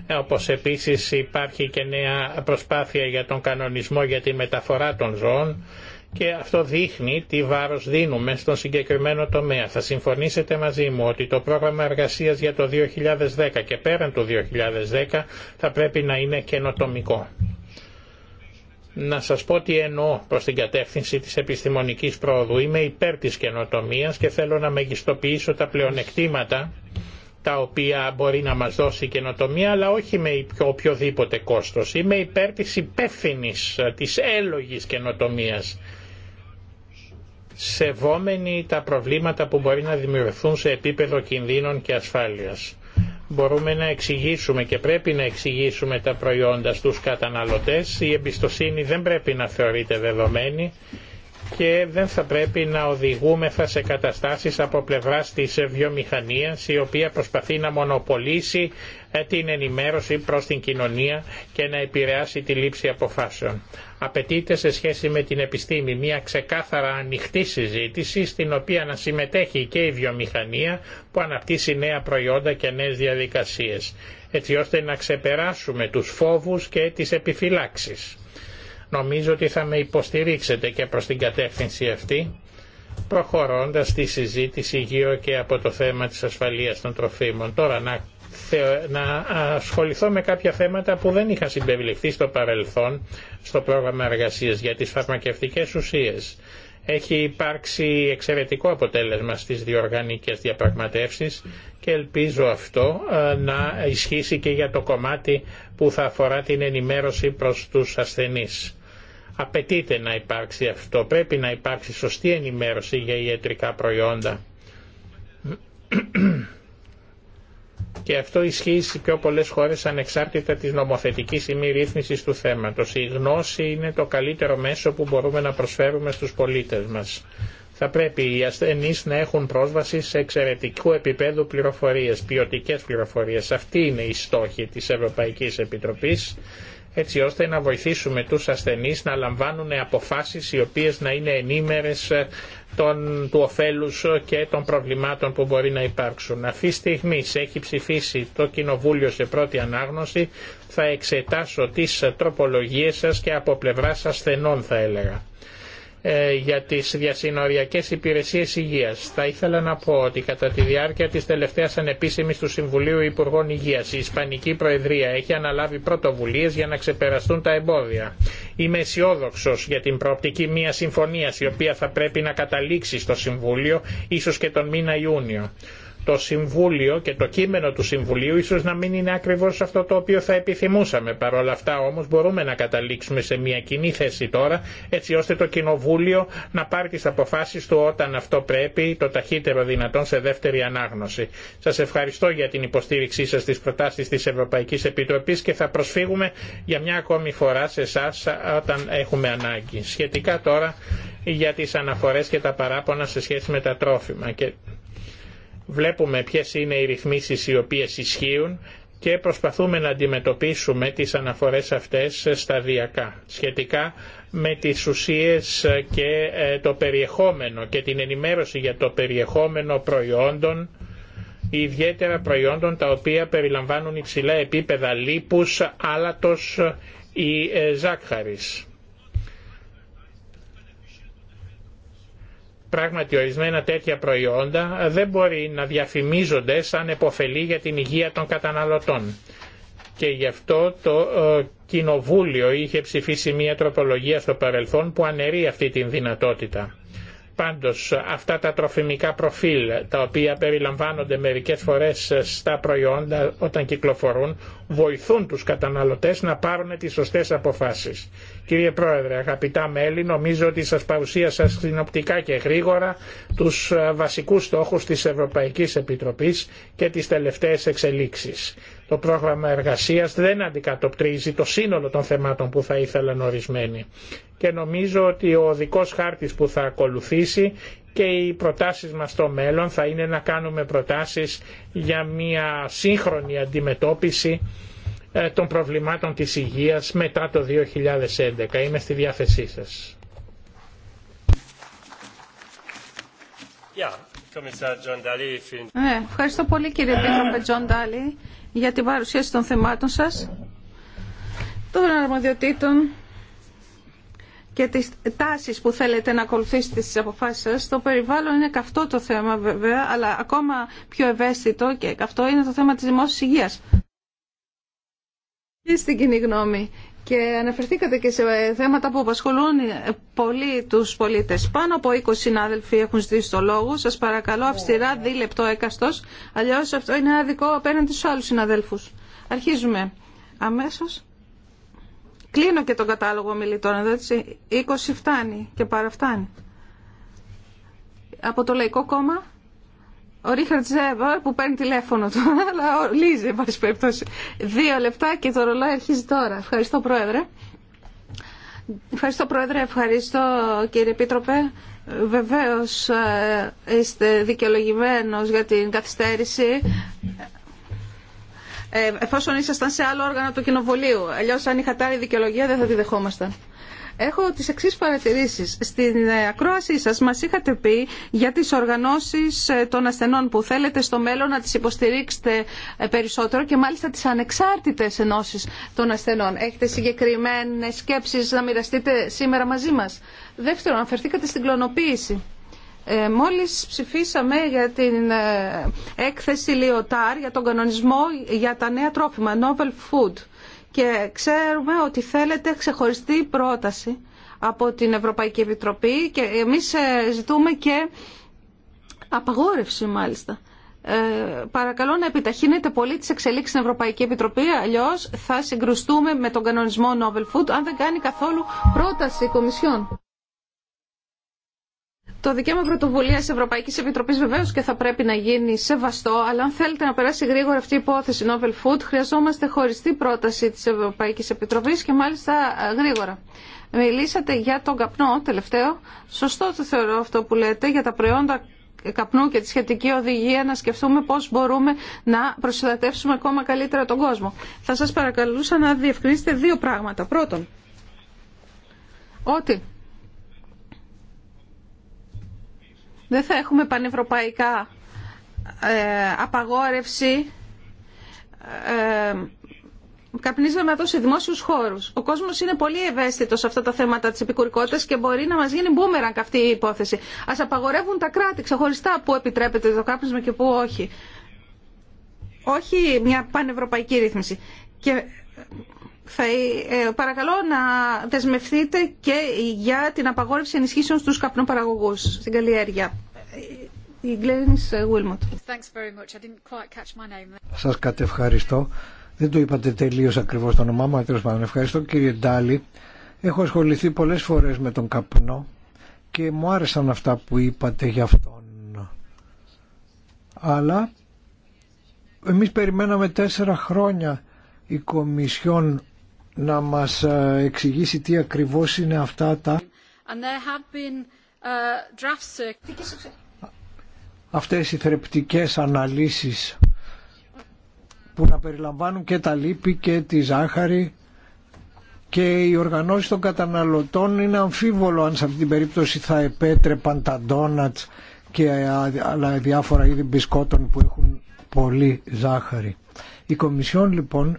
Ε, όπως επίσης υπάρχει και νέα προσπάθεια για τον κανονισμό για τη μεταφορά των ζώων και αυτό δείχνει τι βάρος δίνουμε στον συγκεκριμένο τομέα. Θα συμφωνήσετε μαζί μου ότι το πρόγραμμα εργασίας για το 2010 και πέραν του 2010 θα πρέπει να είναι καινοτομικό να σας πω τι εννοώ προς την κατεύθυνση της επιστημονικής πρόοδου. Είμαι υπέρ της καινοτομίας και θέλω να μεγιστοποιήσω τα πλεονεκτήματα τα οποία μπορεί να μας δώσει η καινοτομία αλλά όχι με οποιοδήποτε κόστος. Είμαι υπέρ της υπεύθυνη της έλογης καινοτομία σεβόμενοι τα προβλήματα που μπορεί να δημιουργηθούν σε επίπεδο κινδύνων και ασφάλειας μπορούμε να εξηγήσουμε και πρέπει να εξηγήσουμε τα προϊόντα στους καταναλωτές. Η εμπιστοσύνη δεν πρέπει να θεωρείται δεδομένη και δεν θα πρέπει να οδηγούμεθα σε καταστάσεις από πλευράς της βιομηχανίας η οποία προσπαθεί να μονοπολίσει την ενημέρωση προς την κοινωνία και να επηρεάσει τη λήψη αποφάσεων. Απαιτείται σε σχέση με την επιστήμη μια ξεκάθαρα ανοιχτή συζήτηση στην οποία να συμμετέχει και η βιομηχανία που αναπτύσσει νέα προϊόντα και νέες διαδικασίες έτσι ώστε να ξεπεράσουμε τους φόβους και τις επιφυλάξεις. Νομίζω ότι θα με υποστηρίξετε και προς την κατεύθυνση αυτή προχωρώντας τη συζήτηση γύρω και από το θέμα της ασφαλείας των τροφίμων. Τώρα να να ασχοληθώ με κάποια θέματα που δεν είχαν συμπεριληφθεί στο παρελθόν στο πρόγραμμα εργασίας για τις φαρμακευτικές ουσίες. Έχει υπάρξει εξαιρετικό αποτέλεσμα στις διοργανικές διαπραγματεύσεις και ελπίζω αυτό ε, να ισχύσει και για το κομμάτι που θα αφορά την ενημέρωση προς τους ασθενείς. Απαιτείται να υπάρξει αυτό. Πρέπει να υπάρξει σωστή ενημέρωση για ιατρικά προϊόντα. Και αυτό ισχύει σε πιο πολλές χώρες ανεξάρτητα της νομοθετικής ή μη ρύθμισης του θέματος. Η γνώση είναι το καλύτερο μέσο που μπορούμε να προσφέρουμε στους πολίτες μας. Θα πρέπει οι ασθενείς να έχουν πρόσβαση σε εξαιρετικού επίπεδου πληροφορίες, ποιοτικέ πληροφορίες. Αυτή είναι η στόχη της Ευρωπαϊκής Επιτροπής έτσι ώστε να βοηθήσουμε τους ασθενείς να λαμβάνουν αποφάσεις οι οποίες να είναι ενήμερες των, του ωφέλους και των προβλημάτων που μπορεί να υπάρξουν. Αυτή τη στιγμή έχει ψηφίσει το Κοινοβούλιο σε πρώτη ανάγνωση. Θα εξετάσω τις τροπολογίες σας και από πλευράς ασθενών θα έλεγα. Ε, για τις διασυνοριακές υπηρεσίες υγείας. Θα ήθελα να πω ότι κατά τη διάρκεια της τελευταίας ανεπίσημης του Συμβουλίου Υπουργών Υγείας η Ισπανική Προεδρία έχει αναλάβει πρωτοβουλίες για να ξεπεραστούν τα εμπόδια. Είμαι αισιόδοξο για την προοπτική μια συμφωνίας η οποία θα πρέπει να καταλήξει στο Συμβούλιο ίσως και τον μήνα Ιούνιο το Συμβούλιο και το κείμενο του Συμβουλίου ίσως να μην είναι ακριβώς αυτό το οποίο θα επιθυμούσαμε. Παρ' όλα αυτά όμως μπορούμε να καταλήξουμε σε μια κοινή θέση τώρα έτσι ώστε το Κοινοβούλιο να πάρει τις αποφάσεις του όταν αυτό πρέπει το ταχύτερο δυνατόν σε δεύτερη ανάγνωση. Σας ευχαριστώ για την υποστήριξή σας στις προτάσεις της Ευρωπαϊκής Επιτροπής και θα προσφύγουμε για μια ακόμη φορά σε εσά όταν έχουμε ανάγκη. Σχετικά τώρα για τις αναφορές και τα παράπονα σε σχέση με τα τρόφιμα. Βλέπουμε ποιες είναι οι ρυθμίσεις οι οποίες ισχύουν και προσπαθούμε να αντιμετωπίσουμε τις αναφορές αυτές σταδιακά σχετικά με τις ουσίες και ε, το περιεχόμενο και την ενημέρωση για το περιεχόμενο προϊόντων ιδιαίτερα προϊόντων τα οποία περιλαμβάνουν υψηλά επίπεδα λίπους, άλατος ή ε, ζάχαρης. Πράγματι ορισμένα τέτοια προϊόντα δεν μπορεί να διαφημίζονται σαν επωφελή για την υγεία των καταναλωτών. Και γι' αυτό το ε, Κοινοβούλιο είχε ψηφίσει μια τροπολογία στο παρελθόν που αναιρεί αυτή την δυνατότητα. Πάντως αυτά τα τροφιμικά προφίλ τα οποία περιλαμβάνονται μερικές φορές στα προϊόντα όταν κυκλοφορούν βοηθούν τους καταναλωτές να πάρουν τις σωστές αποφάσεις. Κύριε Πρόεδρε, αγαπητά μέλη, νομίζω ότι σας παρουσίασα συνοπτικά και γρήγορα τους ε, βασικούς στόχους της Ευρωπαϊκής Επιτροπής και τις τελευταίες εξελίξεις. Το πρόγραμμα εργασίας δεν αντικατοπτρίζει το σύνολο των θεμάτων που θα ήθελαν ορισμένοι. Και νομίζω ότι ο οδικός χάρτης που θα ακολουθήσει και οι προτάσεις μας στο μέλλον θα είναι να κάνουμε προτάσει για μια σύγχρονη αντιμετώπιση ε, των προβλημάτων της υγείας μετά το 2011. Είμαι στη διάθεσή σας. Ναι, ευχαριστώ πολύ κύριε Πίτροπε Τζον Ντάλι για την παρουσίαση των θεμάτων σας, των αρμοδιοτήτων και τις τάσεις που θέλετε να ακολουθήσετε στις αποφάσεις σας. Το περιβάλλον είναι καυτό το θέμα βέβαια, αλλά ακόμα πιο ευαίσθητο και καυτό είναι το θέμα της δημόσιας υγείας στην κοινή γνώμη και αναφερθήκατε και σε θέματα που απασχολούν ε, πολλοί του πολίτες. Πάνω από 20 συνάδελφοι έχουν ζητήσει το λόγο. Σας παρακαλώ αυστηρά δίλεπτο έκαστος, Αλλιώ αυτό είναι άδικο απέναντι στους άλλου συναδέλφου. Αρχίζουμε αμέσως. Κλείνω και τον κατάλογο μιλητών, έτσι. 20 φτάνει και παραφτάνει. Από το Λαϊκό Κόμμα, ο Ρίχαρτ που παίρνει τηλέφωνο του, αλλά Λίζε, εν πάση περιπτώσει. Δύο λεπτά και το ρολόι αρχίζει τώρα. Ευχαριστώ, Πρόεδρε. Ευχαριστώ, Πρόεδρε. Ευχαριστώ, κύριε Επίτροπε. Βεβαίω ε, είστε δικαιολογημένο για την καθυστέρηση. Ε, εφόσον ήσασταν σε άλλο όργανο του Κοινοβουλίου. Αλλιώ, αν είχατε άλλη δικαιολογία, δεν θα τη δεχόμασταν. Έχω τις εξή παρατηρήσεις. Στην ε, ακρόασή σας μας είχατε πει για τις οργανώσεις ε, των ασθενών που θέλετε στο μέλλον να τις υποστηρίξετε ε, περισσότερο και μάλιστα τις ανεξάρτητες ενώσεις των ασθενών. Έχετε συγκεκριμένες σκέψεις να μοιραστείτε σήμερα μαζί μας. Δεύτερον, αναφερθήκατε στην κλωνοποίηση. Ε, μόλις ψηφίσαμε για την έκθεση Λιωτάρ για τον κανονισμό για τα νέα τρόφιμα, Novel Food και ξέρουμε ότι θέλετε ξεχωριστή πρόταση από την Ευρωπαϊκή Επιτροπή και εμείς ε, ζητούμε και απαγόρευση μάλιστα. Ε, παρακαλώ να επιταχύνετε πολύ τις εξελίξεις στην Ευρωπαϊκή Επιτροπή, αλλιώς θα συγκρουστούμε με τον κανονισμό Novel Food αν δεν κάνει καθόλου πρόταση η Κομισιόν. Το δικαίωμα πρωτοβουλία τη Ευρωπαϊκή Επιτροπή βεβαίω και θα πρέπει να γίνει σεβαστό, αλλά αν θέλετε να περάσει γρήγορα αυτή η υπόθεση Novel Food, χρειαζόμαστε χωριστή πρόταση τη Ευρωπαϊκή Επιτροπή και μάλιστα ε, γρήγορα. Μιλήσατε για τον καπνό τελευταίο. Σωστό το θεωρώ αυτό που λέτε για τα προϊόντα καπνού και τη σχετική οδηγία να σκεφτούμε πώ μπορούμε να προστατεύσουμε ακόμα καλύτερα τον κόσμο. Θα σα παρακαλούσα να διευκρινίσετε δύο πράγματα. Πρώτον, ότι Δεν θα έχουμε πανευρωπαϊκά ε, απαγόρευση ε, καπνίσματος σε δημόσιους χώρους. Ο κόσμος είναι πολύ ευαίσθητος σε αυτά τα θέματα της επικουρικότητας και μπορεί να μας γίνει μπούμεραν αυτή η υπόθεση. Ας απαγορεύουν τα κράτη ξεχωριστά που επιτρέπεται το κάπνισμα και που όχι. Όχι μια πανευρωπαϊκή ρύθμιση. Και θα, ε, παρακαλώ να δεσμευτείτε και για την απαγόρευση ενισχύσεων στους καπνοπαραγωγούς στην καλλιέργεια. Ε, η Σας κατευχαριστώ. Δεν το είπατε τελείως ακριβώς το όνομά μου, αλλά πάντων ευχαριστώ κύριε Ντάλι. Έχω ασχοληθεί πολλές φορές με τον καπνό και μου άρεσαν αυτά που είπατε για αυτόν. Αλλά εμεί περιμέναμε τέσσερα χρόνια η Κομισιόν να μας ε, εξηγήσει τι ακριβώς είναι αυτά τα... Ε, αυτές οι θρεπτικές αναλύσεις που να περιλαμβάνουν και τα λίπη και τη ζάχαρη και οι οργανώσεις των καταναλωτών είναι αμφίβολο αν σε αυτή την περίπτωση θα επέτρεπαν τα ντόνατς και ε, άλλα διάφορα είδη μπισκότων που έχουν πολύ ζάχαρη. Η Κομισιόν λοιπόν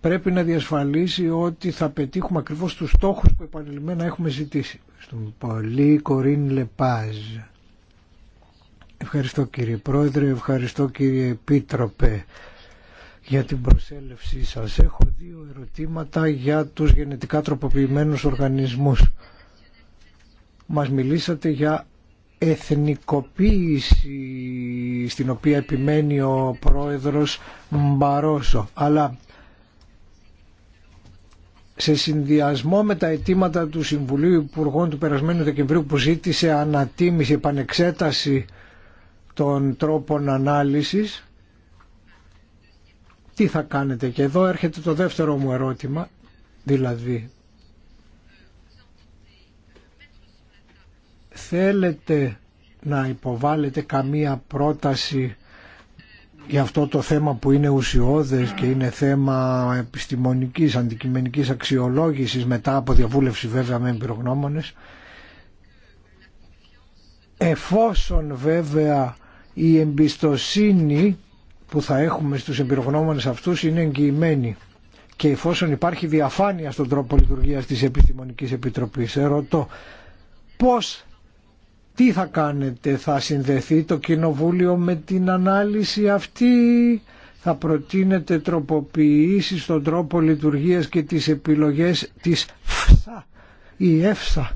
πρέπει να διασφαλίσει ότι θα πετύχουμε ακριβώς τους στόχους που επανειλημμένα έχουμε ζητήσει. Στον πολύ Κορίν Λεπάζ. Ευχαριστώ κύριε Πρόεδρε, ευχαριστώ κύριε Επίτροπε για την προσέλευσή σας. Έχω δύο ερωτήματα για τους γενετικά τροποποιημένους οργανισμούς. Μας μιλήσατε για εθνικοποίηση στην οποία επιμένει ο πρόεδρος Μπαρόσο. Αλλά σε συνδυασμό με τα αιτήματα του Συμβουλίου Υπουργών του περασμένου Δεκεμβρίου που ζήτησε ανατίμηση, επανεξέταση των τρόπων ανάλυσης, τι θα κάνετε. Και εδώ έρχεται το δεύτερο μου ερώτημα, δηλαδή θέλετε να υποβάλλετε καμία πρόταση για αυτό το θέμα που είναι ουσιώδες και είναι θέμα επιστημονικής, αντικειμενικής αξιολόγησης μετά από διαβούλευση βέβαια με εμπειρογνώμονες εφόσον βέβαια η εμπιστοσύνη που θα έχουμε στους εμπειρογνώμονες αυτούς είναι εγγυημένη και εφόσον υπάρχει διαφάνεια στον τρόπο λειτουργίας της Επιστημονικής Επιτροπής ερωτώ πώς τι θα κάνετε, θα συνδεθεί το Κοινοβούλιο με την ανάλυση αυτή, θα προτείνετε τροποποιήσεις στον τρόπο λειτουργίας και τις επιλογές της ΦΣΑ ή ΕΦΣΑ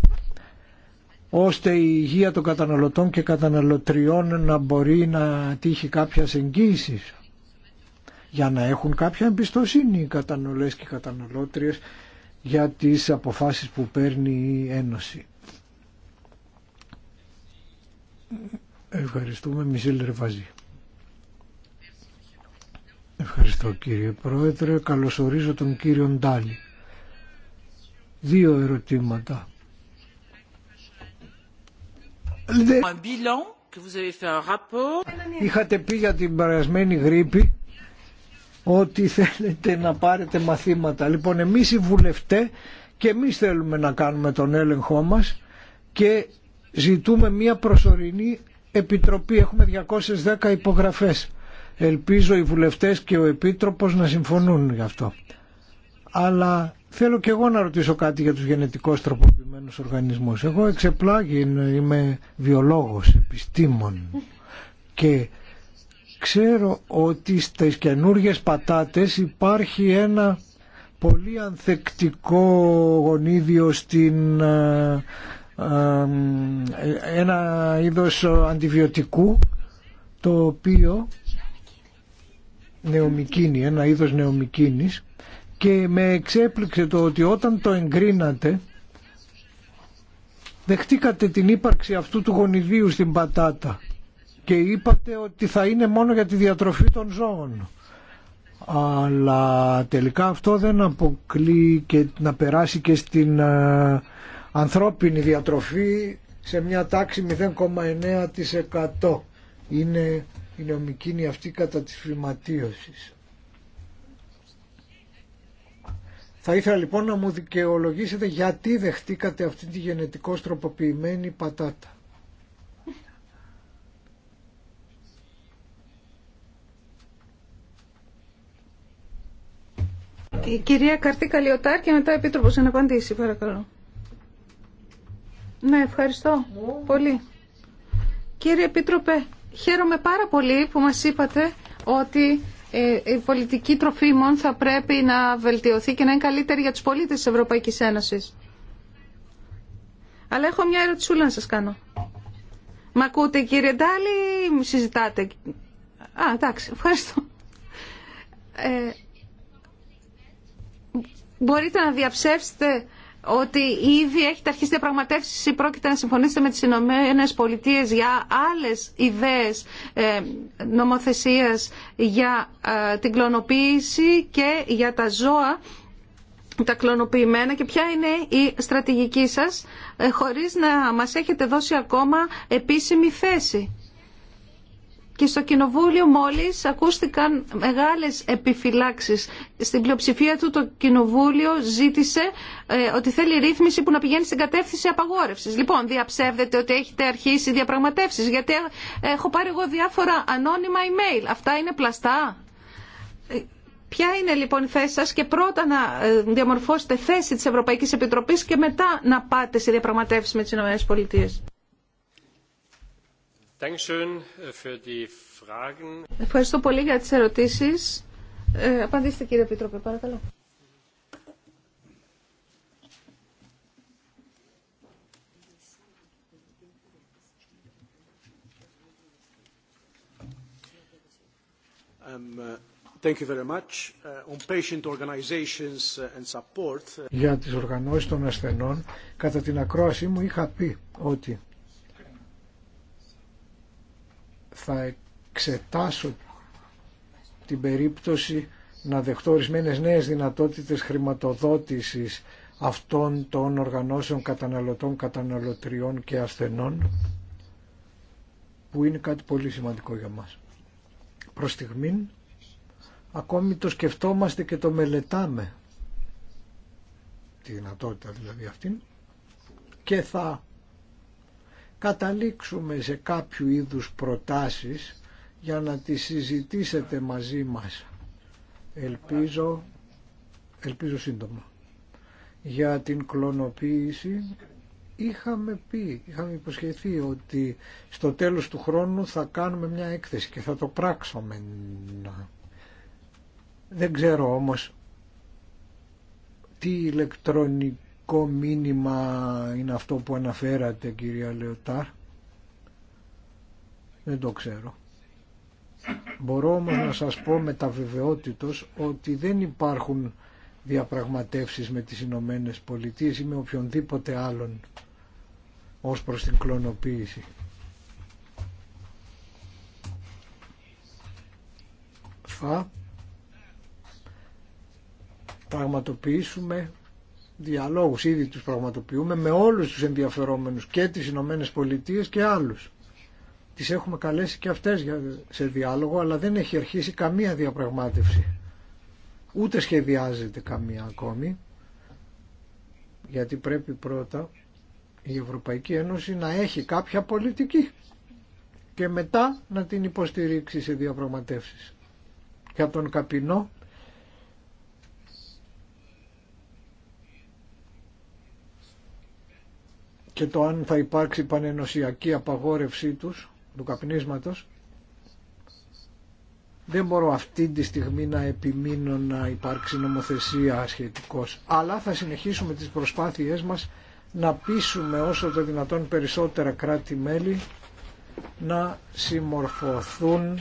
ώστε η υγεία των καταναλωτών και καταναλωτριών να μπορεί να τύχει κάποια εγγύηση για να έχουν κάποια εμπιστοσύνη οι καταναλωτές και οι καταναλώτριες για τις αποφάσεις που παίρνει η Ένωση. Ευχαριστούμε. Μισελ Ρεβάζη. Ευχαριστώ κύριε Πρόεδρε. Καλωσορίζω τον κύριο Ντάλι. Δύο ερωτήματα. Είχατε πει για την παρασμένη γρήπη ότι θέλετε να πάρετε μαθήματα. Λοιπόν, εμείς οι βουλευτές και εμείς θέλουμε να κάνουμε τον έλεγχό μας και ζητούμε μια προσωρινή επιτροπή. Έχουμε 210 υπογραφές. Ελπίζω οι βουλευτές και ο Επίτροπος να συμφωνούν γι' αυτό. Αλλά θέλω και εγώ να ρωτήσω κάτι για τους γενετικώς τροποποιημένους οργανισμούς. Εγώ εξεπλάγει είμαι βιολόγος, επιστήμων και ξέρω ότι στις καινούργιες πατάτες υπάρχει ένα πολύ ανθεκτικό γονίδιο στην ε, ένα είδος αντιβιωτικού το οποίο νεομικίνη, ένα είδος νεομικίνης και με εξέπληξε το ότι όταν το εγκρίνατε δεχτήκατε την ύπαρξη αυτού του γονιδίου στην πατάτα και είπατε ότι θα είναι μόνο για τη διατροφή των ζώων. Αλλά τελικά αυτό δεν αποκλεί και να περάσει και στην ε, ανθρώπινη διατροφή σε μια τάξη 0,9% είναι η νομική αυτή κατά της φυματίωσης. Θα ήθελα λοιπόν να μου δικαιολογήσετε γιατί δεχτήκατε αυτή τη γενετικό τροποποιημένη πατάτα. Η κυρία Καρτή Καλιοτάρ και μετά Επίτροπος να απαντήσει, παρακαλώ. Ναι, ευχαριστώ πολύ. Κύριε Επίτροπε, χαίρομαι πάρα πολύ που μας είπατε ότι ε, η πολιτική τροφίμων θα πρέπει να βελτιωθεί και να είναι καλύτερη για τους πολίτες της Ευρωπαϊκής Ένωσης. Αλλά έχω μια ερωτησούλα να σας κάνω. Μ' ακούτε κύριε Ντάλη ή συζητάτε. Α, εντάξει, ευχαριστώ. Ε, μπορείτε να διαψεύσετε ότι ήδη έχετε αρχίσει διαπραγματεύσει ή πρόκειται να συμφωνήσετε με τις Ηνωμένε Πολιτείε για άλλες ιδέες ε, νομοθεσίας για ε, την κλωνοποίηση και για τα ζώα τα κλωνοποιημένα και ποια είναι η στρατηγική σας ε, χωρίς να μας έχετε δώσει ακόμα επίσημη θέση και στο Κοινοβούλιο μόλις ακούστηκαν μεγάλες επιφυλάξεις. Στην πλειοψηφία του το Κοινοβούλιο ζήτησε ε, ότι θέλει ρύθμιση που να πηγαίνει στην κατεύθυνση απαγόρευσης. Λοιπόν, διαψεύδεται ότι έχετε αρχίσει διαπραγματεύσεις, γιατί ε, έχω πάρει εγώ διάφορα ανώνυμα email. Αυτά είναι πλαστά. Ε, ποια είναι λοιπόν η θέση σας και πρώτα να διαμορφώσετε θέση της Ευρωπαϊκής Επιτροπής και μετά να πάτε σε διαπραγματεύσεις με τις ΗΠΑ. Äh, Ευχαριστώ πολύ για τις ερωτήσεις. Ε, απαντήστε κύριε Επίτροπε, παρακαλώ. Για τις οργανώσεις των ασθενών, κατά την ακρόαση μου είχα πει ότι θα εξετάσω την περίπτωση να δεχτώ ορισμένε νέες δυνατότητες χρηματοδότησης αυτών των οργανώσεων καταναλωτών, καταναλωτριών και ασθενών που είναι κάτι πολύ σημαντικό για μας. Προς στιγμήν ακόμη το σκεφτόμαστε και το μελετάμε τη δυνατότητα δηλαδή αυτήν και θα καταλήξουμε σε κάποιου είδους προτάσεις για να τις συζητήσετε μαζί μας. Ελπίζω, ελπίζω σύντομα. Για την κλωνοποίηση είχαμε πει, είχαμε υποσχεθεί ότι στο τέλος του χρόνου θα κάνουμε μια έκθεση και θα το πράξουμε. Δεν ξέρω όμως τι ηλεκτρονική βασικό μήνυμα είναι αυτό που αναφέρατε κυρία Λεωτάρ. Δεν το ξέρω. Μπορώ όμως να σας πω με τα βεβαιότητος ότι δεν υπάρχουν διαπραγματεύσεις με τις Ηνωμένε Πολιτείες ή με οποιονδήποτε άλλον ως προς την κλωνοποίηση. Θα πραγματοποιήσουμε διαλόγους ήδη τους πραγματοποιούμε με όλους τους ενδιαφερόμενους και τις Ηνωμένε Πολιτείες και άλλους. Τις έχουμε καλέσει και αυτές σε διάλογο αλλά δεν έχει αρχίσει καμία διαπραγμάτευση. Ούτε σχεδιάζεται καμία ακόμη γιατί πρέπει πρώτα η Ευρωπαϊκή Ένωση να έχει κάποια πολιτική και μετά να την υποστηρίξει σε διαπραγματεύσεις. Για τον Καπινό και το αν θα υπάρξει πανενοσιακή απαγόρευσή τους, του καπνίσματος, δεν μπορώ αυτή τη στιγμή να επιμείνω να υπάρξει νομοθεσία σχετικώς, αλλά θα συνεχίσουμε τις προσπάθειές μας να πείσουμε όσο το δυνατόν περισσότερα κράτη-μέλη να συμμορφωθούν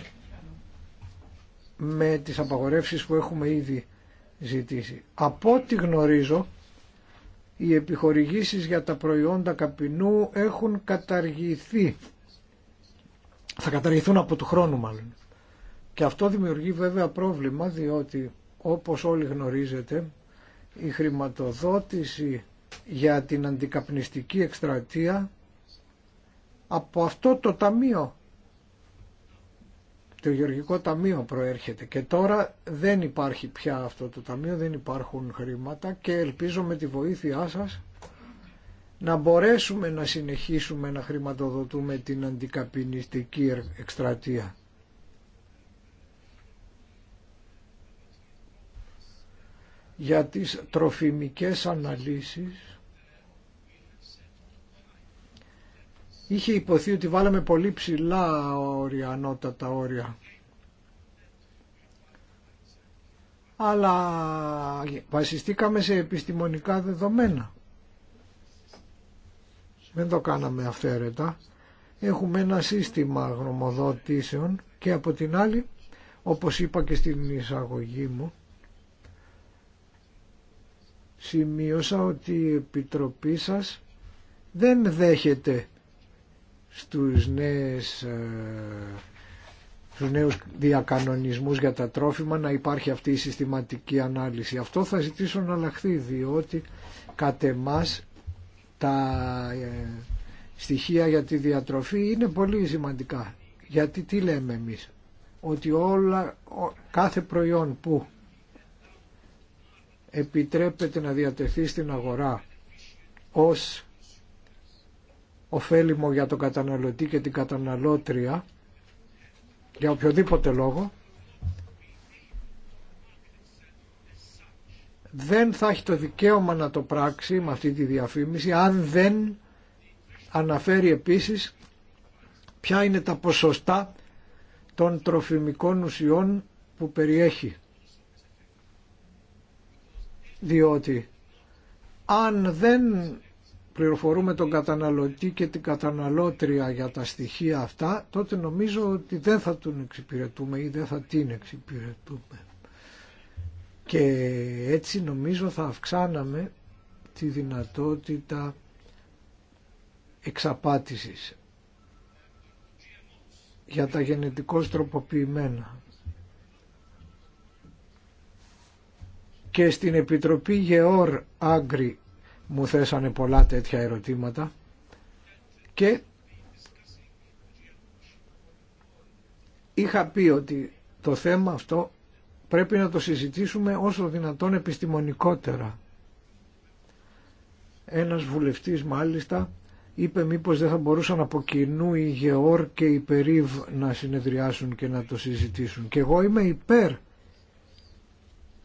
με τις απαγορεύσεις που έχουμε ήδη ζητήσει. Από ό,τι γνωρίζω οι επιχορηγήσεις για τα προϊόντα καπινού έχουν καταργηθεί. Θα καταργηθούν από του χρόνου μάλλον. Και αυτό δημιουργεί βέβαια πρόβλημα διότι όπως όλοι γνωρίζετε η χρηματοδότηση για την αντικαπνιστική εκστρατεία από αυτό το ταμείο το Γεωργικό Ταμείο προέρχεται και τώρα δεν υπάρχει πια αυτό το ταμείο, δεν υπάρχουν χρήματα και ελπίζω με τη βοήθειά σας να μπορέσουμε να συνεχίσουμε να χρηματοδοτούμε την αντικαπινιστική εκστρατεία. Για τις τροφιμικές αναλύσεις Είχε υποθεί ότι βάλαμε πολύ ψηλά όρια, ανώτατα όρια. Αλλά βασιστήκαμε σε επιστημονικά δεδομένα. Δεν το κάναμε αυθαίρετα. Έχουμε ένα σύστημα γνωμοδοτήσεων και από την άλλη, όπως είπα και στην εισαγωγή μου, σημείωσα ότι η Επιτροπή σας δεν δέχεται στους, νέες, ε, στους νέους διακανονισμούς για τα τρόφιμα να υπάρχει αυτή η συστηματική ανάλυση. Αυτό θα ζητήσω να αλλάχθεί διότι κατ' εμάς τα ε, στοιχεία για τη διατροφή είναι πολύ σημαντικά. Γιατί τι λέμε εμείς, ότι όλα, κάθε προϊόν που επιτρέπεται να διατεθεί στην αγορά ως ωφέλιμο για τον καταναλωτή και την καταναλώτρια για οποιοδήποτε λόγο δεν θα έχει το δικαίωμα να το πράξει με αυτή τη διαφήμιση αν δεν αναφέρει επίσης ποια είναι τα ποσοστά των τροφιμικών ουσιών που περιέχει. Διότι αν δεν πληροφορούμε τον καταναλωτή και την καταναλώτρια για τα στοιχεία αυτά, τότε νομίζω ότι δεν θα τον εξυπηρετούμε ή δεν θα την εξυπηρετούμε. Και έτσι νομίζω θα αυξάναμε τη δυνατότητα εξαπάτησης για τα γενετικώς τροποποιημένα. Και στην Επιτροπή Γεώρ Άγκρη μου θέσανε πολλά τέτοια ερωτήματα και είχα πει ότι το θέμα αυτό πρέπει να το συζητήσουμε όσο δυνατόν επιστημονικότερα. Ένας βουλευτής μάλιστα είπε μήπως δεν θα μπορούσαν από κοινού οι Γεώρ και οι Περίβ να συνεδριάσουν και να το συζητήσουν. Και εγώ είμαι υπέρ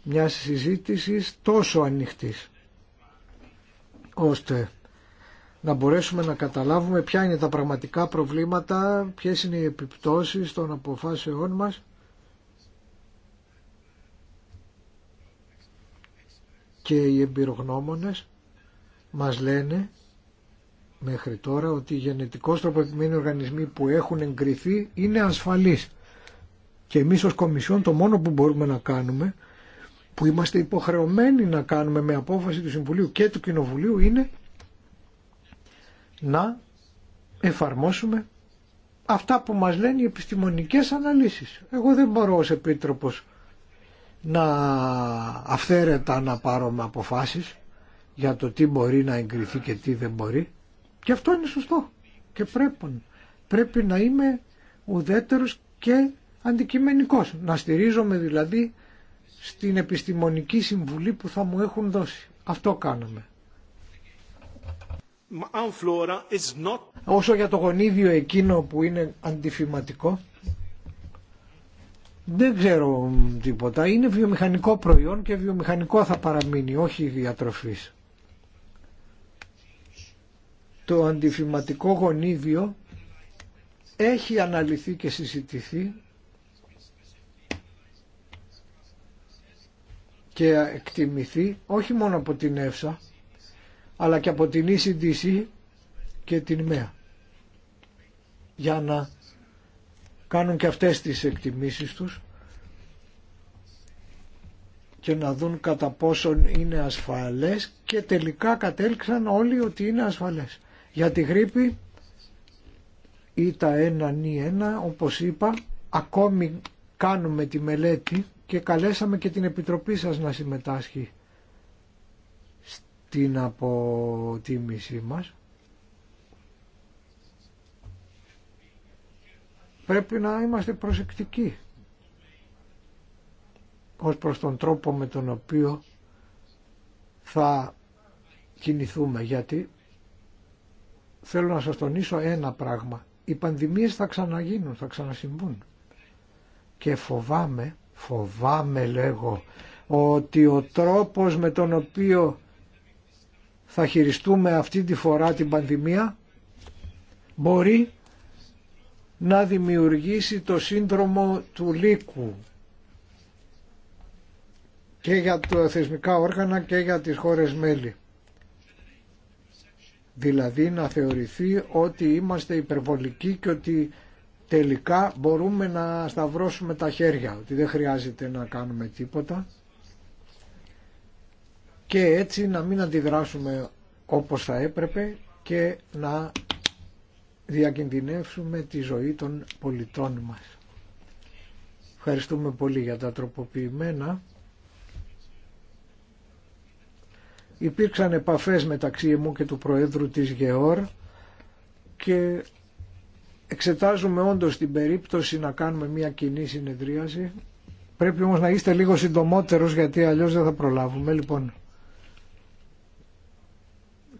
μια συζήτησης τόσο ανοιχτής ώστε να μπορέσουμε να καταλάβουμε ποια είναι τα πραγματικά προβλήματα, ποιες είναι οι επιπτώσεις των αποφάσεών μας και οι εμπειρογνώμονες μας λένε μέχρι τώρα ότι οι γενετικώς τροποποιημένοι οργανισμοί που έχουν εγκριθεί είναι ασφαλείς. Και εμείς ως Κομισιόν το μόνο που μπορούμε να κάνουμε που είμαστε υποχρεωμένοι να κάνουμε με απόφαση του Συμβουλίου και του Κοινοβουλίου είναι να εφαρμόσουμε αυτά που μας λένε οι επιστημονικές αναλύσεις. Εγώ δεν μπορώ ως επίτροπος να αυθαίρετα να πάρω με αποφάσεις για το τι μπορεί να εγκριθεί και τι δεν μπορεί. Και αυτό είναι σωστό και πρέπει. Πρέπει να είμαι ουδέτερος και αντικειμενικός. Να στηρίζομαι δηλαδή στην επιστημονική συμβουλή που θα μου έχουν δώσει. Αυτό κάναμε. Not... Όσο για το γονίδιο εκείνο που είναι αντιφηματικό, δεν ξέρω τίποτα. Είναι βιομηχανικό προϊόν και βιομηχανικό θα παραμείνει, όχι διατροφής. Το αντιφηματικό γονίδιο έχει αναλυθεί και συζητηθεί και εκτιμηθεί όχι μόνο από την ΕΦΣΑ αλλά και από την ECDC και την ΜΕΑ για να κάνουν και αυτές τις εκτιμήσεις τους και να δουν κατά πόσον είναι ασφαλές και τελικά κατέληξαν όλοι ότι είναι ασφαλές. Για τη γρήπη ή τα 1 1 όπως είπα ακόμη κάνουμε τη μελέτη και καλέσαμε και την Επιτροπή σας να συμμετάσχει στην αποτίμησή μας. Πρέπει να είμαστε προσεκτικοί ως προς τον τρόπο με τον οποίο θα κινηθούμε γιατί θέλω να σας τονίσω ένα πράγμα οι πανδημίες θα ξαναγίνουν, θα ξανασυμβούν και φοβάμαι Φοβάμαι λέγω ότι ο τρόπος με τον οποίο θα χειριστούμε αυτή τη φορά την πανδημία μπορεί να δημιουργήσει το σύνδρομο του λύκου και για τα θεσμικά όργανα και για τις χώρες μέλη. Δηλαδή να θεωρηθεί ότι είμαστε υπερβολικοί και ότι τελικά μπορούμε να σταυρώσουμε τα χέρια, ότι δεν χρειάζεται να κάνουμε τίποτα και έτσι να μην αντιδράσουμε όπως θα έπρεπε και να διακινδυνεύσουμε τη ζωή των πολιτών μας. Ευχαριστούμε πολύ για τα τροποποιημένα. Υπήρξαν επαφές μεταξύ μου και του Προέδρου της ΓΕΟΡ και εξετάζουμε όντως την περίπτωση να κάνουμε μια κοινή συνεδρίαση. Πρέπει όμως να είστε λίγο συντομότερος γιατί αλλιώς δεν θα προλάβουμε. Λοιπόν,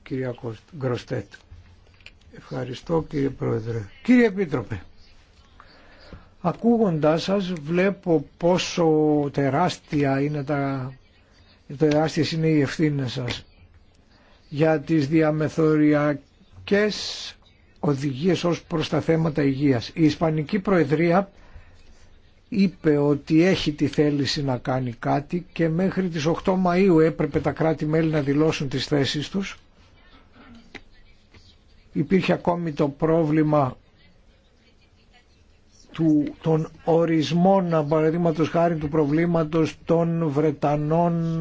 κυρία Γκροστέτ. Ευχαριστώ κύριε Πρόεδρε. Κύριε Επίτροπε, ακούγοντάς σας βλέπω πόσο τεράστια είναι τα... τεράστιες είναι οι ευθύνες σας για τις διαμεθοριακές οδηγίες ως προς τα θέματα υγείας. Η Ισπανική Προεδρία είπε ότι έχει τη θέληση να κάνει κάτι και μέχρι τις 8 Μαΐου έπρεπε τα κράτη-μέλη να δηλώσουν τις θέσεις τους. Υπήρχε ακόμη το πρόβλημα του, των ορισμών, παραδείγματο χάρη του προβλήματος των Βρετανών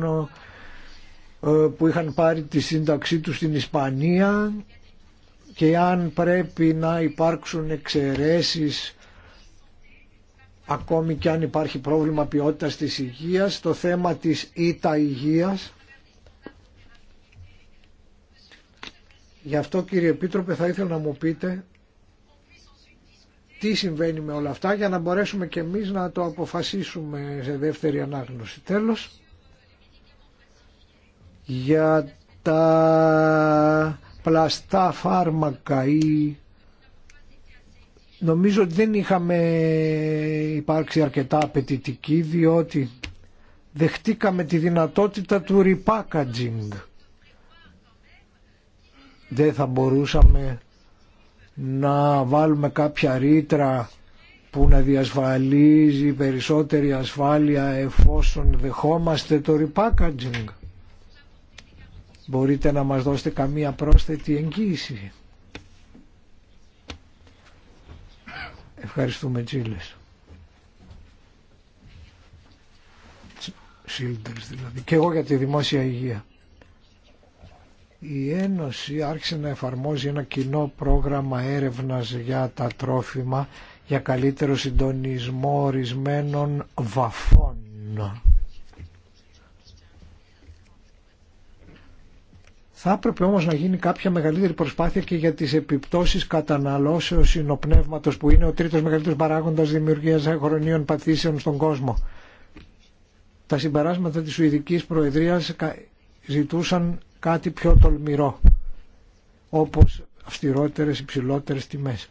ε, που είχαν πάρει τη σύνταξή τους στην Ισπανία και αν πρέπει να υπάρξουν εξαιρέσεις ακόμη και αν υπάρχει πρόβλημα ποιότητας της υγείας, το θέμα της ήττα υγείας. Γι' αυτό κύριε Επίτροπε θα ήθελα να μου πείτε τι συμβαίνει με όλα αυτά για να μπορέσουμε και εμείς να το αποφασίσουμε σε δεύτερη ανάγνωση. Τέλος, για τα πλαστά φάρμακα ή νομίζω ότι δεν είχαμε υπάρξει αρκετά απαιτητικοί διότι δεχτήκαμε τη δυνατότητα του repackaging. Δεν θα μπορούσαμε να βάλουμε κάποια ρήτρα που να διασφαλίζει περισσότερη ασφάλεια εφόσον δεχόμαστε το repackaging. Μπορείτε να μας δώσετε καμία πρόσθετη εγγύηση. Ευχαριστούμε Τζίλες. Σίλτερς δηλαδή. Και εγώ για τη δημόσια υγεία. Η Ένωση άρχισε να εφαρμόζει ένα κοινό πρόγραμμα έρευνας για τα τρόφιμα για καλύτερο συντονισμό ορισμένων βαφών Θα έπρεπε όμως να γίνει κάποια μεγαλύτερη προσπάθεια και για τις επιπτώσεις καταναλώσεως συνοπνεύματος που είναι ο τρίτος μεγαλύτερος παράγοντας δημιουργίας χρονίων παθήσεων στον κόσμο. Τα συμπεράσματα της Σουηδικής Προεδρίας ζητούσαν κάτι πιο τολμηρό, όπως αυστηρότερες υψηλότερες τιμές.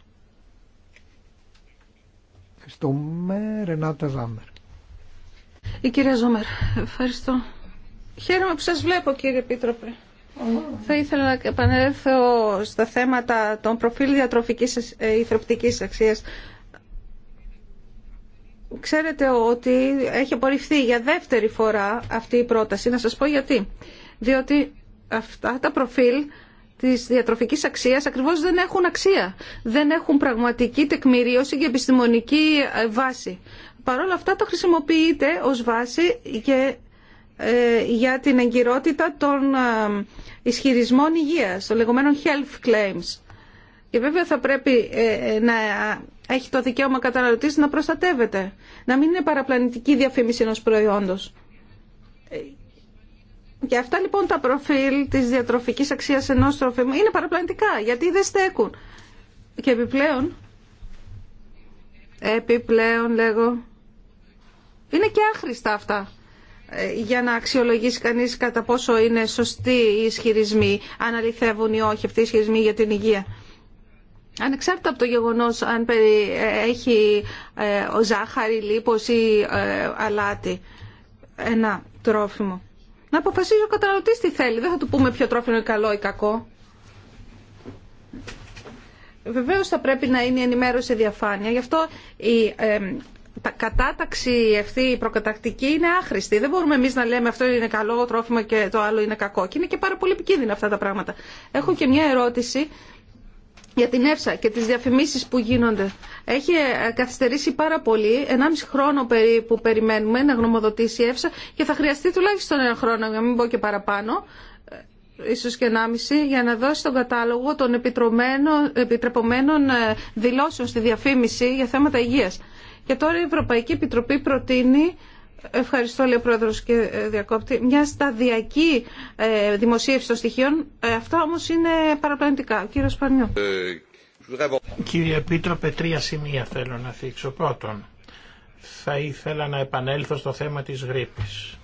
Ευχαριστούμε, Ρενάτα Ζάμερ. Η κυρία Ζόμερ, ευχαριστώ. Χαίρομαι που σας βλέπω κύριε Επίτροπε. Θα ήθελα να επανέλθω στα θέματα των προφίλ διατροφικής ε, ηθροπτικής αξίας. Ξέρετε ότι έχει απορριφθεί για δεύτερη φορά αυτή η πρόταση. Να σας πω γιατί. Διότι αυτά τα προφίλ της διατροφικής αξίας ακριβώς δεν έχουν αξία. Δεν έχουν πραγματική τεκμηρίωση και επιστημονική ε, βάση. Παρ' όλα αυτά το χρησιμοποιείται ως βάση και ε, για την εγκυρότητα των ε, ισχυρισμών υγείας, των λεγόμενων health claims. Και βέβαια θα πρέπει ε, να έχει το δικαίωμα καταναλωτής να προστατεύεται, να μην είναι παραπλανητική διαφήμιση ενός προϊόντος. Και αυτά λοιπόν τα προφίλ της διατροφικής αξίας ενός τροφίμου είναι παραπλανητικά, γιατί δεν στέκουν. Και επιπλέον, επιπλέον λέγω, είναι και άχρηστα αυτά. Ε, για να αξιολογήσει κανείς κατά πόσο είναι σωστοί οι ισχυρισμοί, αν αληθεύουν ή όχι αυτοί οι ισχυρισμοί για την υγεία. Ανεξάρτητα από το γεγονός αν ε, έχει ε, ο ζάχαρη, λίπος ή αλάτι ένα τρόφιμο. Να αποφασίζει ο καταναλωτή τι θέλει. Δεν θα του πούμε ποιο τρόφιμο είναι καλό ή κακό. Βεβαίως θα πρέπει να είναι η κακο Βεβαίω διαφάνεια. Γι' αυτό η τα κατάταξη αυτή η προκατακτική είναι άχρηστη. Δεν μπορούμε εμεί να λέμε αυτό είναι καλό τρόφιμο και το άλλο είναι κακό. Και είναι και πάρα πολύ επικίνδυνα αυτά τα πράγματα. Έχω και μια ερώτηση για την ΕΦΣΑ και τις διαφημίσεις που γίνονται. Έχει ε, καθυστερήσει πάρα πολύ, 1,5 χρόνο περίπου περιμένουμε να γνωμοδοτήσει η ΕΦΣΑ και θα χρειαστεί τουλάχιστον ένα χρόνο, για να μην πω και παραπάνω, ε, ίσως και 1,5, για να δώσει τον κατάλογο των επιτρεπωμένων ε, δηλώσεων στη διαφήμιση για θέματα υγείας. Και τώρα η Ευρωπαϊκή Επιτροπή προτείνει Ευχαριστώ, λέει ο πρόεδρο και ε, διακόπτη. Μια σταδιακή ε, δημοσίευση των στοιχείων. Ε, αυτό όμω είναι παραπλανητικά. Κύριε Σπανιό. Κύριε Επίτροπε, τρία σημεία θέλω να θίξω. Πρώτον, θα ήθελα να επανέλθω στο θέμα της γρήπης.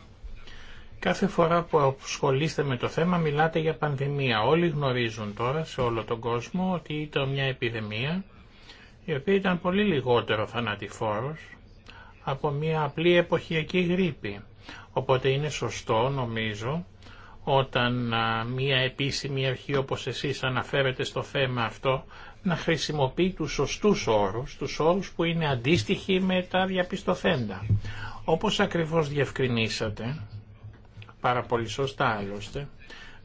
Κάθε φορά που ασχολείστε με το θέμα μιλάτε για πανδημία. Όλοι γνωρίζουν τώρα σε όλο τον κόσμο ότι ήταν μια επιδημία η οποία ήταν πολύ λιγότερο θανατηφόρος από μια απλή εποχιακή γρήπη. Οπότε είναι σωστό νομίζω όταν μια επίσημη αρχή όπως εσείς αναφέρετε στο θέμα αυτό να χρησιμοποιεί τους σωστούς όρους, τους όρους που είναι αντίστοιχοι με τα διαπιστωθέντα. Όπως ακριβώς διευκρινίσατε, πάρα πολύ σωστά άλλωστε,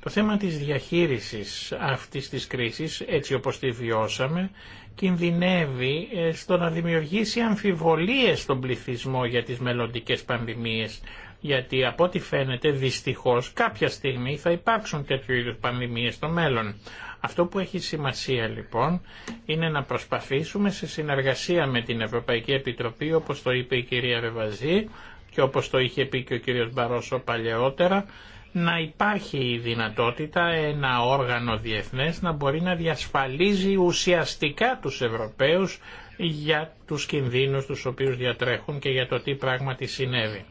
το θέμα της διαχείρισης αυτής της κρίσης, έτσι όπως τη βιώσαμε, κινδυνεύει ε, στο να δημιουργήσει αμφιβολίες στον πληθυσμό για τις μελλοντικές πανδημίες. Γιατί από ό,τι φαίνεται δυστυχώς κάποια στιγμή θα υπάρξουν τέτοιου είδους πανδημίες στο μέλλον. Αυτό που έχει σημασία λοιπόν είναι να προσπαθήσουμε σε συνεργασία με την Ευρωπαϊκή Επιτροπή όπως το είπε η κυρία Ρεβαζή και όπως το είχε πει και ο κύριος Μπαρόσο παλαιότερα να υπάρχει η δυνατότητα ένα όργανο διεθνές να μπορεί να διασφαλίζει ουσιαστικά τους Ευρωπαίους για τους κινδύνους τους οποίους διατρέχουν και για το τι πράγματι συνέβη.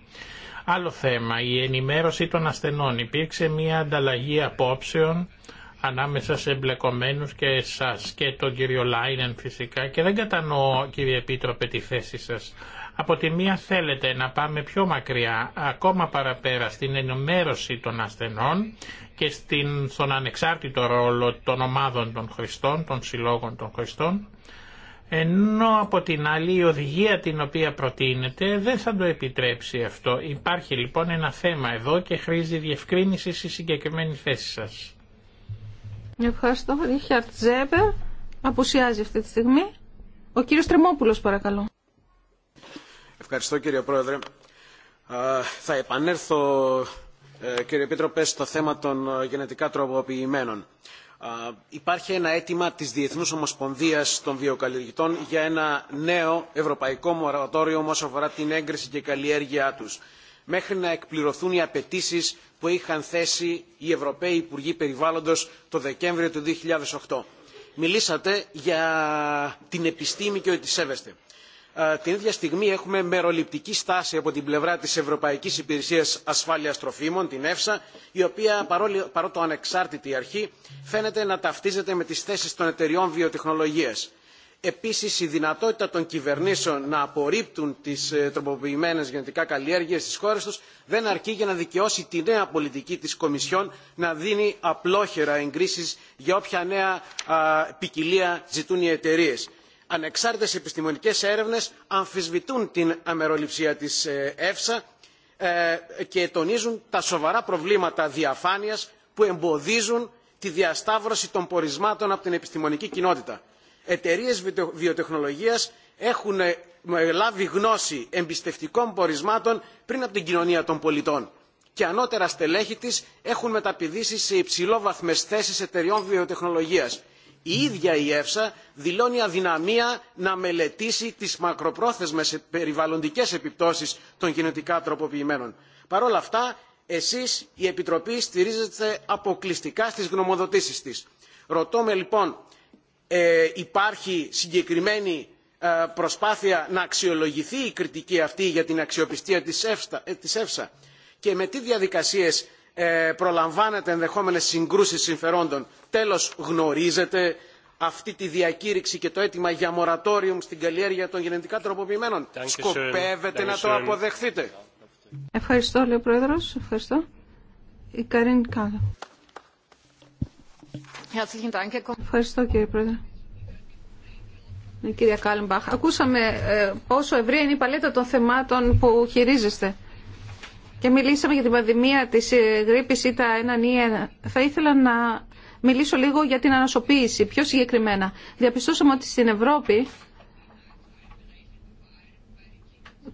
Άλλο θέμα, η ενημέρωση των ασθενών. Υπήρξε μια ανταλλαγή απόψεων ανάμεσα σε εμπλεκομένους και εσάς και τον κύριο Λάινεν φυσικά και δεν κατανοώ κύριε Επίτροπε τη θέση σας από τη μία θέλετε να πάμε πιο μακριά, ακόμα παραπέρα στην ενημέρωση των ασθενών και στην, στον ανεξάρτητο ρόλο των ομάδων των Χριστών, των συλλόγων των Χριστών, ενώ από την άλλη η οδηγία την οποία προτείνεται δεν θα το επιτρέψει αυτό. Υπάρχει λοιπόν ένα θέμα εδώ και χρήζει διευκρίνηση στη συγκεκριμένη θέση σας. Ευχαριστώ. Ρίχαρτ απουσιάζει αυτή τη στιγμή. Ο κύριος Τρεμόπουλος παρακαλώ. Ευχαριστώ κύριε Πρόεδρε. Θα επανέλθω ε, κύριε Επίτροπε στο θέμα των ε, γενετικά τροποποιημένων. Υπάρχει ένα αίτημα της Διεθνούς Ομοσπονδίας των Βιοκαλλιεργητών για ένα νέο ευρωπαϊκό μορατόριο όσο αφορά την έγκριση και καλλιέργειά τους μέχρι να εκπληρωθούν οι απαιτήσει που είχαν θέσει οι Ευρωπαίοι Υπουργοί Περιβάλλοντος το Δεκέμβριο του 2008. Μιλήσατε για την επιστήμη και ότι σέβεστε. Ε, την ίδια στιγμή έχουμε μεροληπτική στάση από την πλευρά της Ευρωπαϊκής Υπηρεσίας Ασφάλειας Τροφίμων, την ΕΦΣΑ, η οποία παρόλο το ανεξάρτητη αρχή φαίνεται να ταυτίζεται με τις θέσεις των εταιριών βιοτεχνολογίας. Επίσης, η δυνατότητα των κυβερνήσεων να απορρίπτουν τις ε, τροποποιημένες γενετικά καλλιέργειες στις χώρες τους δεν αρκεί για να δικαιώσει τη νέα πολιτική της Κομισιόν να δίνει απλόχερα εγκρίσεις για όποια νέα ποικιλία ζητούν οι εταιρείες ανεξάρτητες επιστημονικές έρευνες αμφισβητούν την αμεροληψία της εφσα ε, και τονίζουν τα σοβαρά προβλήματα διαφάνειας που εμποδίζουν τη διασταύρωση των πορισμάτων από την επιστημονική κοινότητα. Εταιρείες βιοτεχνολογίας έχουν ε, λάβει γνώση εμπιστευτικών πορισμάτων πριν από την κοινωνία των πολιτών και ανώτερα στελέχη της έχουν μεταπηδήσει σε υψηλόβαθμες θέσεις εταιριών βιοτεχνολογίας η ίδια η εφσα δηλώνει αδυναμία να μελετήσει τις μακροπρόθεσμες περιβαλλοντικές επιπτώσεις των γενετικά τροποποιημένων. παρ' όλα αυτά εσείς η επιτροπή στηρίζεστε αποκλειστικά στις γνωμοδοτήσεις της. ρωτώ με λοιπόν ε, υπάρχει συγκεκριμένη ε, προσπάθεια να αξιολογηθεί η κριτική αυτή για την αξιοπιστία της ε, της ΕΦΣΑ και με τι διαδικασίες προλαμβάνετε ενδεχόμενες συγκρούσεις συμφερόντων τέλος γνωρίζετε αυτή τη διακήρυξη και το αίτημα για μορατόριουμ στην καλλιέργεια των γενετικά τροποποιημένων. Σκοπεύετε να το αποδεχθείτε. Ευχαριστώ, λέει ο Πρόεδρος. Ευχαριστώ. Η Καρίν Κάδο. Ευχαριστώ, κύριε Πρόεδρε. Η ναι, κυρία Κάλμπαχ, ακούσαμε ε, πόσο ευρία είναι η παλέτα των θεμάτων που χειρίζεστε. Και μιλήσαμε για την πανδημία της ε, γρήπης ΙΤΑ 1 ή 1. Θα ήθελα να μιλήσω λίγο για την ανασωποίηση, πιο συγκεκριμένα. Διαπιστώσαμε ότι στην Ευρώπη,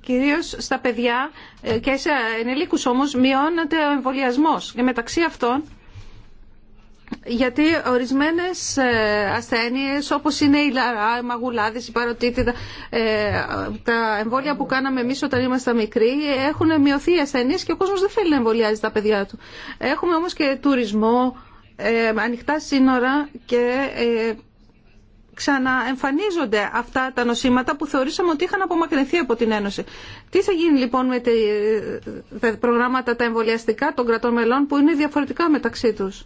κυρίως στα παιδιά ε, και σε ενηλίκους όμως, μειώνεται ο εμβολιασμό. Και μεταξύ αυτών, γιατί ορισμένες ε, ασθένειες όπως είναι η λαρά, οι μαγουλάδες, η παροτίτιδα, ε, τα εμβόλια που κάναμε εμείς όταν ήμασταν μικροί έχουν μειωθεί οι ασθένειες και ο κόσμος δεν θέλει να εμβολιάζει τα παιδιά του. Έχουμε όμως και τουρισμό ε, ανοιχτά σύνορα και ε, ξαναεμφανίζονται αυτά τα νοσήματα που θεωρήσαμε ότι είχαν απομακρυνθεί από την Ένωση. Τι θα γίνει λοιπόν με ε, τα προγράμματα τα εμβολιαστικά των κρατών μελών που είναι διαφορετικά μεταξύ τους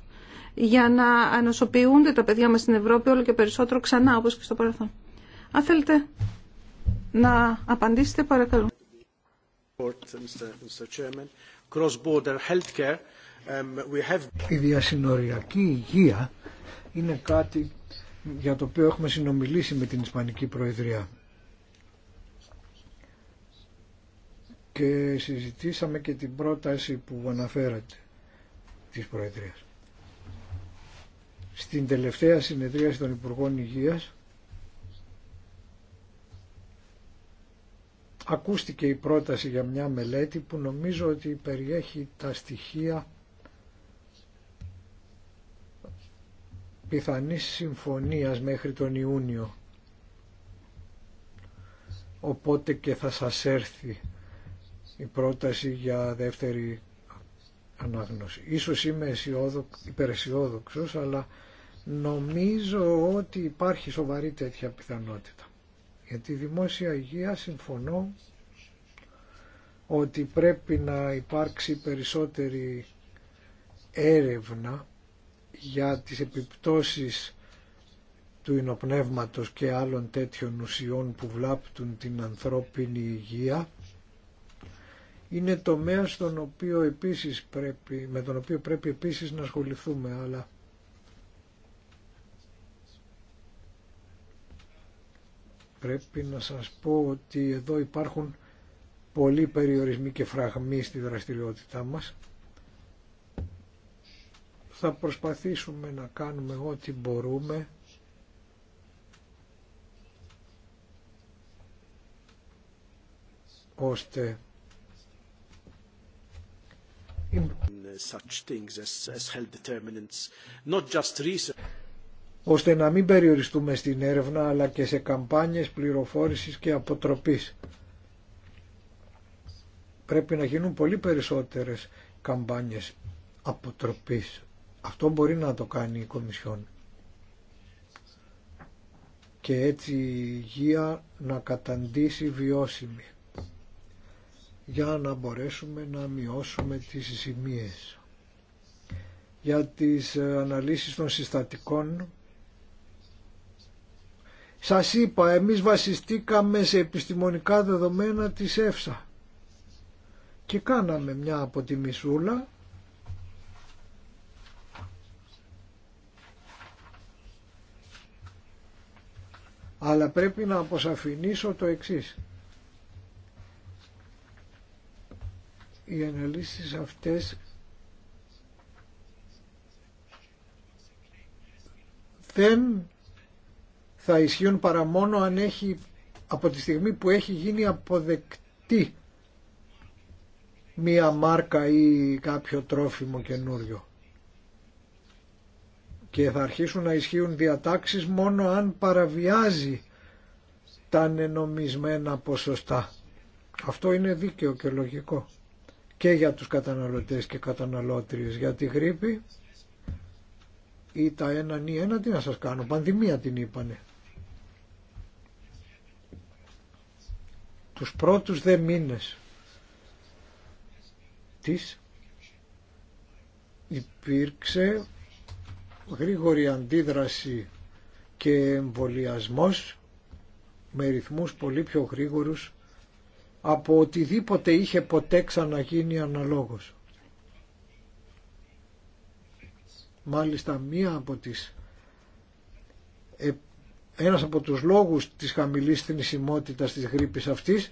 για να ανοσοποιούνται τα παιδιά μας στην Ευρώπη όλο και περισσότερο ξανά όπως και στο παρελθόν. Αν θέλετε να απαντήσετε παρακαλώ. Cross-border healthcare Um, η διασυνοριακή υγεία είναι κάτι για το οποίο έχουμε συνομιλήσει με την Ισπανική Προεδρία. Και συζητήσαμε και την πρόταση που αναφέρατε της Προεδρίας. Στην τελευταία συνεδρίαση των Υπουργών Υγείας ακούστηκε η πρόταση για μια μελέτη που νομίζω ότι περιέχει τα στοιχεία πιθανής συμφωνίας μέχρι τον Ιούνιο. Οπότε και θα σας έρθει η πρόταση για δεύτερη ανάγνωση. Ίσως είμαι υπεραισιόδοξος, αλλά νομίζω ότι υπάρχει σοβαρή τέτοια πιθανότητα. Για τη δημόσια υγεία συμφωνώ ότι πρέπει να υπάρξει περισσότερη έρευνα για τις επιπτώσεις του ινοπνεύματος και άλλων τέτοιων ουσιών που βλάπτουν την ανθρώπινη υγεία είναι τομέα στον οποίο επίσης πρέπει, με τον οποίο πρέπει επίσης να ασχοληθούμε αλλά πρέπει να σας πω ότι εδώ υπάρχουν πολλοί περιορισμοί και φραγμοί στη δραστηριότητά μας θα προσπαθήσουμε να κάνουμε ό,τι μπορούμε ώστε ώστε να μην περιοριστούμε στην έρευνα αλλά και σε καμπάνιες πληροφόρησης και αποτροπής. Πρέπει να γίνουν πολύ περισσότερες καμπάνιες αποτροπής. Αυτό μπορεί να το κάνει η Κομισιόν. Και έτσι η υγεία να καταντήσει βιώσιμη για να μπορέσουμε να μειώσουμε τις ζημίες. Για τις ε, αναλύσεις των συστατικών σας είπα, εμείς βασιστήκαμε σε επιστημονικά δεδομένα της ΕΦΣΑ και κάναμε μια μισούλα αλλά πρέπει να αποσαφηνίσω το εξής. Οι αναλύσεις αυτές δεν θα ισχύουν παρά μόνο από τη στιγμή που έχει γίνει αποδεκτή μία μάρκα ή κάποιο τρόφιμο καινούριο και θα αρχίσουν να ισχύουν διατάξεις μόνο αν παραβιάζει τα ανενομισμένα ποσοστά. Αυτό είναι δίκαιο και λογικό και για τους καταναλωτές και καταναλώτριες. Για τη γρήπη ή τα έναν ή ένα τι να σας κάνω, πανδημία την είπανε. Τους πρώτους δε μήνες της υπήρξε γρήγορη αντίδραση και εμβολιασμό με ρυθμούς πολύ πιο γρήγορους από οτιδήποτε είχε ποτέ ξαναγίνει αναλόγως. Μάλιστα μία από τις ε, ένας από τους λόγους της χαμηλής θνησιμότητας της γρήπης αυτής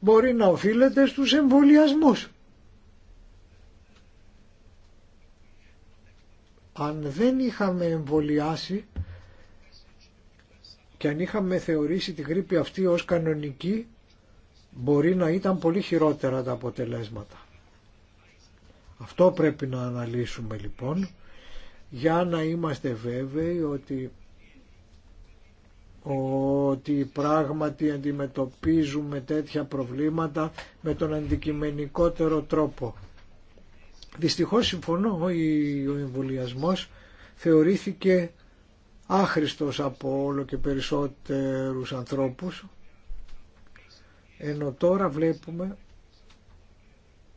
μπορεί να οφείλεται στους εμβολιασμούς. αν δεν είχαμε εμβολιάσει και αν είχαμε θεωρήσει τη γρήπη αυτή ως κανονική μπορεί να ήταν πολύ χειρότερα τα αποτελέσματα. Αυτό πρέπει να αναλύσουμε λοιπόν για να είμαστε βέβαιοι ότι ότι πράγματι αντιμετωπίζουμε τέτοια προβλήματα με τον αντικειμενικότερο τρόπο. Δυστυχώς συμφωνώ, ο εμβολιασμό θεωρήθηκε άχρηστος από όλο και περισσότερους ανθρώπους, ενώ τώρα βλέπουμε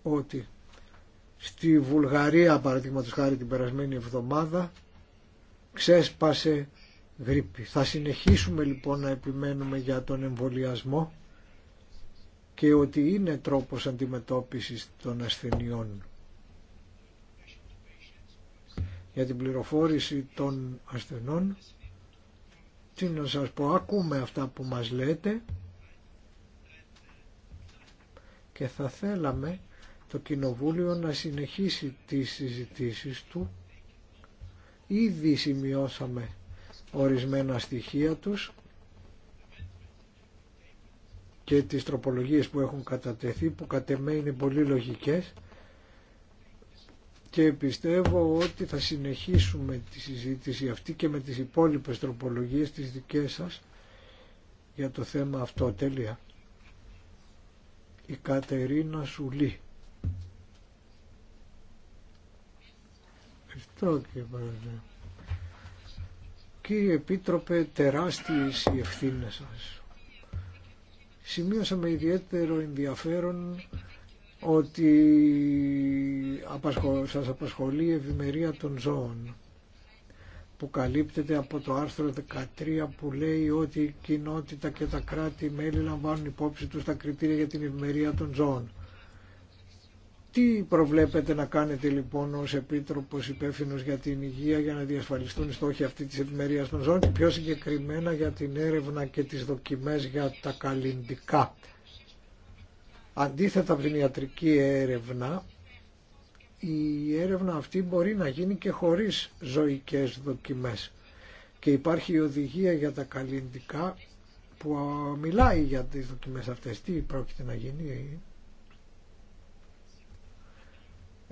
ότι στη Βουλγαρία, παραδείγματο χάρη την περασμένη εβδομάδα, ξέσπασε γρήπη. Θα συνεχίσουμε λοιπόν να επιμένουμε για τον εμβολιασμό και ότι είναι τρόπος αντιμετώπισης των ασθενειών για την πληροφόρηση των ασθενών. Τι να σας πω, ακούμε αυτά που μας λέτε και θα θέλαμε το Κοινοβούλιο να συνεχίσει τις συζητήσεις του. Ήδη σημειώσαμε ορισμένα στοιχεία τους και τις τροπολογίες που έχουν κατατεθεί που κατ' εμέ είναι πολύ λογικές και πιστεύω ότι θα συνεχίσουμε τη συζήτηση αυτή και με τις υπόλοιπες τροπολογίες της δικές σας για το θέμα αυτό. Τέλεια. Η Κατερίνα Σουλή. Ευχαριστώ Και Πρόεδρε. Κύριε Επίτροπε, τεράστιες οι ευθύνες σας. Σημείωσα με ιδιαίτερο ενδιαφέρον ότι σας απασχολεί η ευημερία των ζώων που καλύπτεται από το άρθρο 13 που λέει ότι η κοινότητα και τα κράτη-μέλη λαμβάνουν υπόψη τους τα κριτήρια για την ευημερία των ζώων. Τι προβλέπετε να κάνετε λοιπόν ως Επίτροπος υπεύθυνο για την υγεία για να διασφαλιστούν οι στόχοι αυτή της ευημερίας των ζώων και πιο συγκεκριμένα για την έρευνα και τις δοκιμές για τα καλλιντικά Αντίθετα από την ιατρική έρευνα, η έρευνα αυτή μπορεί να γίνει και χωρίς ζωικές δοκιμές. Και υπάρχει η οδηγία για τα καλλιντικά που μιλάει για τις δοκιμές αυτές. Τι πρόκειται να γίνει.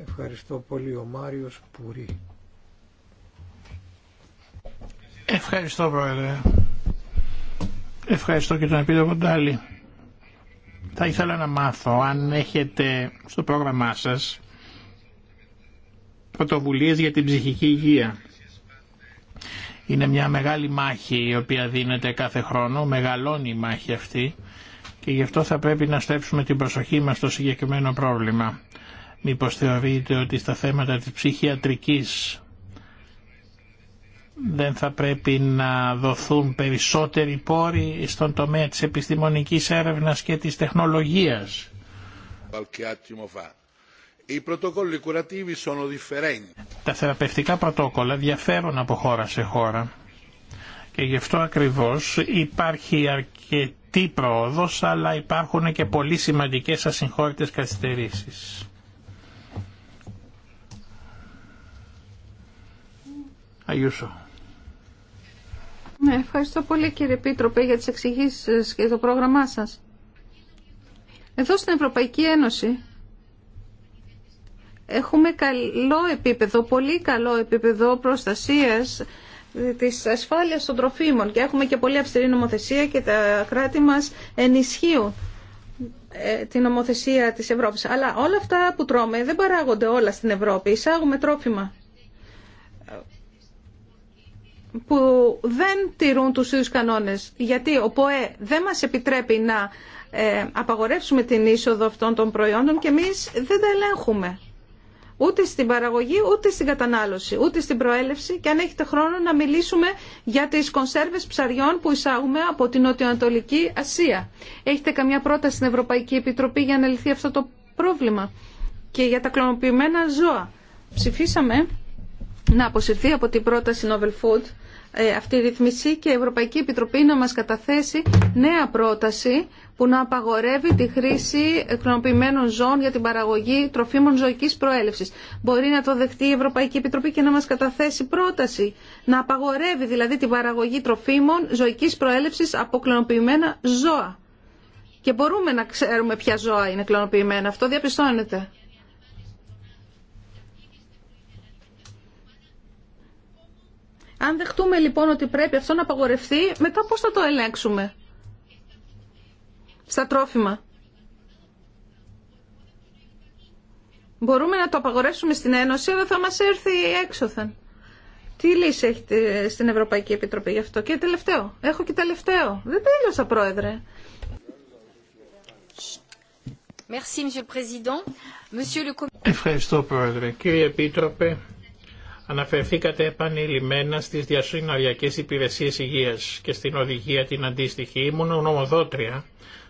Ευχαριστώ πολύ ο Μάριος Πουρή. Ευχαριστώ Πρόεδρε. Ευχαριστώ και τον Επίτροπο Ντάλι. Θα ήθελα να μάθω αν έχετε στο πρόγραμμά σας πρωτοβουλίες για την ψυχική υγεία. Είναι μια μεγάλη μάχη η οποία δίνεται κάθε χρόνο, μεγαλώνει η μάχη αυτή και γι' αυτό θα πρέπει να στρέψουμε την προσοχή μας στο συγκεκριμένο πρόβλημα. Μήπως θεωρείτε ότι στα θέματα της ψυχιατρικής δεν θα πρέπει να δοθούν περισσότεροι πόροι στον τομέα της επιστημονικής έρευνας και της τεχνολογίας. Τα θεραπευτικά πρωτόκολλα διαφέρουν από χώρα σε χώρα και γι' αυτό ακριβώς υπάρχει αρκετή πρόοδος αλλά υπάρχουν και πολύ σημαντικές ασυγχώρητες καθυστερήσεις. Αγιούσο. Ναι, ευχαριστώ πολύ κύριε Πίτροπε για τις εξηγήσεις και το πρόγραμμά σας. Εδώ στην Ευρωπαϊκή Ένωση έχουμε καλό επίπεδο, πολύ καλό επίπεδο προστασίας της ασφάλειας των τροφίμων και έχουμε και πολύ αυστηρή νομοθεσία και τα κράτη μας ενισχύουν ε, την νομοθεσία της Ευρώπης. Αλλά όλα αυτά που τρώμε δεν παράγονται όλα στην Ευρώπη. Εισάγουμε τρόφιμα που δεν τηρούν τους ίδιους κανόνες. Γιατί ο ΠΟΕ δεν μας επιτρέπει να ε, απαγορεύσουμε την είσοδο αυτών των προϊόντων και εμείς δεν τα ελέγχουμε. Ούτε στην παραγωγή, ούτε στην κατανάλωση, ούτε στην προέλευση. Και αν έχετε χρόνο να μιλήσουμε για τις κονσέρβες ψαριών που εισάγουμε από την Νοτιοανατολική Ασία. Έχετε καμιά πρόταση στην Ευρωπαϊκή Επιτροπή για να λυθεί αυτό το πρόβλημα. Και για τα κλωνοποιημένα ζώα. Ψηφίσαμε να αποσυρθεί από την πρόταση Novel Food ε, αυτή η ρυθμισή και η Ευρωπαϊκή Επιτροπή να μας καταθέσει νέα πρόταση που να απαγορεύει τη χρήση χρονοποιημένων ζώων για την παραγωγή τροφίμων ζωικής προέλευσης. Μπορεί να το δεχτεί η Ευρωπαϊκή Επιτροπή και να μας καταθέσει πρόταση να απαγορεύει δηλαδή την παραγωγή τροφίμων ζωικής προέλευσης από κλωνοποιημένα ζώα. Και μπορούμε να ξέρουμε ποια ζώα είναι κλωνοποιημένα. Αυτό διαπιστώνεται. Αν δεχτούμε λοιπόν ότι πρέπει αυτό να απαγορευτεί, μετά πώς θα το ελέγξουμε στα τρόφιμα. Μπορούμε να το απαγορεύσουμε στην Ένωση, αλλά θα μας έρθει έξωθεν. Τι λύση έχετε στην Ευρωπαϊκή Επιτροπή γι' αυτό. Και τελευταίο. Έχω και τελευταίο. Δεν τέλειωσα, Πρόεδρε. Ευχαριστώ, Πρόεδρε. Κύριε Επίτροπε, Αναφερθήκατε επανειλημμένα στις διασύνοριακές υπηρεσίες υγείας και στην οδηγία την αντίστοιχη. Ήμουν ονομοδότρια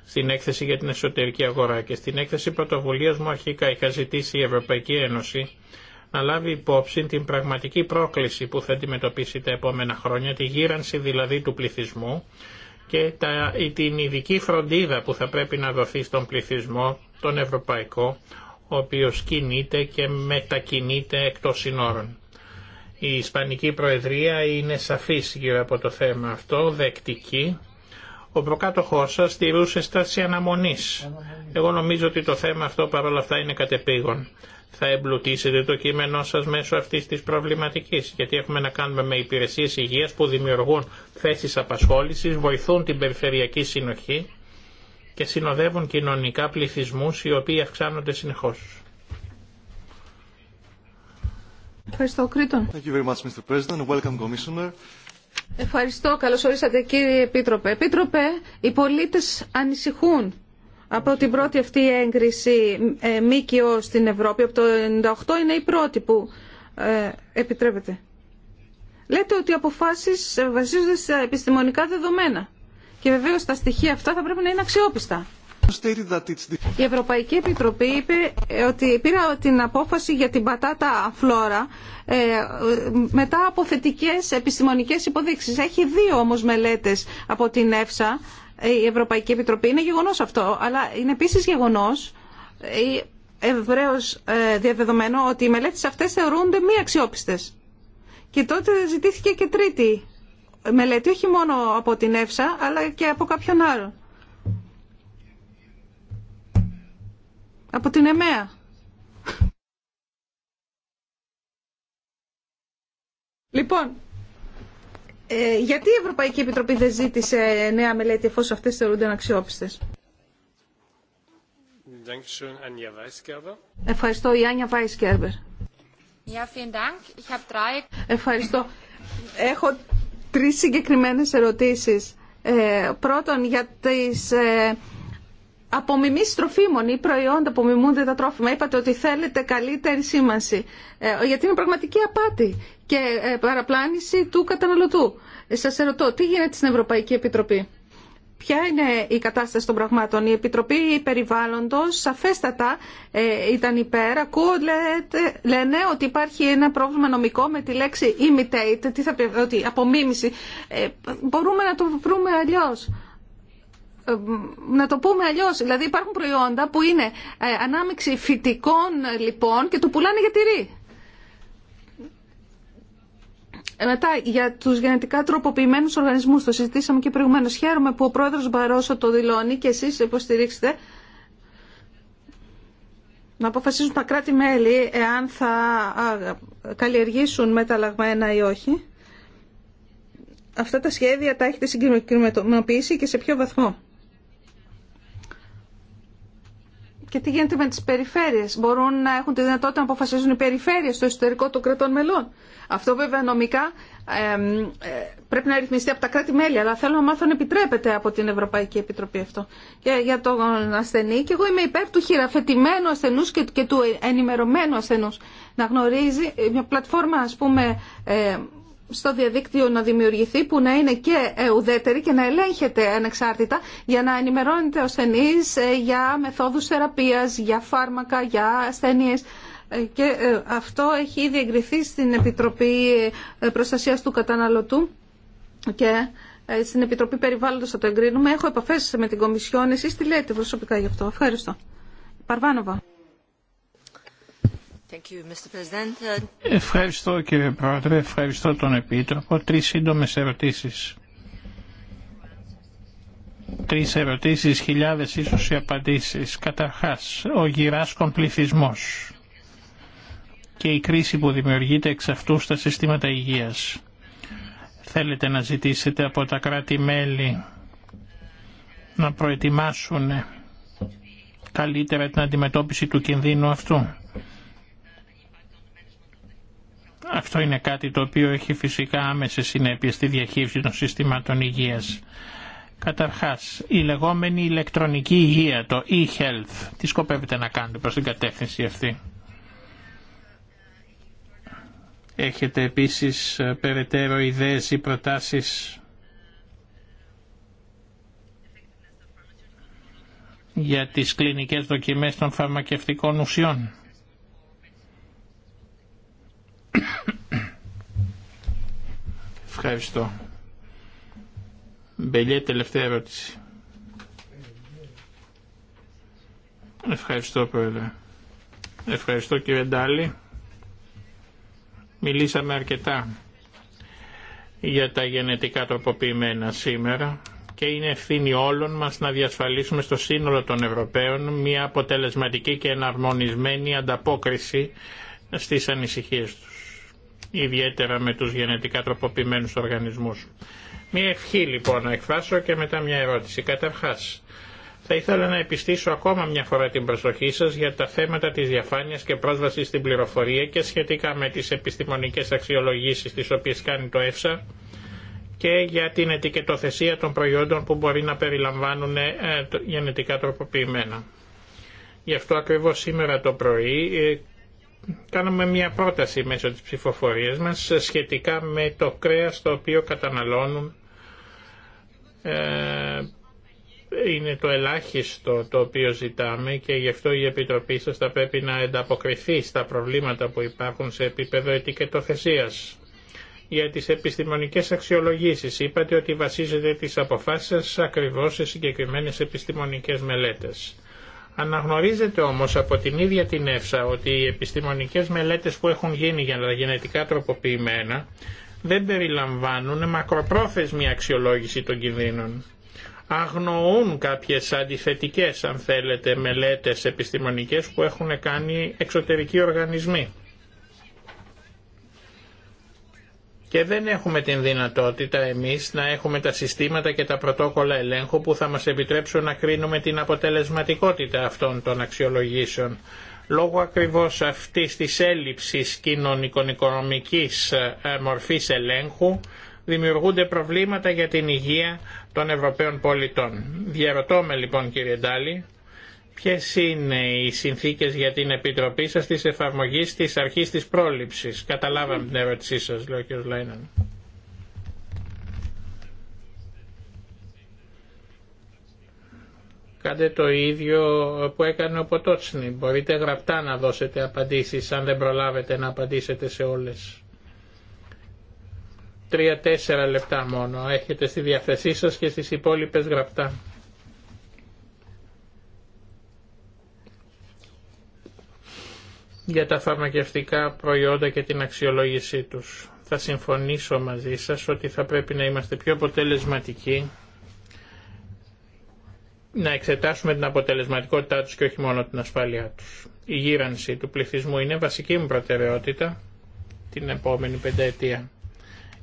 στην έκθεση για την εσωτερική αγορά και στην έκθεση πρωτοβουλίας μου αρχικά είχα ζητήσει η Ευρωπαϊκή Ένωση να λάβει υπόψη την πραγματική πρόκληση που θα αντιμετωπίσει τα επόμενα χρόνια, τη γύρανση δηλαδή του πληθυσμού και τα, την ειδική φροντίδα που θα πρέπει να δοθεί στον πληθυσμό, τον ευρωπαϊκό, ο οποίος κινείται και μετακινείται εκτός συνόρων. Η Ισπανική Προεδρία είναι σαφής γύρω από το θέμα αυτό, δεκτική. Ο προκάτοχός σας στηρούσε στάση αναμονής. Εγώ νομίζω ότι το θέμα αυτό παρόλα αυτά είναι κατεπήγον. Θα εμπλουτίσετε το κείμενό σας μέσω αυτής της προβληματικής, γιατί έχουμε να κάνουμε με υπηρεσίες υγείας που δημιουργούν θέσεις απασχόλησης, βοηθούν την περιφερειακή συνοχή και συνοδεύουν κοινωνικά πληθυσμούς οι οποίοι αυξάνονται συνεχώς. Ευχαριστώ, Κρήτον. Ευχαριστώ. Καλώς ορίσατε κύριε Επίτροπε. Επίτροπε, οι πολίτες ανησυχούν από την πρώτη αυτή έγκριση ε, ΜΚΟ στην Ευρώπη. Από το 1998 είναι η πρώτη που ε, επιτρέπεται. Λέτε ότι οι αποφάσεις ε, βασίζονται σε επιστημονικά δεδομένα. Και βεβαίως τα στοιχεία αυτά θα πρέπει να είναι αξιόπιστα. Η Ευρωπαϊκή Επιτροπή είπε ότι πήρα την απόφαση για την πατάτα φλόρα ε, μετά από θετικές επιστημονικές υποδείξεις. Έχει δύο όμως μελέτες από την ΕΦΣΑ η Ευρωπαϊκή Επιτροπή. Είναι γεγονός αυτό, αλλά είναι επίσης γεγονός ε, ευρέως ε, διαδεδομένο ότι οι μελέτες αυτές θεωρούνται μη αξιόπιστες. Και τότε ζητήθηκε και τρίτη μελέτη, όχι μόνο από την ΕΦΣΑ, αλλά και από κάποιον άλλον. από την ΕΜΕΑ. Λοιπόν, ε, γιατί η Ευρωπαϊκή Επιτροπή δεν ζήτησε νέα μελέτη εφόσον αυτές θεωρούνται αναξιόπιστες. Ευχαριστώ, η Άνια Βάισκερβερ. Ευχαριστώ. Έχω τρεις συγκεκριμένες ερωτήσεις. Ε, πρώτον, για τις ε, Απομιμή ε, πραγματική απάτη και ε, παραπλάνηση του καταναλωτού. Ε, σας ερωτώ, τι γίνεται στην Ευρωπαϊκή Επιτροπή. Ποια είναι η κατάσταση των Σα ερωτω τι γινεται στην ευρωπαικη επιτροπη ποια ειναι Η Επιτροπή Περιβάλλοντος σαφέστατα ήταν υπέρ. Ακούω λέτε, λένε ότι υπάρχει ένα πρόβλημα νομικό με τη λέξη imitate, τι θα πει, ότι απομίμηση. μπορούμε να το βρούμε αλλιώς. Ε, να το πούμε αλλιώ. δηλαδή υπάρχουν προϊόντα που είναι ε, ανάμειξη φυτικών ε, λοιπόν και το πουλάνε για τυρί. Μετά, για τους γενετικά τροποποιημένους οργανισμούς, το συζητήσαμε και προηγουμένω Χαίρομαι που ο πρόεδρος Μπαρόσο το δηλώνει και εσείς υποστηρίξετε να αποφασίζουν τα κράτη-μέλη εάν θα καλλιεργήσουν μεταλλαγμένα ή όχι. Αυτά τα σχέδια τα έχετε συγκεκριμενοποιήσει και σε ποιο βαθμό. Και τι γίνεται με τι περιφέρειες. Μπορούν να έχουν τη δυνατότητα να αποφασίζουν οι περιφέρειες στο εσωτερικό των κρατών μελών. Αυτό βέβαια νομικά ε, πρέπει να ρυθμιστεί από τα κράτη-μέλη, αλλά θέλω να μάθω αν επιτρέπεται από την Ευρωπαϊκή Επιτροπή αυτό. Και για τον ασθενή, και εγώ είμαι υπέρ του χειραφετημένου ασθενού και, του ενημερωμένου ασθενού. Να γνωρίζει ε, μια πλατφόρμα, α πούμε, ε, στο διαδίκτυο να δημιουργηθεί που να είναι και ε, ουδέτερη και να ελέγχεται ανεξάρτητα για να ενημερώνεται ο ε, για μεθόδους θεραπείας, για φάρμακα, για ασθένειες. Ε, και αυτό έχει ήδη εγκριθεί στην Επιτροπή Προστασίας του Καταναλωτού και στην Επιτροπή Περιβάλλοντος θα το εγκρίνουμε. Έχω επαφές με την Κομισιόν. Εσείς τι λέτε προσωπικά γι' αυτό. Ευχαριστώ. Παρβάνοβα. Uh, ευχαριστώ κύριε Πρόεδρε, ευχαριστώ τον Επίτροπο. Τρεις σύντομες ερωτήσεις. Τρεις ερωτήσεις, χιλιάδες ίσως οι απαντήσεις. Καταρχάς, ο γυράσκον πληθυσμός και η κρίση που δημιουργείται εξ αυτού στα συστήματα υγείας. Θέλετε να ζητήσετε από τα κράτη-μέλη να προετοιμάσουν καλύτερα την αντιμετώπιση του κινδύνου αυτού. Αυτό είναι κάτι το οποίο έχει φυσικά άμεσες συνέπειες στη διαχείριση των συστημάτων υγείας. Καταρχάς, η λεγόμενη ηλεκτρονική υγεία, το e-health, τι σκοπεύετε να κάνετε προς την κατεύθυνση αυτή. Έχετε επίσης ε, περαιτέρω ιδέες ή προτάσεις για τις κλινικές δοκιμές των φαρμακευτικών ουσιών. Ευχαριστώ. Μπελιέ, τελευταία ερώτηση. Ευχαριστώ, Πρόεδρε. Ευχαριστώ, κύριε Ντάλη. Μιλήσαμε αρκετά για τα γενετικά τροποποιημένα σήμερα και είναι ευθύνη όλων μας να διασφαλίσουμε στο σύνολο των Ευρωπαίων μια αποτελεσματική και εναρμονισμένη ανταπόκριση στις ανησυχίες τους ιδιαίτερα με τους γενετικά τροποποιημένους οργανισμούς. Μία ευχή λοιπόν να εκφράσω και μετά μια ερώτηση. Καταρχάς, θα ήθελα να επιστήσω ακόμα μια φορά την προσοχή σας για τα θέματα της διαφάνειας και πρόσβασης στην πληροφορία και σχετικά με τις επιστημονικές αξιολογήσεις τις οποίες κάνει το ΕΦΣΑ και για την ετικετοθεσία των προϊόντων που μπορεί να περιλαμβάνουν ε, γενετικά τροποποιημένα. Γι' αυτό ακριβώς σήμερα το πρωί ε, κάναμε μια πρόταση μέσω της ψηφοφορίας μας σχετικά με το κρέας το οποίο καταναλώνουν ε, είναι το ελάχιστο το οποίο ζητάμε και γι' αυτό η Επιτροπή σας θα πρέπει να ενταποκριθεί στα προβλήματα που υπάρχουν σε επίπεδο ετικετοθεσίας. Για τις επιστημονικές αξιολογήσεις είπατε ότι βασίζεται τις αποφάσεις σας ακριβώς σε συγκεκριμένες επιστημονικές μελέτες. Αναγνωρίζεται όμως από την ίδια την ΕΦΣΑ ότι οι επιστημονικές μελέτες που έχουν γίνει για τα γενετικά τροποποιημένα δεν περιλαμβάνουν μακροπρόθεσμη αξιολόγηση των κινδύνων. Αγνοούν κάποιες αντιθετικές, αν θέλετε, μελέτες επιστημονικές που έχουν κάνει εξωτερικοί οργανισμοί. και δεν έχουμε την δυνατότητα εμείς να έχουμε τα συστήματα και τα πρωτόκολλα ελέγχου που θα μας επιτρέψουν να κρίνουμε την αποτελεσματικότητα αυτών των αξιολογήσεων. Λόγω ακριβώς αυτής της έλλειψης κοινωνικονομικής ε, μορφής ελέγχου δημιουργούνται προβλήματα για την υγεία των Ευρωπαίων πολιτών. Διαρωτώ με λοιπόν κύριε Ντάλη Ποιες είναι οι συνθήκες για την Επιτροπή σας της εφαρμογής της αρχής της πρόληψης. Καταλάβαμε την ερώτησή σας, λέει ο κ. Κάντε το ίδιο που έκανε ο Ποτότσνη. Μπορείτε γραπτά να δώσετε απαντήσεις αν δεν προλάβετε να απαντήσετε σε όλες. Τρία-τέσσερα λεπτά μόνο έχετε στη διαθεσή σας και στις υπόλοιπες γραπτά. για τα φαρμακευτικά προϊόντα και την αξιολόγησή τους. Θα συμφωνήσω μαζί σας ότι θα πρέπει να είμαστε πιο αποτελεσματικοί, να εξετάσουμε την αποτελεσματικότητά τους και όχι μόνο την ασφάλειά τους. Η γύρανση του πληθυσμού είναι βασική μου προτεραιότητα την επόμενη πενταετία.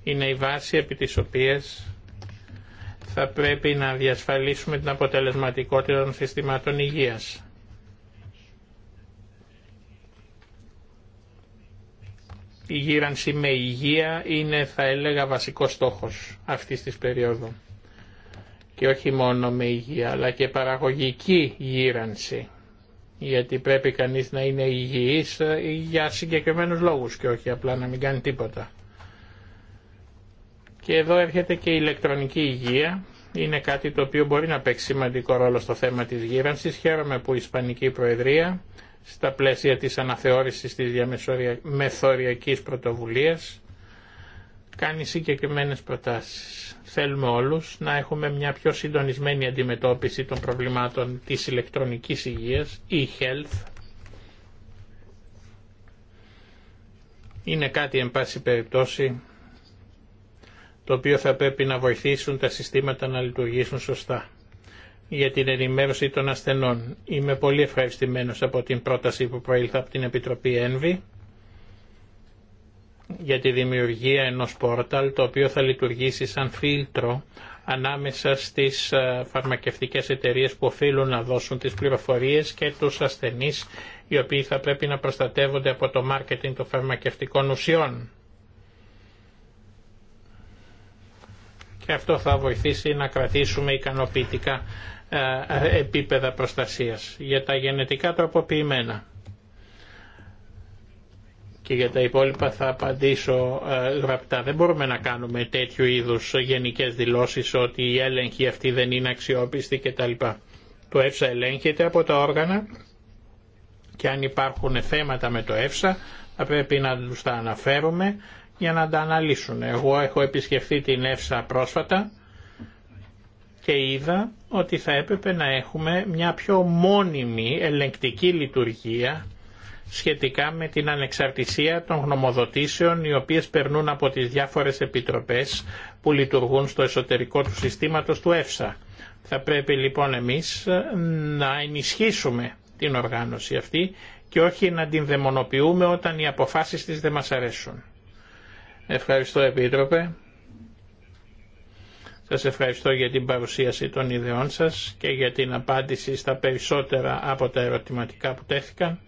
Είναι η βάση επί της οποίας θα πρέπει να διασφαλίσουμε την αποτελεσματικότητα των συστημάτων υγείας Η γύρανση με υγεία είναι θα έλεγα βασικό στόχος αυτής της περίοδου. Και όχι μόνο με υγεία αλλά και παραγωγική γύρανση. Γιατί πρέπει κανείς να είναι υγιής για συγκεκριμένους λόγους και όχι απλά να μην κάνει τίποτα. Και εδώ έρχεται και η ηλεκτρονική υγεία. Είναι κάτι το οποίο μπορεί να παίξει σημαντικό ρόλο στο θέμα της γύρανσης. Χαίρομαι που η Ισπανική Προεδρία στα πλαίσια της αναθεώρησης της διαμεθοριακής πρωτοβουλίας κάνει συγκεκριμένε προτάσεις. Θέλουμε όλους να έχουμε μια πιο συντονισμένη αντιμετώπιση των προβλημάτων της ηλεκτρονικής υγείας, e-health. Είναι κάτι, εν πάση περιπτώσει, το οποίο θα πρέπει να βοηθήσουν τα συστήματα να λειτουργήσουν σωστά για την ενημέρωση των ασθενών. Είμαι πολύ ευχαριστημένος από την πρόταση που προήλθα από την Επιτροπή ΕΝΒΗ για τη δημιουργία ενός πόρταλ το οποίο θα λειτουργήσει σαν φίλτρο ανάμεσα στις ε, φαρμακευτικές εταιρείες που οφείλουν να δώσουν τις πληροφορίες και τους ασθενείς οι οποίοι θα πρέπει να προστατεύονται από το μάρκετινγκ των φαρμακευτικών ουσιών. Και αυτό θα βοηθήσει να κρατήσουμε ικανοποιητικά ε, επίπεδα προστασίας για τα γενετικά τροποποιημένα και για τα υπόλοιπα θα απαντήσω ε, γραπτά. Δεν μπορούμε να κάνουμε τέτοιου είδους γενικές δηλώσεις ότι η έλεγχη αυτή δεν είναι αξιόπιστη κτλ. Το ΕΦΣΑ ελέγχεται από τα όργανα και αν υπάρχουν θέματα με το ΕΦΣΑ θα πρέπει να τους τα αναφέρουμε για να τα αναλύσουν. Εγώ έχω επισκεφθεί την ΕΦΣΑ πρόσφατα και είδα ότι θα έπρεπε να έχουμε μια πιο μόνιμη ελεγκτική λειτουργία σχετικά με την ανεξαρτησία των γνωμοδοτήσεων οι οποίες περνούν από τις διάφορες επιτροπές που λειτουργούν στο εσωτερικό του συστήματος του ΕΦΣΑ. Θα πρέπει λοιπόν εμείς να ενισχύσουμε την οργάνωση αυτή και όχι να την δαιμονοποιούμε όταν οι αποφάσεις της δεν μας αρέσουν. Ευχαριστώ Επίτροπε. Σας ευχαριστώ για την παρουσίαση των ιδεών σας και για την απάντηση στα περισσότερα από τα ερωτηματικά που τέθηκαν.